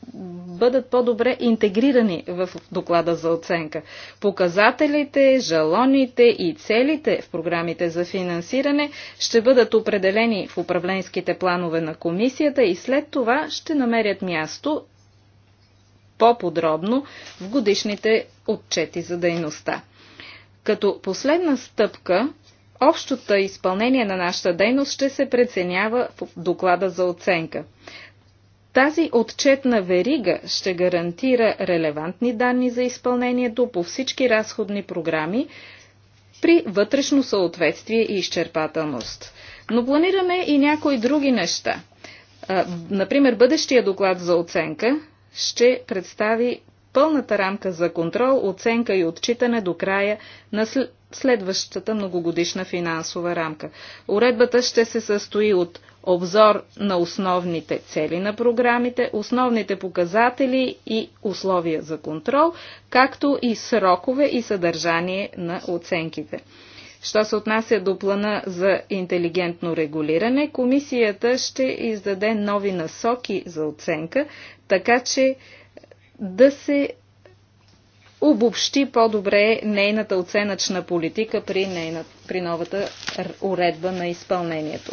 бъдат по-добре интегрирани в доклада за оценка. Показателите, жалоните и целите в програмите за финансиране ще бъдат определени в управленските планове на комисията и след това ще намерят място по-подробно в годишните отчети за дейността. Като последна стъпка, общото изпълнение на нашата дейност ще се преценява в доклада за оценка. Тази отчетна верига ще гарантира релевантни данни за изпълнението по всички разходни програми при вътрешно съответствие и изчерпателност. Но планираме и някои други неща. Например, бъдещия доклад за оценка ще представи пълната рамка за контрол, оценка и отчитане до края на следващата многогодишна финансова рамка. Уредбата ще се състои от обзор на основните цели на програмите, основните показатели и условия за контрол, както и срокове и съдържание на оценките. Що се отнася до плана за интелигентно регулиране, комисията ще издаде нови насоки за оценка, така че да се обобщи по-добре нейната оценъчна политика при, нейна, при новата уредба на изпълнението.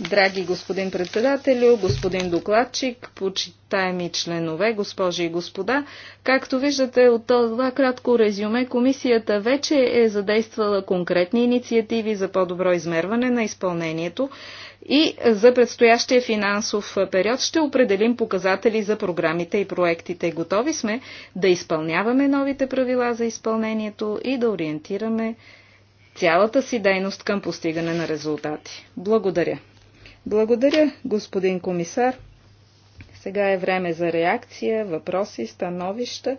Драги господин председателю, господин докладчик, почитаеми членове, госпожи и господа, както виждате от това кратко резюме, комисията вече е задействала конкретни инициативи за по-добро измерване на изпълнението и за предстоящия финансов период ще определим показатели за програмите и проектите. Готови сме да изпълняваме новите правила за изпълнението и да ориентираме цялата си дейност към постигане на резултати. Благодаря. Благодаря, господин комисар. Сега е време за реакция, въпроси, становища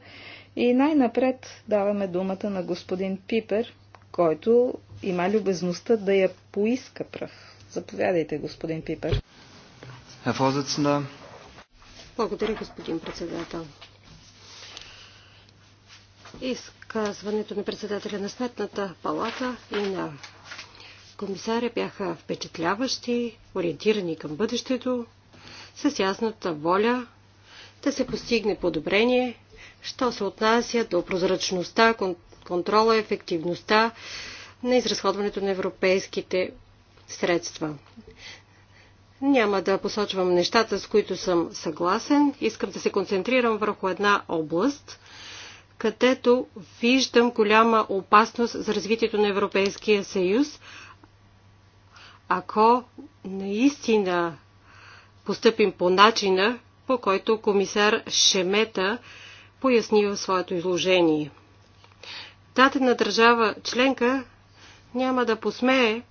и най-напред даваме думата на господин Пипер, който има любезността да я поиска пръв. Заповядайте, господин Пипер. Благодаря, господин председател. Изказването на председателя на Сметната палата и на комисаря бяха впечатляващи, ориентирани към бъдещето, с ясната воля да се постигне подобрение, що се отнася до прозрачността, контрола, ефективността на изразходването на европейските средства. Няма да посочвам нещата, с които съм съгласен. Искам да се концентрирам върху една област, където виждам голяма опасност за развитието на Европейския съюз, ако наистина постъпим по начина, по който комисар Шемета поясни в своето изложение. Дадена държава членка няма да посмее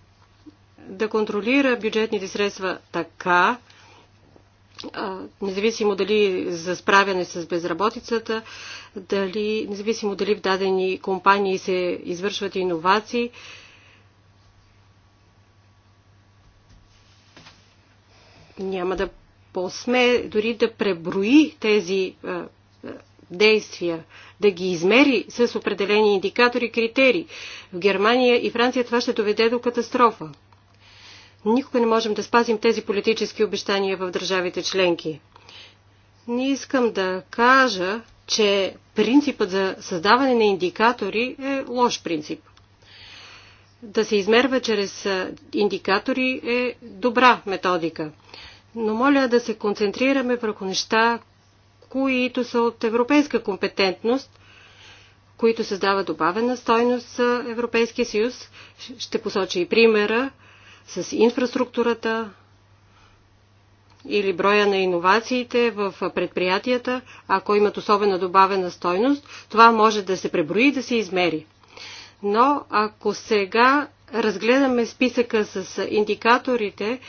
да контролира бюджетните средства така, независимо дали за справяне с безработицата, дали, независимо дали в дадени компании се извършват иновации, няма да посме дори да преброи тези действия, да ги измери с определени индикатори и критерии. В Германия и Франция това ще доведе до катастрофа. Никога не можем да спазим тези политически обещания в държавите членки. Не искам да кажа, че принципът за създаване на индикатори е лош принцип. Да се измерва чрез индикатори е добра методика. Но моля да се концентрираме върху неща, които са от европейска компетентност, които създават добавена стойност за Европейския съюз. Ще посоча и примера с инфраструктурата или броя на иновациите в предприятията, ако имат особена добавена стойност, това може да се преброи и да се измери. Но ако сега разгледаме списъка с индикаторите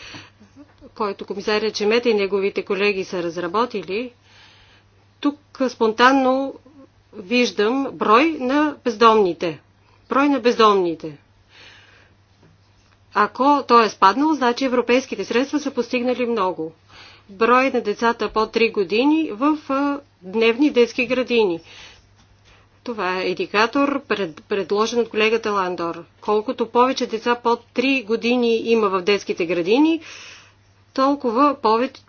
който комисаря Чемета и неговите колеги са разработили, тук спонтанно виждам брой на бездомните. Брой на бездомните. Ако той е спаднал, значи европейските средства са постигнали много. Брой на децата по 3 години в дневни детски градини. Това е индикатор, пред, предложен от колегата Ландор. Колкото повече деца под 3 години има в детските градини, толкова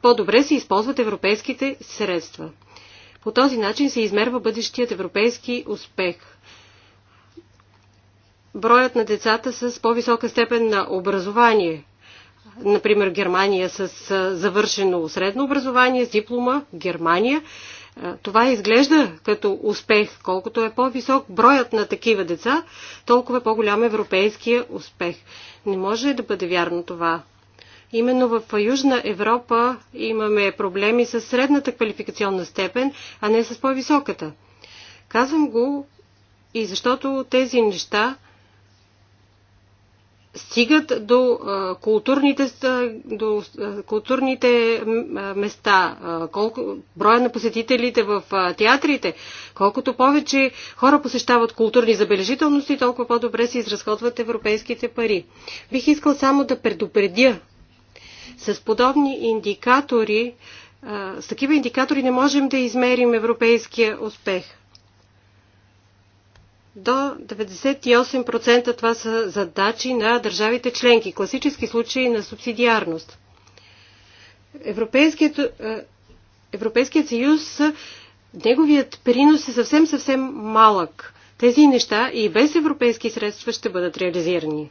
по-добре се използват европейските средства. По този начин се измерва бъдещият европейски успех. Броят на децата с по-висока степен на образование, например Германия с завършено средно образование, с диплома, Германия, това изглежда като успех. Колкото е по-висок броят на такива деца, толкова е по-голям европейския успех. Не може да бъде вярно това. Именно в Южна Европа имаме проблеми с средната квалификационна степен, а не с по-високата. Казвам го и защото тези неща стигат до културните, до културните места, колко, броя на посетителите в театрите. Колкото повече хора посещават културни забележителности, толкова по-добре се изразходват европейските пари. Бих искал само да предупредя с подобни индикатори, с такива индикатори не можем да измерим европейския успех. До 98% това са задачи на държавите членки, класически случаи на субсидиарност. Европейският, Европейският съюз, неговият принос е съвсем-съвсем малък. Тези неща и без европейски средства ще бъдат реализирани.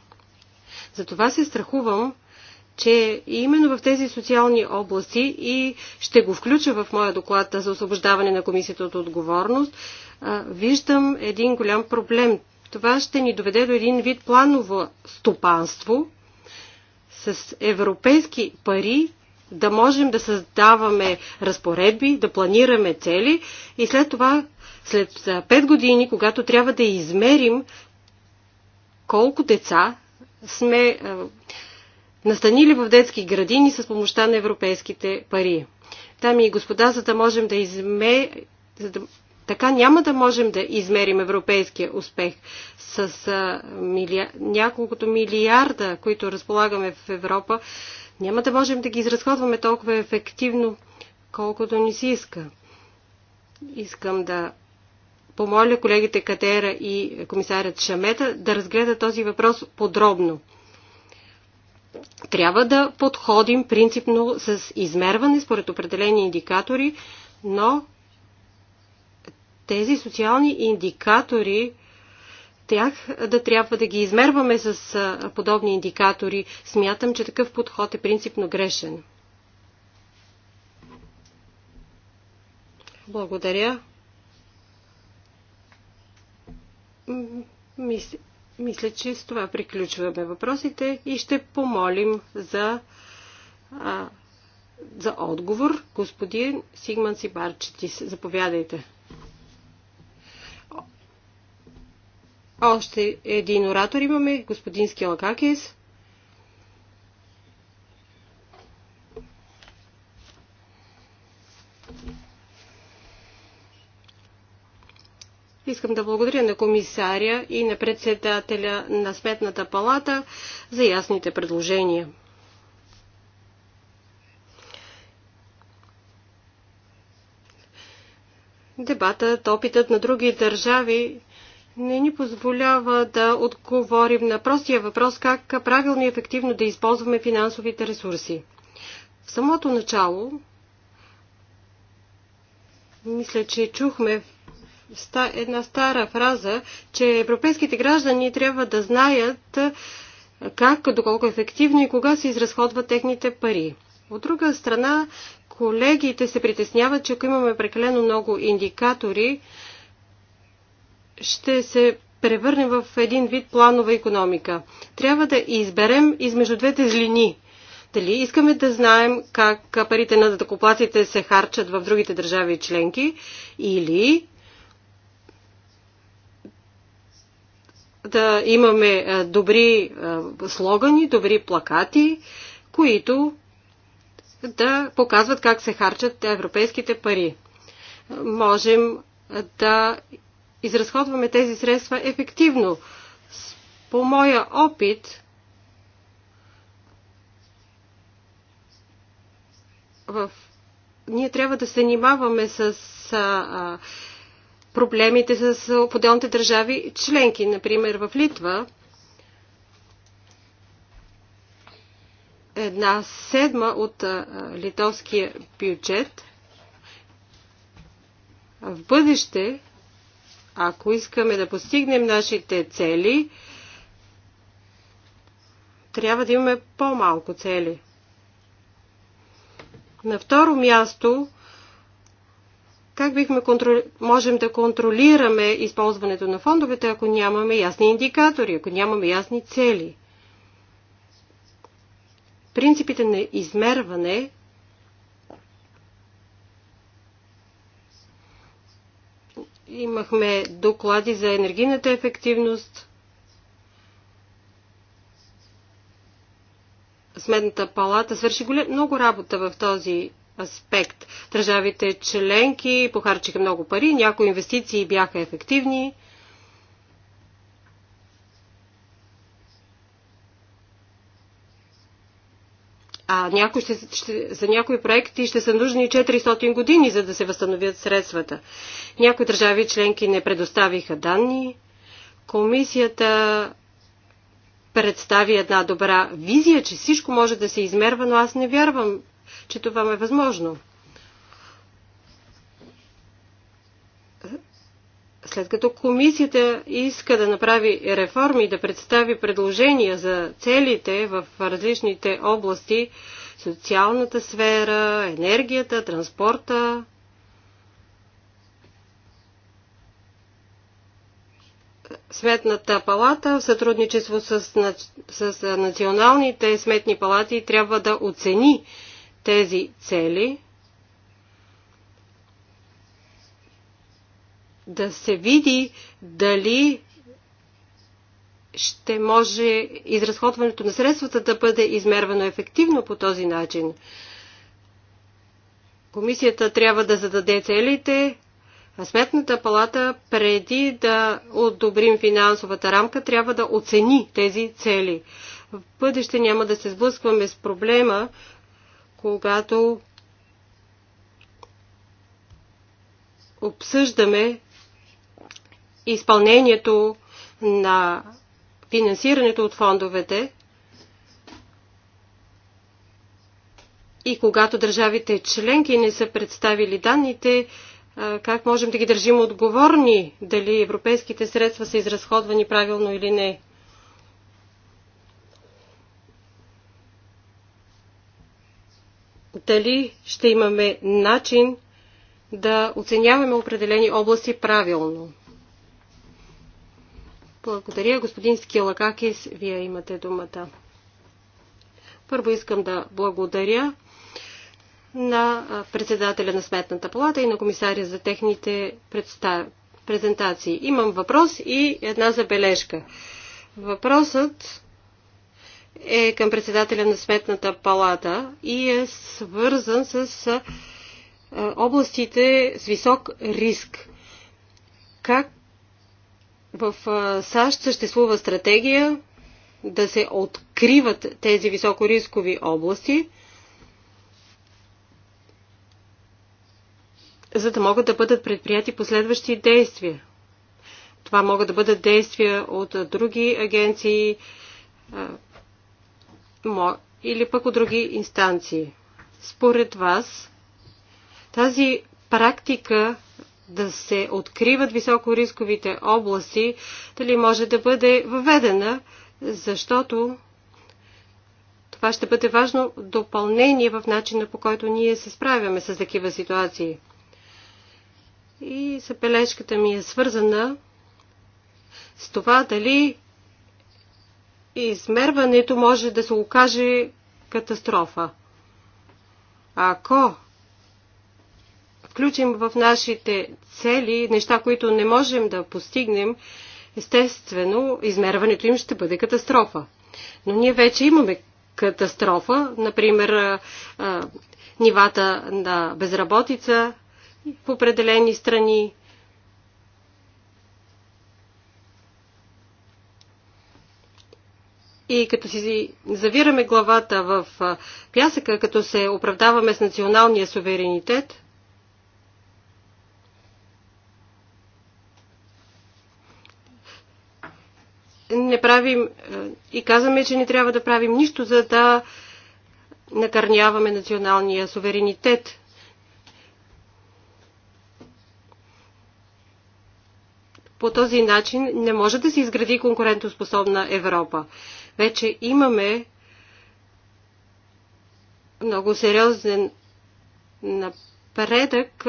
Затова се страхувам, че именно в тези социални области и ще го включа в моя доклад за освобождаване на комисията от отговорност, виждам един голям проблем. Това ще ни доведе до един вид планово стопанство с европейски пари, да можем да създаваме разпоредби, да планираме цели и след това, след 5 години, когато трябва да измерим колко деца сме настанили в детски градини с помощта на европейските пари. Дами и господа, за да можем да изме... За да... Така няма да можем да измерим европейския успех с а, милиар... няколкото милиарда, които разполагаме в Европа. Няма да можем да ги изразходваме толкова ефективно, колкото ни се иска. Искам да помоля колегите Катера и комисарят Шамета да разгледат този въпрос подробно трябва да подходим принципно с измерване според определени индикатори, но тези социални индикатори, тях да трябва да ги измерваме с подобни индикатори, смятам, че такъв подход е принципно грешен. Благодаря. Мисля мисля, че с това приключваме въпросите и ще помолим за, а, за отговор. Господин Сигман Сибарчетис, заповядайте. Още един оратор имаме, господин Скилакакис. Искам да благодаря на комисаря и на председателя на Сметната палата за ясните предложения. Дебатът, опитът на други държави не ни позволява да отговорим на простия въпрос как правилно и ефективно да използваме финансовите ресурси. В самото начало, мисля, че чухме една стара фраза, че европейските граждани трябва да знаят как, доколко ефективно и кога се изразходват техните пари. От друга страна, колегите се притесняват, че ако имаме прекалено много индикатори, ще се превърнем в един вид планова економика. Трябва да изберем измежду двете злини. Дали искаме да знаем как парите на дъкоплатите се харчат в другите държави и членки или да имаме добри слогани, добри плакати, които да показват как се харчат европейските пари. Можем да изразходваме тези средства ефективно. По моя опит, в... ние трябва да се занимаваме с а, а, проблемите с отделните държави членки. Например, в Литва една седма от литовския бюджет в бъдеще, ако искаме да постигнем нашите цели, трябва да имаме по-малко цели. На второ място как бихме контрол... можем да контролираме използването на фондовете, ако нямаме ясни индикатори, ако нямаме ясни цели? Принципите на измерване имахме доклади за енергийната ефективност. Сметната палата свърши много работа в този аспект. Държавите членки похарчиха много пари, някои инвестиции бяха ефективни. А някои ще, ще, за някои проекти ще са нужни 400 години, за да се възстановят средствата. Някои държави членки не предоставиха данни. Комисията представи една добра визия, че всичко може да се измерва, но аз не вярвам че това е възможно. След като комисията иска да направи реформи и да представи предложения за целите в различните области, социалната сфера, енергията, транспорта, Сметната палата в сътрудничество с, с националните сметни палати трябва да оцени тези цели, да се види дали ще може изразходването на средствата да бъде измервано ефективно по този начин. Комисията трябва да зададе целите, а Сметната палата преди да одобрим финансовата рамка трябва да оцени тези цели. В бъдеще няма да се сблъскваме с проблема, когато обсъждаме изпълнението на финансирането от фондовете и когато държавите членки не са представили данните, как можем да ги държим отговорни, дали европейските средства са изразходвани правилно или не. дали ще имаме начин да оценяваме определени области правилно. Благодаря, господин Скилакакис. Вие имате думата. Първо искам да благодаря на председателя на Сметната палата и на комисаря за техните представ... презентации. Имам въпрос и една забележка. Въпросът е към председателя на Сметната палата и е свързан с областите с висок риск. Как в САЩ съществува стратегия да се откриват тези високорискови области, за да могат да бъдат предприяти последващи действия. Това могат да бъдат действия от други агенции, или пък от други инстанции. Според вас, тази практика да се откриват високорисковите области, дали може да бъде въведена, защото това ще бъде важно допълнение в начина по който ние се справяме с такива ситуации. И забележката ми е свързана с това дали измерването може да се окаже катастрофа. Ако включим в нашите цели неща, които не можем да постигнем, естествено, измерването им ще бъде катастрофа. Но ние вече имаме катастрофа, например, нивата на безработица в определени страни, И като си завираме главата в пясъка, като се оправдаваме с националния суверенитет, не правим и казваме, че не трябва да правим нищо, за да накърняваме националния суверенитет. По този начин не може да се изгради конкурентоспособна Европа. Вече имаме много сериозен напредък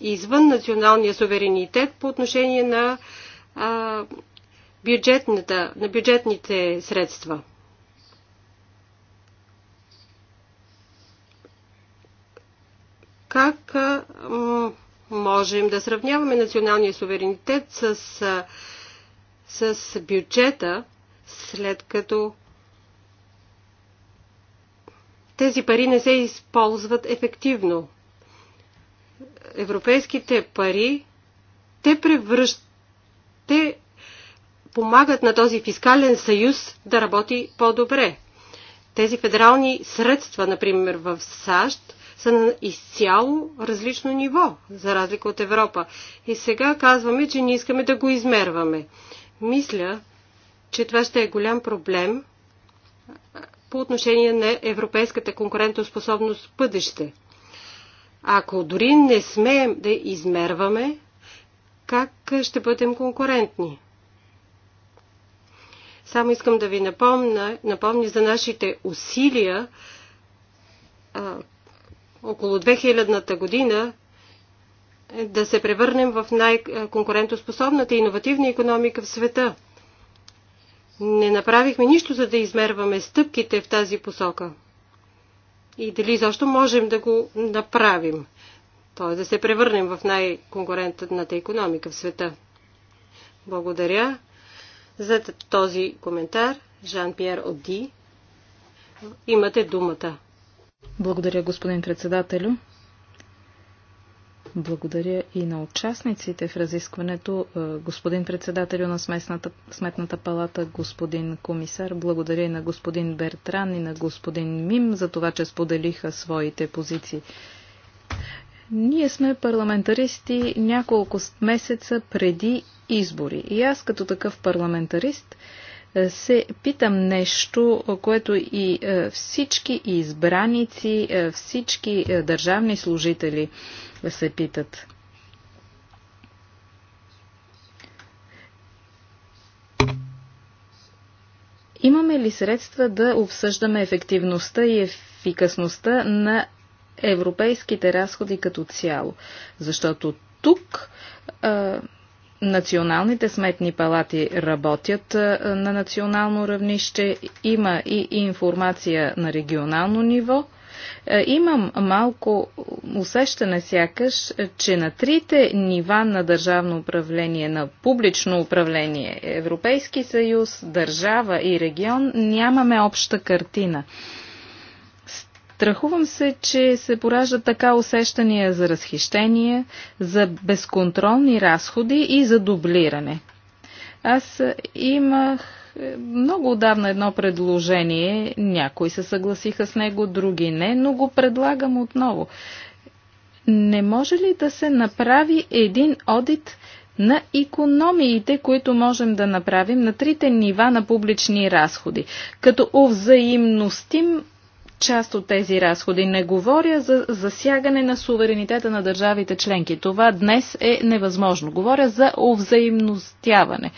извън националния суверенитет по отношение на, бюджетната, на бюджетните средства. Как можем да сравняваме националния суверенитет с, с бюджета след като тези пари не се използват ефективно. Европейските пари, те превръщат, те помагат на този фискален съюз да работи по-добре. Тези федерални средства, например в САЩ, са на изцяло различно ниво, за разлика от Европа. И сега казваме, че не искаме да го измерваме. Мисля, че това ще е голям проблем по отношение на европейската конкурентоспособност в бъдеще. Ако дори не смеем да измерваме, как ще бъдем конкурентни? Само искам да ви напомня, напомня за нашите усилия а, около 2000-та година е, да се превърнем в най-конкурентоспособната и иновативна економика в света – не направихме нищо, за да измерваме стъпките в тази посока. И дали защо можем да го направим, т.е. да се превърнем в най-конкурентната економика в света. Благодаря за този коментар. Жан-Пьер Оди, имате думата. Благодаря, господин председателю. Благодаря и на участниците в разискването, е, господин председателю на сметната, Сметната палата, господин комисар. Благодаря и на господин Бертран и на господин Мим за това, че споделиха своите позиции. Ние сме парламентаристи няколко месеца преди избори. И аз като такъв парламентарист е, се питам нещо, което и е, всички избраници, всички държавни служители се питат. Имаме ли средства да обсъждаме ефективността и ефикасността на европейските разходи като цяло? Защото тук а, националните сметни палати работят а, на национално равнище, има и информация на регионално ниво – е, имам малко усещане сякаш, е, че на трите нива на държавно управление, на публично управление, Европейски съюз, държава и регион, нямаме обща картина. Страхувам се, че се пораждат така усещания за разхищение, за безконтролни разходи и за дублиране. Аз имах много отдавна едно предложение, някои се съгласиха с него, други не, но го предлагам отново. Не може ли да се направи един одит на економиите, които можем да направим на трите нива на публични разходи, като овзаимностим част от тези разходи. Не говоря за засягане на суверенитета на държавите членки. Това днес е невъзможно. Говоря за овзаимностяване.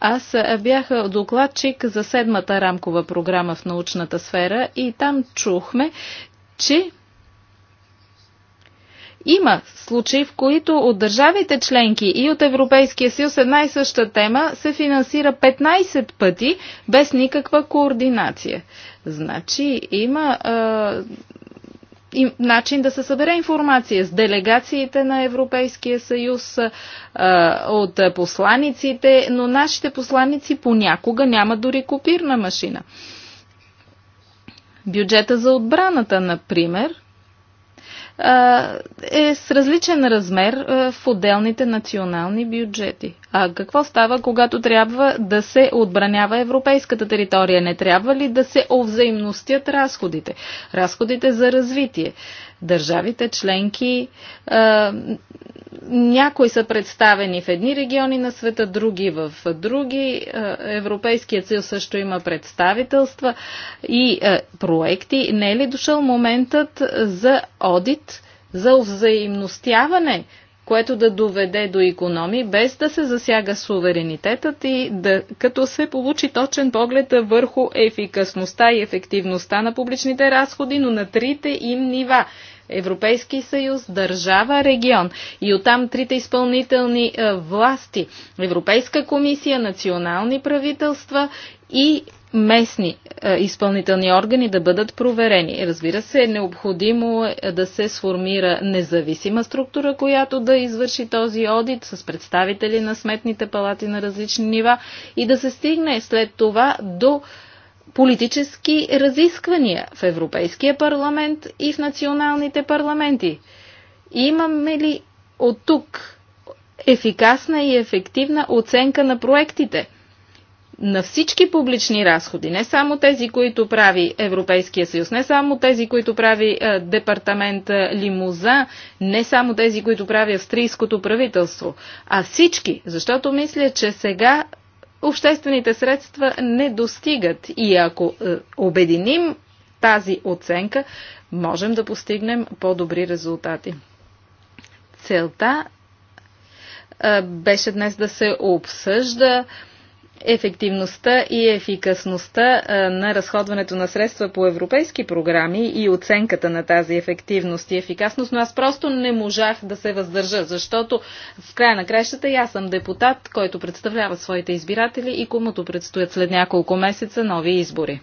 Аз е, бях докладчик за седмата рамкова програма в научната сфера и там чухме, че има случаи, в които от държавите членки и от Европейския съюз една и съща тема се финансира 15 пъти без никаква координация. Значи има начин да се събере информация с делегациите на Европейския съюз, от посланиците, но нашите посланици понякога няма дори копирна машина. Бюджета за отбраната, например, е с различен размер в отделните национални бюджети. А какво става, когато трябва да се отбранява европейската територия? Не трябва ли да се овзаимностят разходите? Разходите за развитие. Държавите членки някои са представени в едни региони на света, други в други. Е, Европейският съюз също има представителства и е, проекти. Не е ли дошъл моментът за одит, за взаимностяване, което да доведе до економи, без да се засяга суверенитетът и да, като се получи точен поглед върху ефикасността и ефективността на публичните разходи, но на трите им нива Европейски съюз, държава, регион. И оттам трите изпълнителни е, власти Европейска комисия, национални правителства и местни е, изпълнителни органи да бъдат проверени. Разбира се, е необходимо е, да се сформира независима структура, която да извърши този одит с представители на сметните палати на различни нива и да се стигне след това до политически разисквания в Европейския парламент и в националните парламенти. Имаме ли от тук ефикасна и ефективна оценка на проектите? на всички публични разходи, не само тези, които прави Европейския съюз, не само тези, които прави е, департамент е, Лимуза, не само тези, които прави австрийското правителство, а всички, защото мисля, че сега обществените средства не достигат. И ако е, обединим тази оценка, можем да постигнем по-добри резултати. Целта е, беше днес да се обсъжда ефективността и ефикасността на разходването на средства по европейски програми и оценката на тази ефективност и ефикасност, но аз просто не можах да се въздържа, защото в края на кращата и аз съм депутат, който представлява своите избиратели и комуто предстоят след няколко месеца нови избори.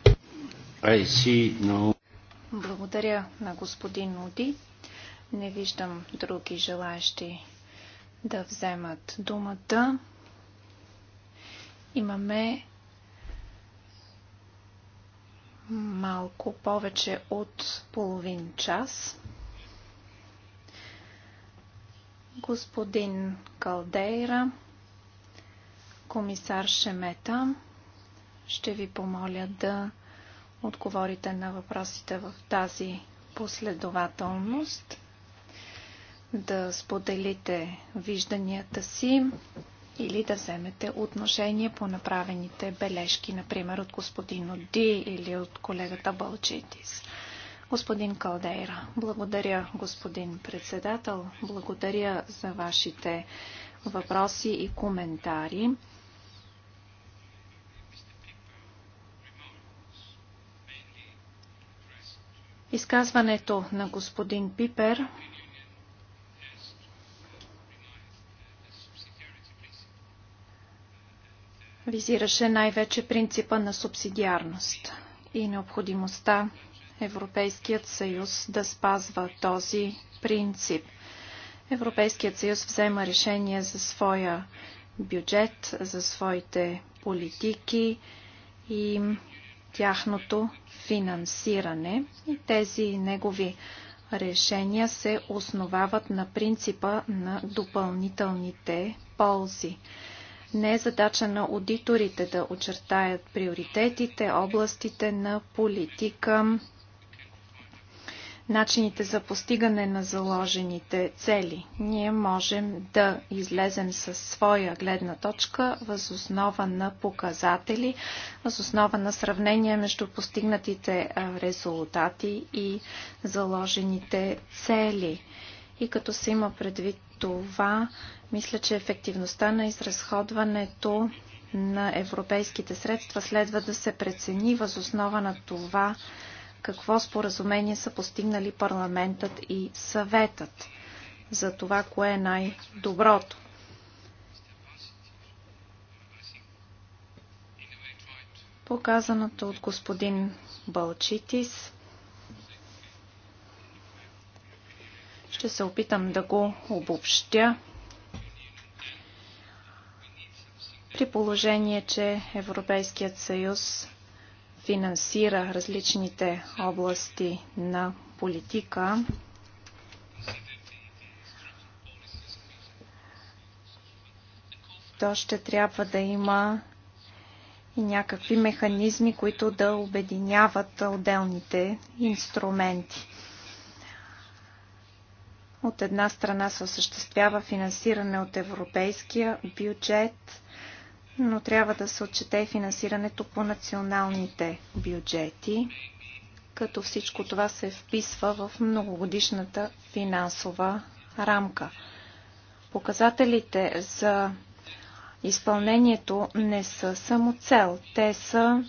No. Благодаря на господин Уди. Не виждам други желаящи да вземат думата. Имаме малко повече от половин час. Господин Калдейра, комисар Шемета, ще ви помоля да отговорите на въпросите в тази последователност, да споделите вижданията си, или да вземете отношение по направените бележки, например от господин Оди или от колегата Балчитис. Господин Калдейра, благодаря, господин председател, благодаря за вашите въпроси и коментари. Изказването на господин Пипер визираше най-вече принципа на субсидиарност и необходимостта Европейският съюз да спазва този принцип. Европейският съюз взема решение за своя бюджет, за своите политики и тяхното финансиране. И тези негови решения се основават на принципа на допълнителните ползи. Не е задача на аудиторите да очертаят приоритетите, областите на политика, начините за постигане на заложените цели. Ние можем да излезем със своя гледна точка възоснова на показатели, възоснова на сравнение между постигнатите резултати и заложените цели. И като се има предвид това мисля, че ефективността на изразходването на европейските средства следва да се прецени възоснова на това какво споразумение са постигнали парламентът и съветът за това, кое е най-доброто. Показаното от господин Балчитис Ще се опитам да го обобщя. При положение, че Европейският съюз финансира различните области на политика, то ще трябва да има и някакви механизми, които да обединяват отделните инструменти. От една страна се осъществява финансиране от европейския бюджет, но трябва да се отчете и финансирането по националните бюджети, като всичко това се вписва в многогодишната финансова рамка. Показателите за изпълнението не са само цел, те са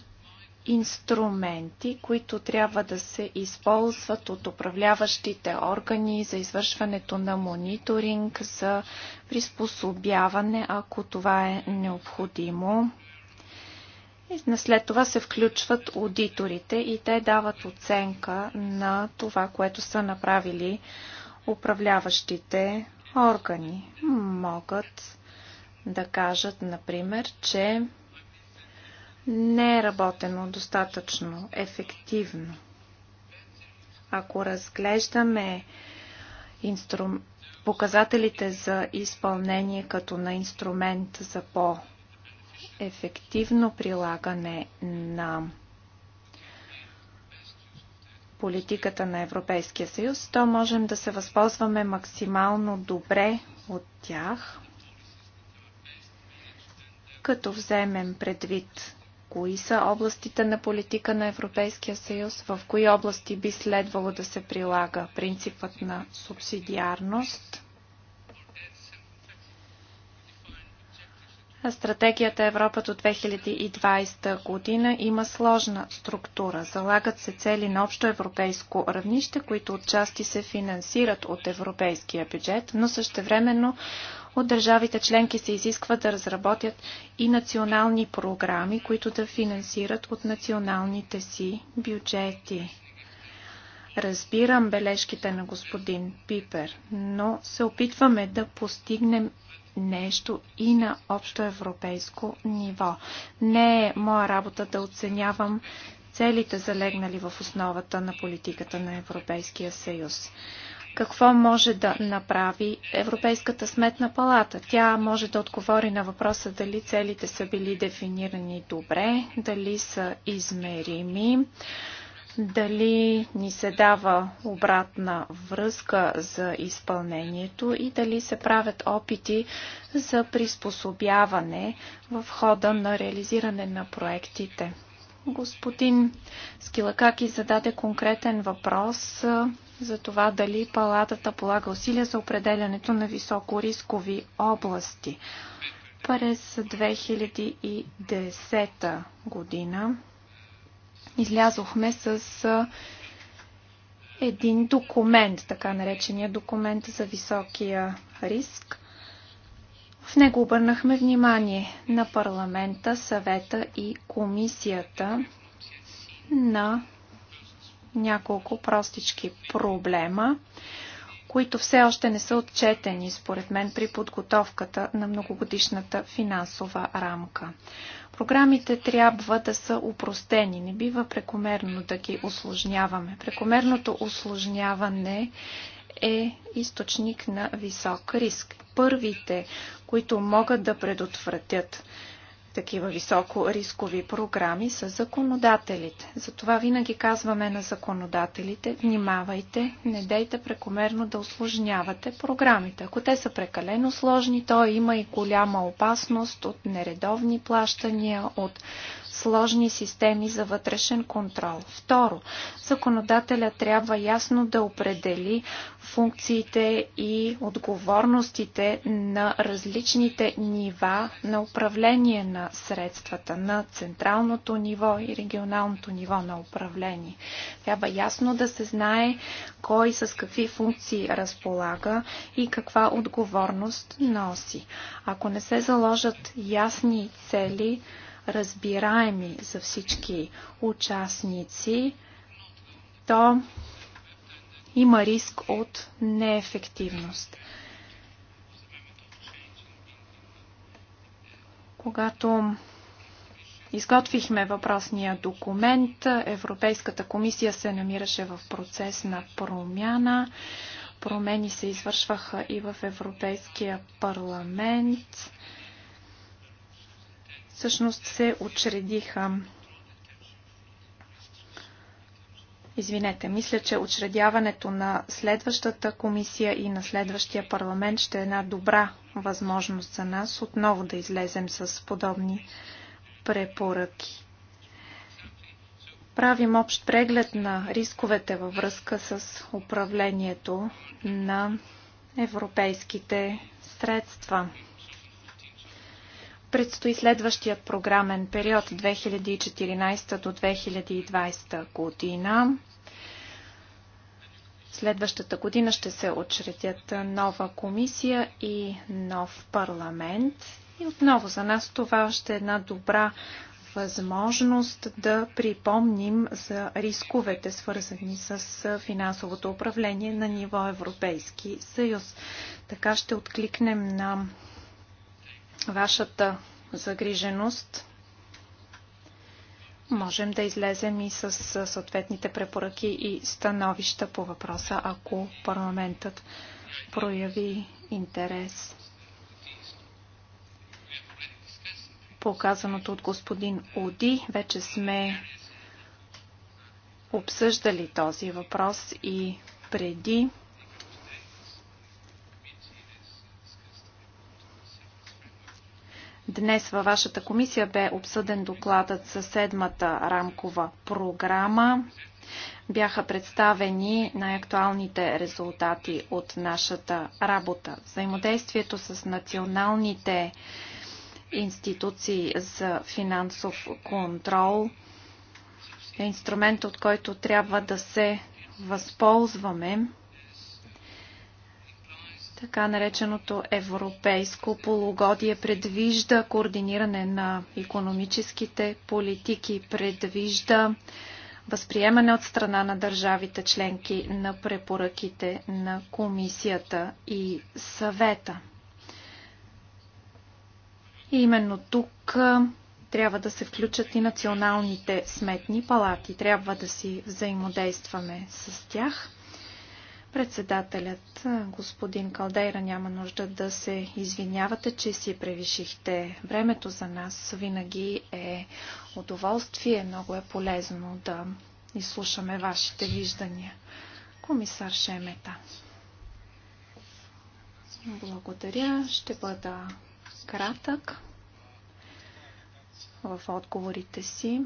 инструменти, които трябва да се използват от управляващите органи за извършването на мониторинг, за приспособяване, ако това е необходимо. И след това се включват аудиторите и те дават оценка на това, което са направили управляващите органи. Могат да кажат, например, че не е работено достатъчно ефективно. Ако разглеждаме инстру... показателите за изпълнение като на инструмент за по-ефективно прилагане на политиката на Европейския съюз, то можем да се възползваме максимално добре от тях, като вземем предвид кои са областите на политика на Европейския съюз, в кои области би следвало да се прилага принципът на субсидиарност. Стратегията Европа до 2020 година има сложна структура. Залагат се цели на общо европейско равнище, които отчасти се финансират от европейския бюджет, но същевременно от държавите членки се изисква да разработят и национални програми, които да финансират от националните си бюджети. Разбирам бележките на господин Пипер, но се опитваме да постигнем нещо и на общо европейско ниво. Не е моя работа да оценявам целите залегнали в основата на политиката на Европейския съюз какво може да направи Европейската сметна палата. Тя може да отговори на въпроса дали целите са били дефинирани добре, дали са измерими, дали ни се дава обратна връзка за изпълнението и дали се правят опити за приспособяване в хода на реализиране на проектите. Господин Скилакаки зададе конкретен въпрос за това дали палатата полага усилия за определянето на високорискови области. През 2010 година излязохме с един документ, така наречения документ за високия риск. В него обърнахме внимание на парламента, съвета и комисията на няколко простички проблема, които все още не са отчетени, според мен, при подготовката на многогодишната финансова рамка. Програмите трябва да са упростени, не бива прекомерно да ги осложняваме. Прекомерното осложняване е източник на висок риск. Първите, които могат да предотвратят такива високо рискови програми са законодателите. Затова винаги казваме на законодателите, внимавайте, не дейте прекомерно да осложнявате програмите. Ако те са прекалено сложни, то има и голяма опасност от нередовни плащания, от сложни системи за вътрешен контрол. Второ, законодателя трябва ясно да определи функциите и отговорностите на различните нива на управление на средствата, на централното ниво и регионалното ниво на управление. Трябва ясно да се знае кой с какви функции разполага и каква отговорност носи. Ако не се заложат ясни цели, разбираеми за всички участници, то има риск от неефективност. Когато изготвихме въпросния документ, Европейската комисия се намираше в процес на промяна. Промени се извършваха и в Европейския парламент всъщност се учредиха. Извинете, мисля, че учредяването на следващата комисия и на следващия парламент ще е една добра възможност за нас отново да излезем с подобни препоръки. Правим общ преглед на рисковете във връзка с управлението на европейските средства. Предстои следващия програмен период 2014 до 2020 година. Следващата година ще се очредят нова комисия и нов парламент. И отново за нас това ще е една добра възможност да припомним за рисковете, свързани с финансовото управление на ниво Европейски съюз. Така ще откликнем на вашата загриженост. Можем да излезем и с съответните препоръки и становища по въпроса, ако парламентът прояви интерес. Показаното от господин Уди, вече сме обсъждали този въпрос и преди Днес във вашата комисия бе обсъден докладът със седмата рамкова програма. Бяха представени най-актуалните резултати от нашата работа. Взаимодействието с националните институции за финансов контрол е инструмент, от който трябва да се възползваме така нареченото европейско полугодие предвижда координиране на економическите политики, предвижда възприемане от страна на държавите членки на препоръките на комисията и съвета. И именно тук трябва да се включат и националните сметни палати. Трябва да си взаимодействаме с тях. Председателят, господин Калдейра, няма нужда да се извинявате, че си превишихте времето за нас. Винаги е удоволствие, много е полезно да изслушаме вашите виждания. Комисар Шемета. Благодаря. Ще бъда кратък в отговорите си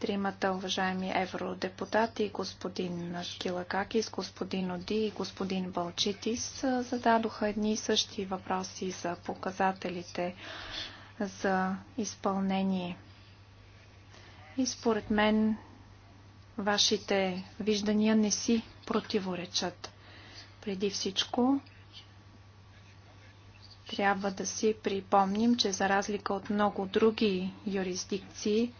тримата уважаеми евродепутати, господин Шкилакакис, господин Оди и господин Балчитис, зададоха едни и същи въпроси за показателите за изпълнение. И според мен вашите виждания не си противоречат. Преди всичко, трябва да си припомним, че за разлика от много други юрисдикции,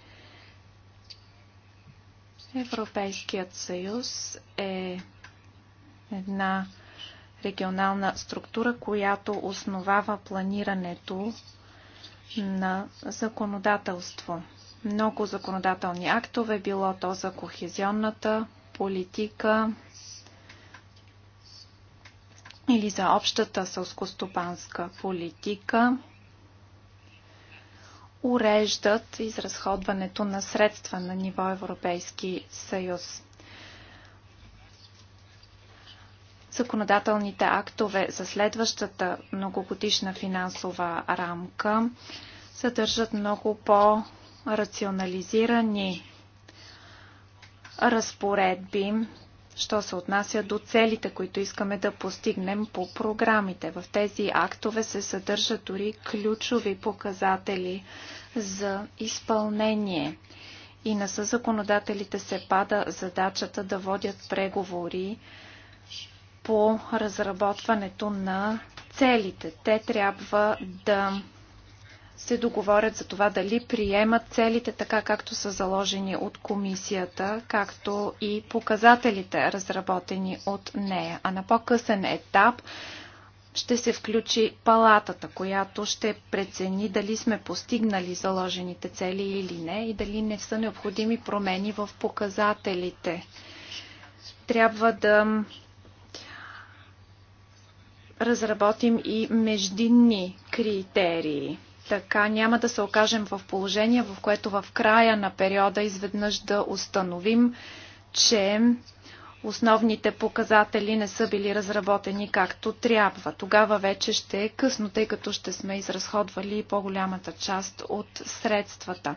Европейският съюз е една регионална структура, която основава планирането на законодателство. Много законодателни актове, било то за кохезионната политика или за общата сълскостопанска политика – уреждат изразходването на средства на ниво Европейски съюз. Законодателните актове за следващата многогодишна финансова рамка съдържат много по-рационализирани разпоредби що се отнася до целите, които искаме да постигнем по програмите. В тези актове се съдържат дори ключови показатели за изпълнение. И на съзаконодателите се пада задачата да водят преговори по разработването на целите. Те трябва да се договорят за това дали приемат целите така, както са заложени от комисията, както и показателите, разработени от нея. А на по-късен етап ще се включи палатата, която ще прецени дали сме постигнали заложените цели или не и дали не са необходими промени в показателите. Трябва да разработим и междинни критерии – така няма да се окажем в положение, в което в края на периода изведнъж да установим, че основните показатели не са били разработени както трябва. Тогава вече ще е късно, тъй като ще сме изразходвали по-голямата част от средствата.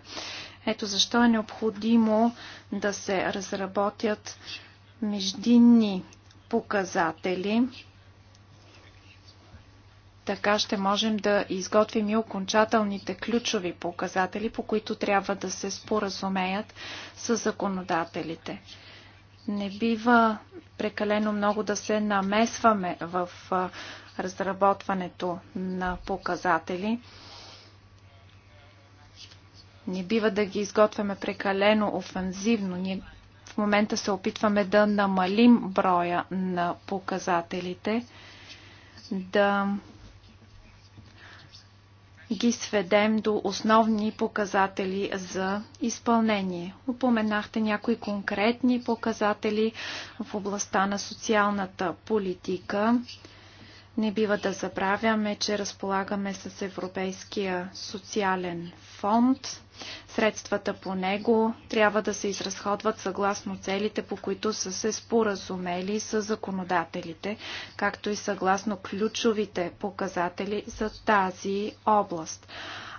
Ето защо е необходимо да се разработят междинни показатели, така ще можем да изготвим и окончателните ключови показатели, по които трябва да се споразумеят с законодателите. Не бива прекалено много да се намесваме в разработването на показатели. Не бива да ги изготвяме прекалено офанзивно. Ние в момента се опитваме да намалим броя на показателите, да ги сведем до основни показатели за изпълнение. Упоменахте някои конкретни показатели в областта на социалната политика. Не бива да забравяме, че разполагаме с Европейския социален фонд. Средствата по него трябва да се изразходват съгласно целите, по които са се споразумели с законодателите, както и съгласно ключовите показатели за тази област.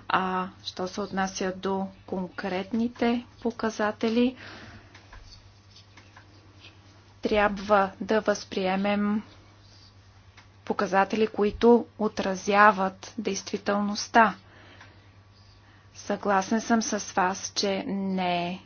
А що се отнася до конкретните показатели, трябва да възприемем показатели, които отразяват действителността. Съгласен съм с вас, че не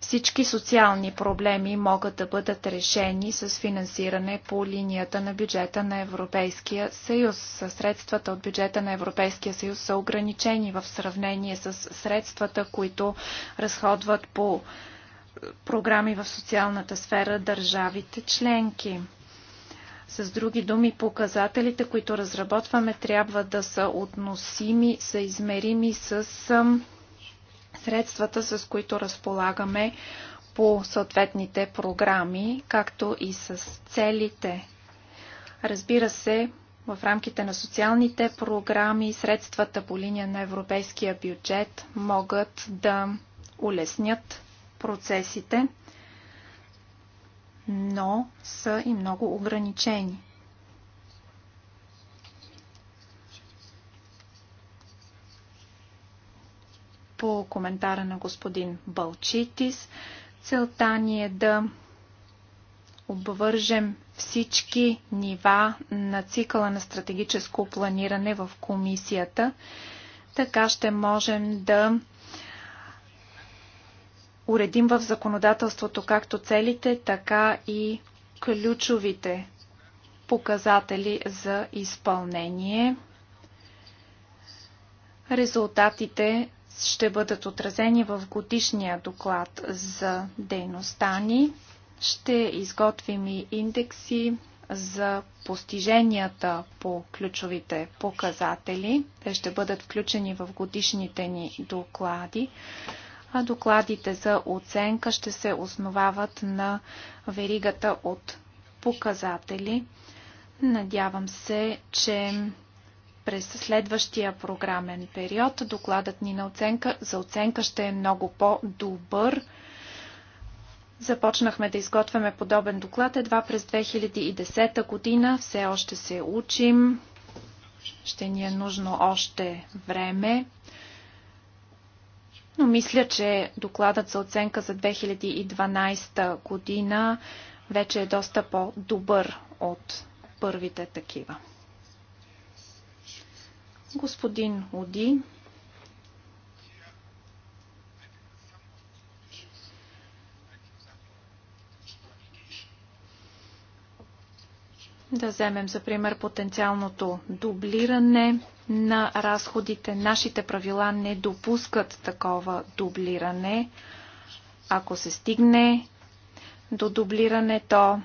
всички социални проблеми могат да бъдат решени с финансиране по линията на бюджета на Европейския съюз. Средствата от бюджета на Европейския съюз са ограничени в сравнение с средствата, които разходват по програми в социалната сфера държавите членки. С други думи, показателите, които разработваме, трябва да са относими, са измерими с средствата, с които разполагаме по съответните програми, както и с целите. Разбира се, в рамките на социалните програми, средствата по линия на европейския бюджет могат да улеснят процесите но са и много ограничени. По коментара на господин Балчитис, целта ни е да обвържем всички нива на цикъла на стратегическо планиране в комисията. Така ще можем да уредим в законодателството както целите, така и ключовите показатели за изпълнение. Резултатите ще бъдат отразени в годишния доклад за дейността ни. Ще изготвим и индекси за постиженията по ключовите показатели. Те ще бъдат включени в годишните ни доклади а докладите за оценка ще се основават на веригата от показатели. Надявам се, че през следващия програмен период докладът ни на оценка, за оценка ще е много по-добър. Започнахме да изготвяме подобен доклад едва през 2010 година. Все още се учим. Ще ни е нужно още време но мисля, че докладът за оценка за 2012 година вече е доста по-добър от първите такива. Господин Уди Да вземем за пример потенциалното дублиране на разходите. Нашите правила не допускат такова дублиране. Ако се стигне до дублиране, то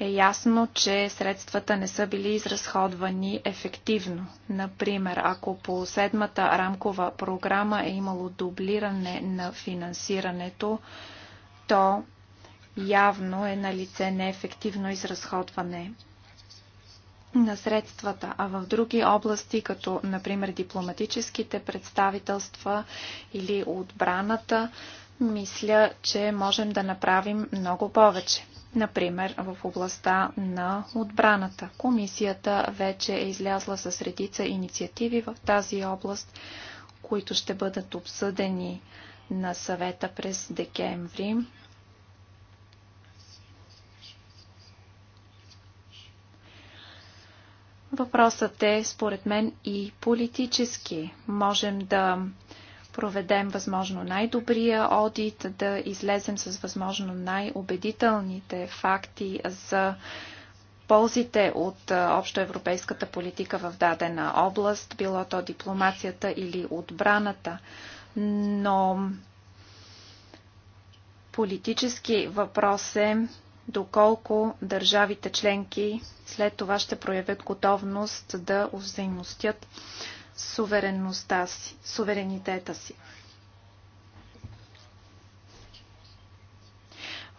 е ясно, че средствата не са били изразходвани ефективно. Например, ако по седмата рамкова програма е имало дублиране на финансирането, то явно е на лице неефективно изразходване на средствата, а в други области, като например дипломатическите представителства или отбраната, мисля, че можем да направим много повече. Например, в областта на отбраната. Комисията вече е излязла с редица инициативи в тази област, които ще бъдат обсъдени на съвета през декември. Въпросът е, според мен, и политически. Можем да проведем възможно най-добрия одит, да излезем с възможно най-убедителните факти за ползите от общоевропейската политика в дадена област, било то дипломацията или отбраната. Но политически въпрос е доколко държавите членки след това ще проявят готовност да взаимостят суверенността си, суверенитета си.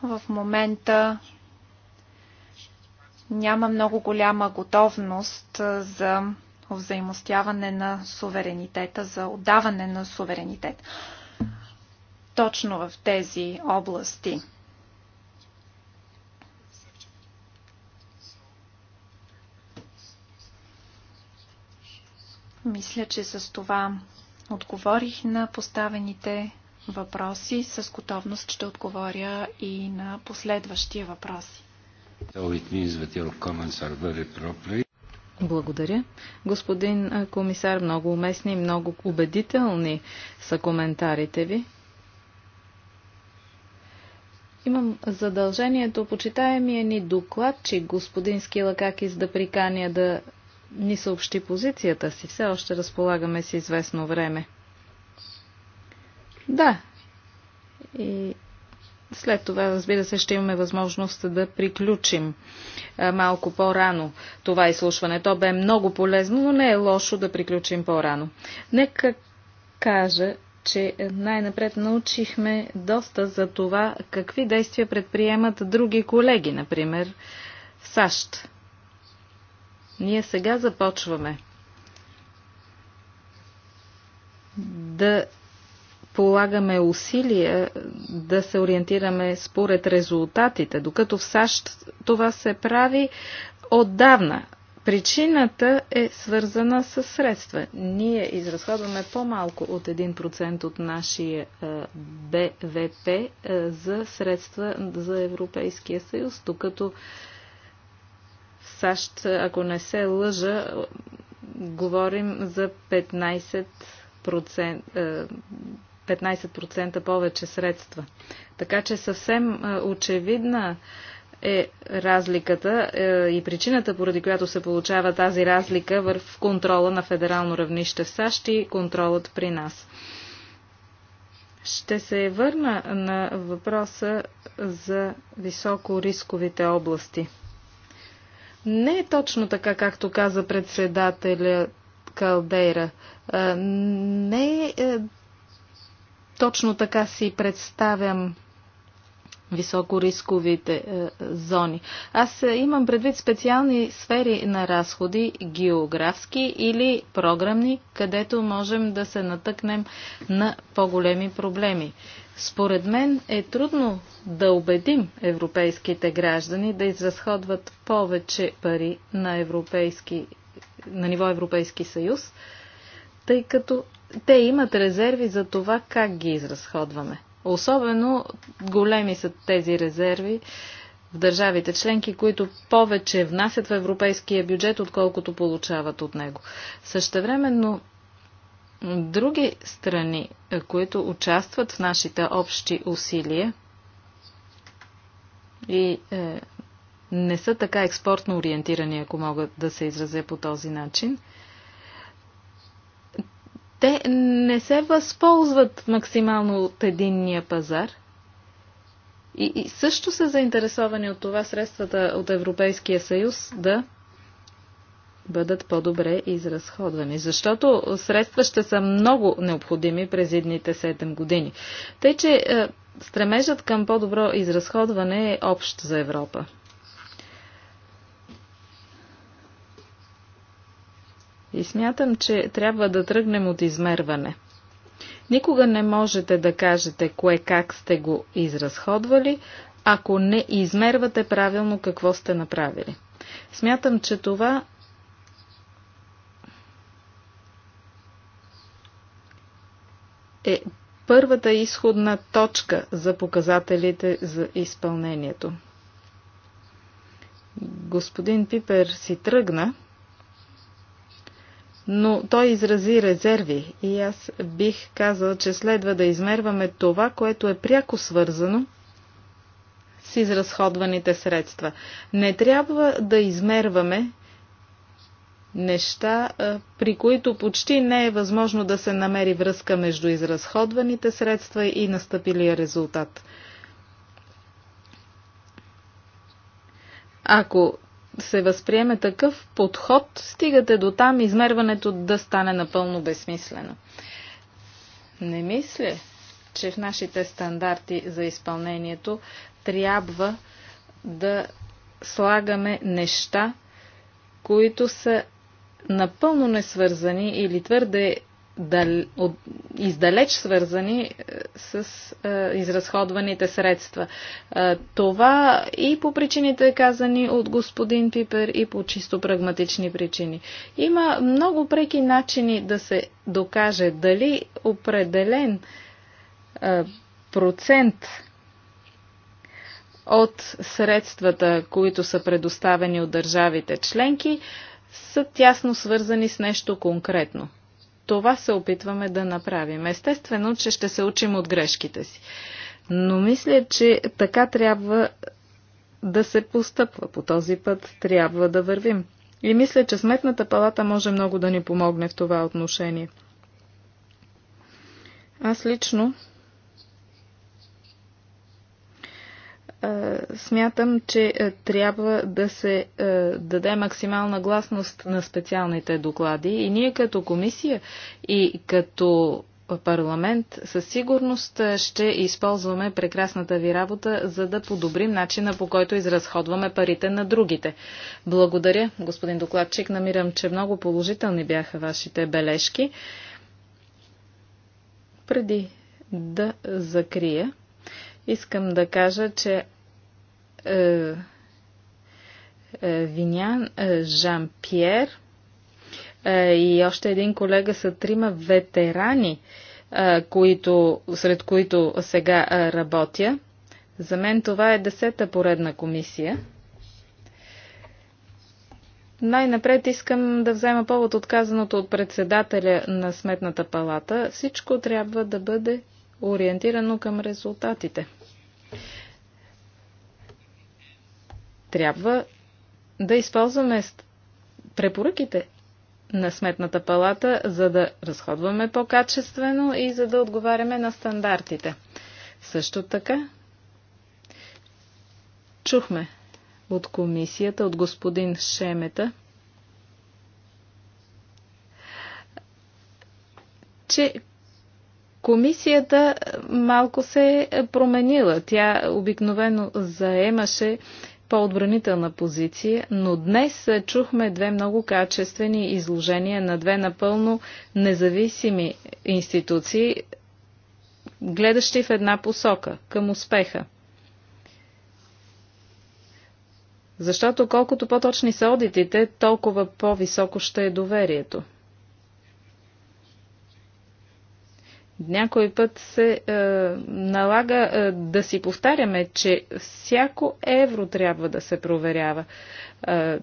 В момента няма много голяма готовност за взаимостяване на суверенитета, за отдаване на суверенитет. Точно в тези области – Мисля, че с това отговорих на поставените въпроси. С готовност ще отговоря и на последващия въпроси. Благодаря. Господин комисар, много уместни и много убедителни са коментарите ви. Имам задължението, почитаемия ни доклад, че господин Скилакакис да приканя да ни съобщи позицията си. Все още разполагаме си известно време. Да. И след това, разбира се, ще имаме възможност да приключим малко по-рано това изслушване. То бе много полезно, но не е лошо да приключим по-рано. Нека кажа, че най-напред научихме доста за това какви действия предприемат други колеги, например в САЩ. Ние сега започваме да полагаме усилия да се ориентираме според резултатите, докато в САЩ това се прави отдавна. Причината е свързана с средства. Ние изразходваме по-малко от 1% от нашия БВП за средства за Европейския съюз, докато САЩ, ако не се лъжа, говорим за 15%, 15% е, повече средства. Така че съвсем е, очевидна е разликата е, и причината, поради която се получава тази разлика в контрола на федерално равнище в САЩ и контролът при нас. Ще се върна на въпроса за високо рисковите области – не е точно така, както каза председателя Калдейра. Не е, е точно така си представям високорисковите е, зони. Аз е, имам предвид специални сфери на разходи, географски или програмни, където можем да се натъкнем на по-големи проблеми. Според мен е трудно да убедим европейските граждани да изразходват повече пари на, европейски, на ниво Европейски съюз, тъй като те имат резерви за това как ги изразходваме. Особено големи са тези резерви в държавите членки, които повече внасят в европейския бюджет, отколкото получават от него. Същевременно други страни, които участват в нашите общи усилия и е, не са така експортно ориентирани, ако могат да се изразя по този начин, те не се възползват максимално от единния пазар и, и също са заинтересовани от това средствата от Европейския съюз да бъдат по-добре изразходвани, защото средства ще са много необходими през едните 7 години. Тъй, че стремежат стремежът към по-добро изразходване е общ за Европа. И смятам, че трябва да тръгнем от измерване. Никога не можете да кажете кое как сте го изразходвали, ако не измервате правилно какво сте направили. Смятам, че това е първата изходна точка за показателите за изпълнението. Господин Пипер си тръгна но той изрази резерви и аз бих казал, че следва да измерваме това, което е пряко свързано с изразходваните средства. Не трябва да измерваме неща, при които почти не е възможно да се намери връзка между изразходваните средства и настъпилия резултат. Ако се възприеме такъв подход, стигате до там измерването да стане напълно безсмислено. Не мисля, че в нашите стандарти за изпълнението трябва да слагаме неща, които са напълно несвързани или твърде дал, от, издалеч свързани е, с е, изразходваните средства. Е, това и по причините казани от господин Пипер и по чисто прагматични причини. Има много преки начини да се докаже дали определен процент от средствата, които са предоставени от държавите членки, са тясно свързани с нещо конкретно това се опитваме да направим. Естествено, че ще се учим от грешките си. Но мисля, че така трябва да се постъпва. По този път трябва да вървим. И мисля, че Сметната палата може много да ни помогне в това отношение. Аз лично Е, смятам, че е, трябва да се е, даде максимална гласност на специалните доклади и ние като комисия и като парламент със сигурност ще използваме прекрасната ви работа, за да подобрим начина по който изразходваме парите на другите. Благодаря, господин докладчик. Намирам, че много положителни бяха вашите бележки. Преди да закрия, искам да кажа, че е, е, Винян, е, Жан Пьер и още един колега са трима ветерани, които, сред които сега работя. За мен това е десета поредна комисия. Най-напред искам да взема повод от казаното от председателя на Сметната палата. Всичко трябва да бъде ориентирано към резултатите. Трябва да използваме препоръките на Сметната палата, за да разходваме по-качествено и за да отговаряме на стандартите. Също така, чухме от комисията, от господин Шемета, че комисията малко се е променила. Тя обикновено заемаше по-отбранителна позиция, но днес е, чухме две много качествени изложения на две напълно независими институции, гледащи в една посока към успеха. Защото колкото по-точни са одитите, толкова по-високо ще е доверието. Някой път се е, налага е, да си повтаряме, че всяко евро трябва да се проверява. Е,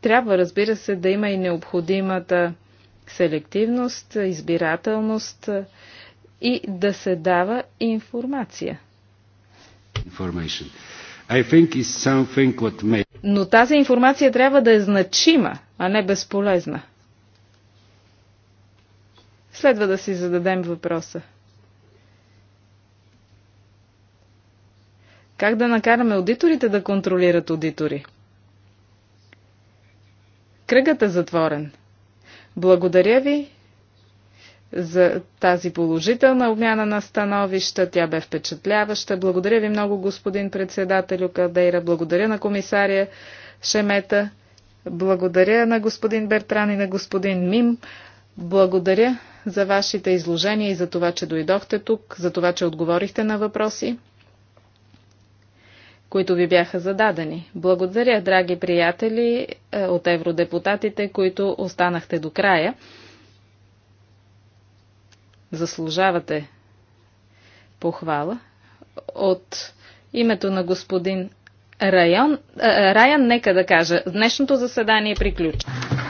трябва, разбира се, да има и необходимата селективност, избирателност е, и да се дава информация. May... Но тази информация трябва да е значима, а не безполезна. Следва да си зададем въпроса. Как да накараме аудиторите да контролират аудитори? Кръгът е затворен. Благодаря ви за тази положителна обмяна на становища. Тя бе впечатляваща. Благодаря ви много, господин председателю Кадейра. Благодаря на комисария Шемета. Благодаря на господин Бертран и на господин Мим. Благодаря за вашите изложения и за това, че дойдохте тук, за това, че отговорихте на въпроси, които ви бяха зададени. Благодаря, драги приятели е, от евродепутатите, които останахте до края. Заслужавате похвала. От името на господин Район, е, е, Райан, нека да кажа, днешното заседание приключи.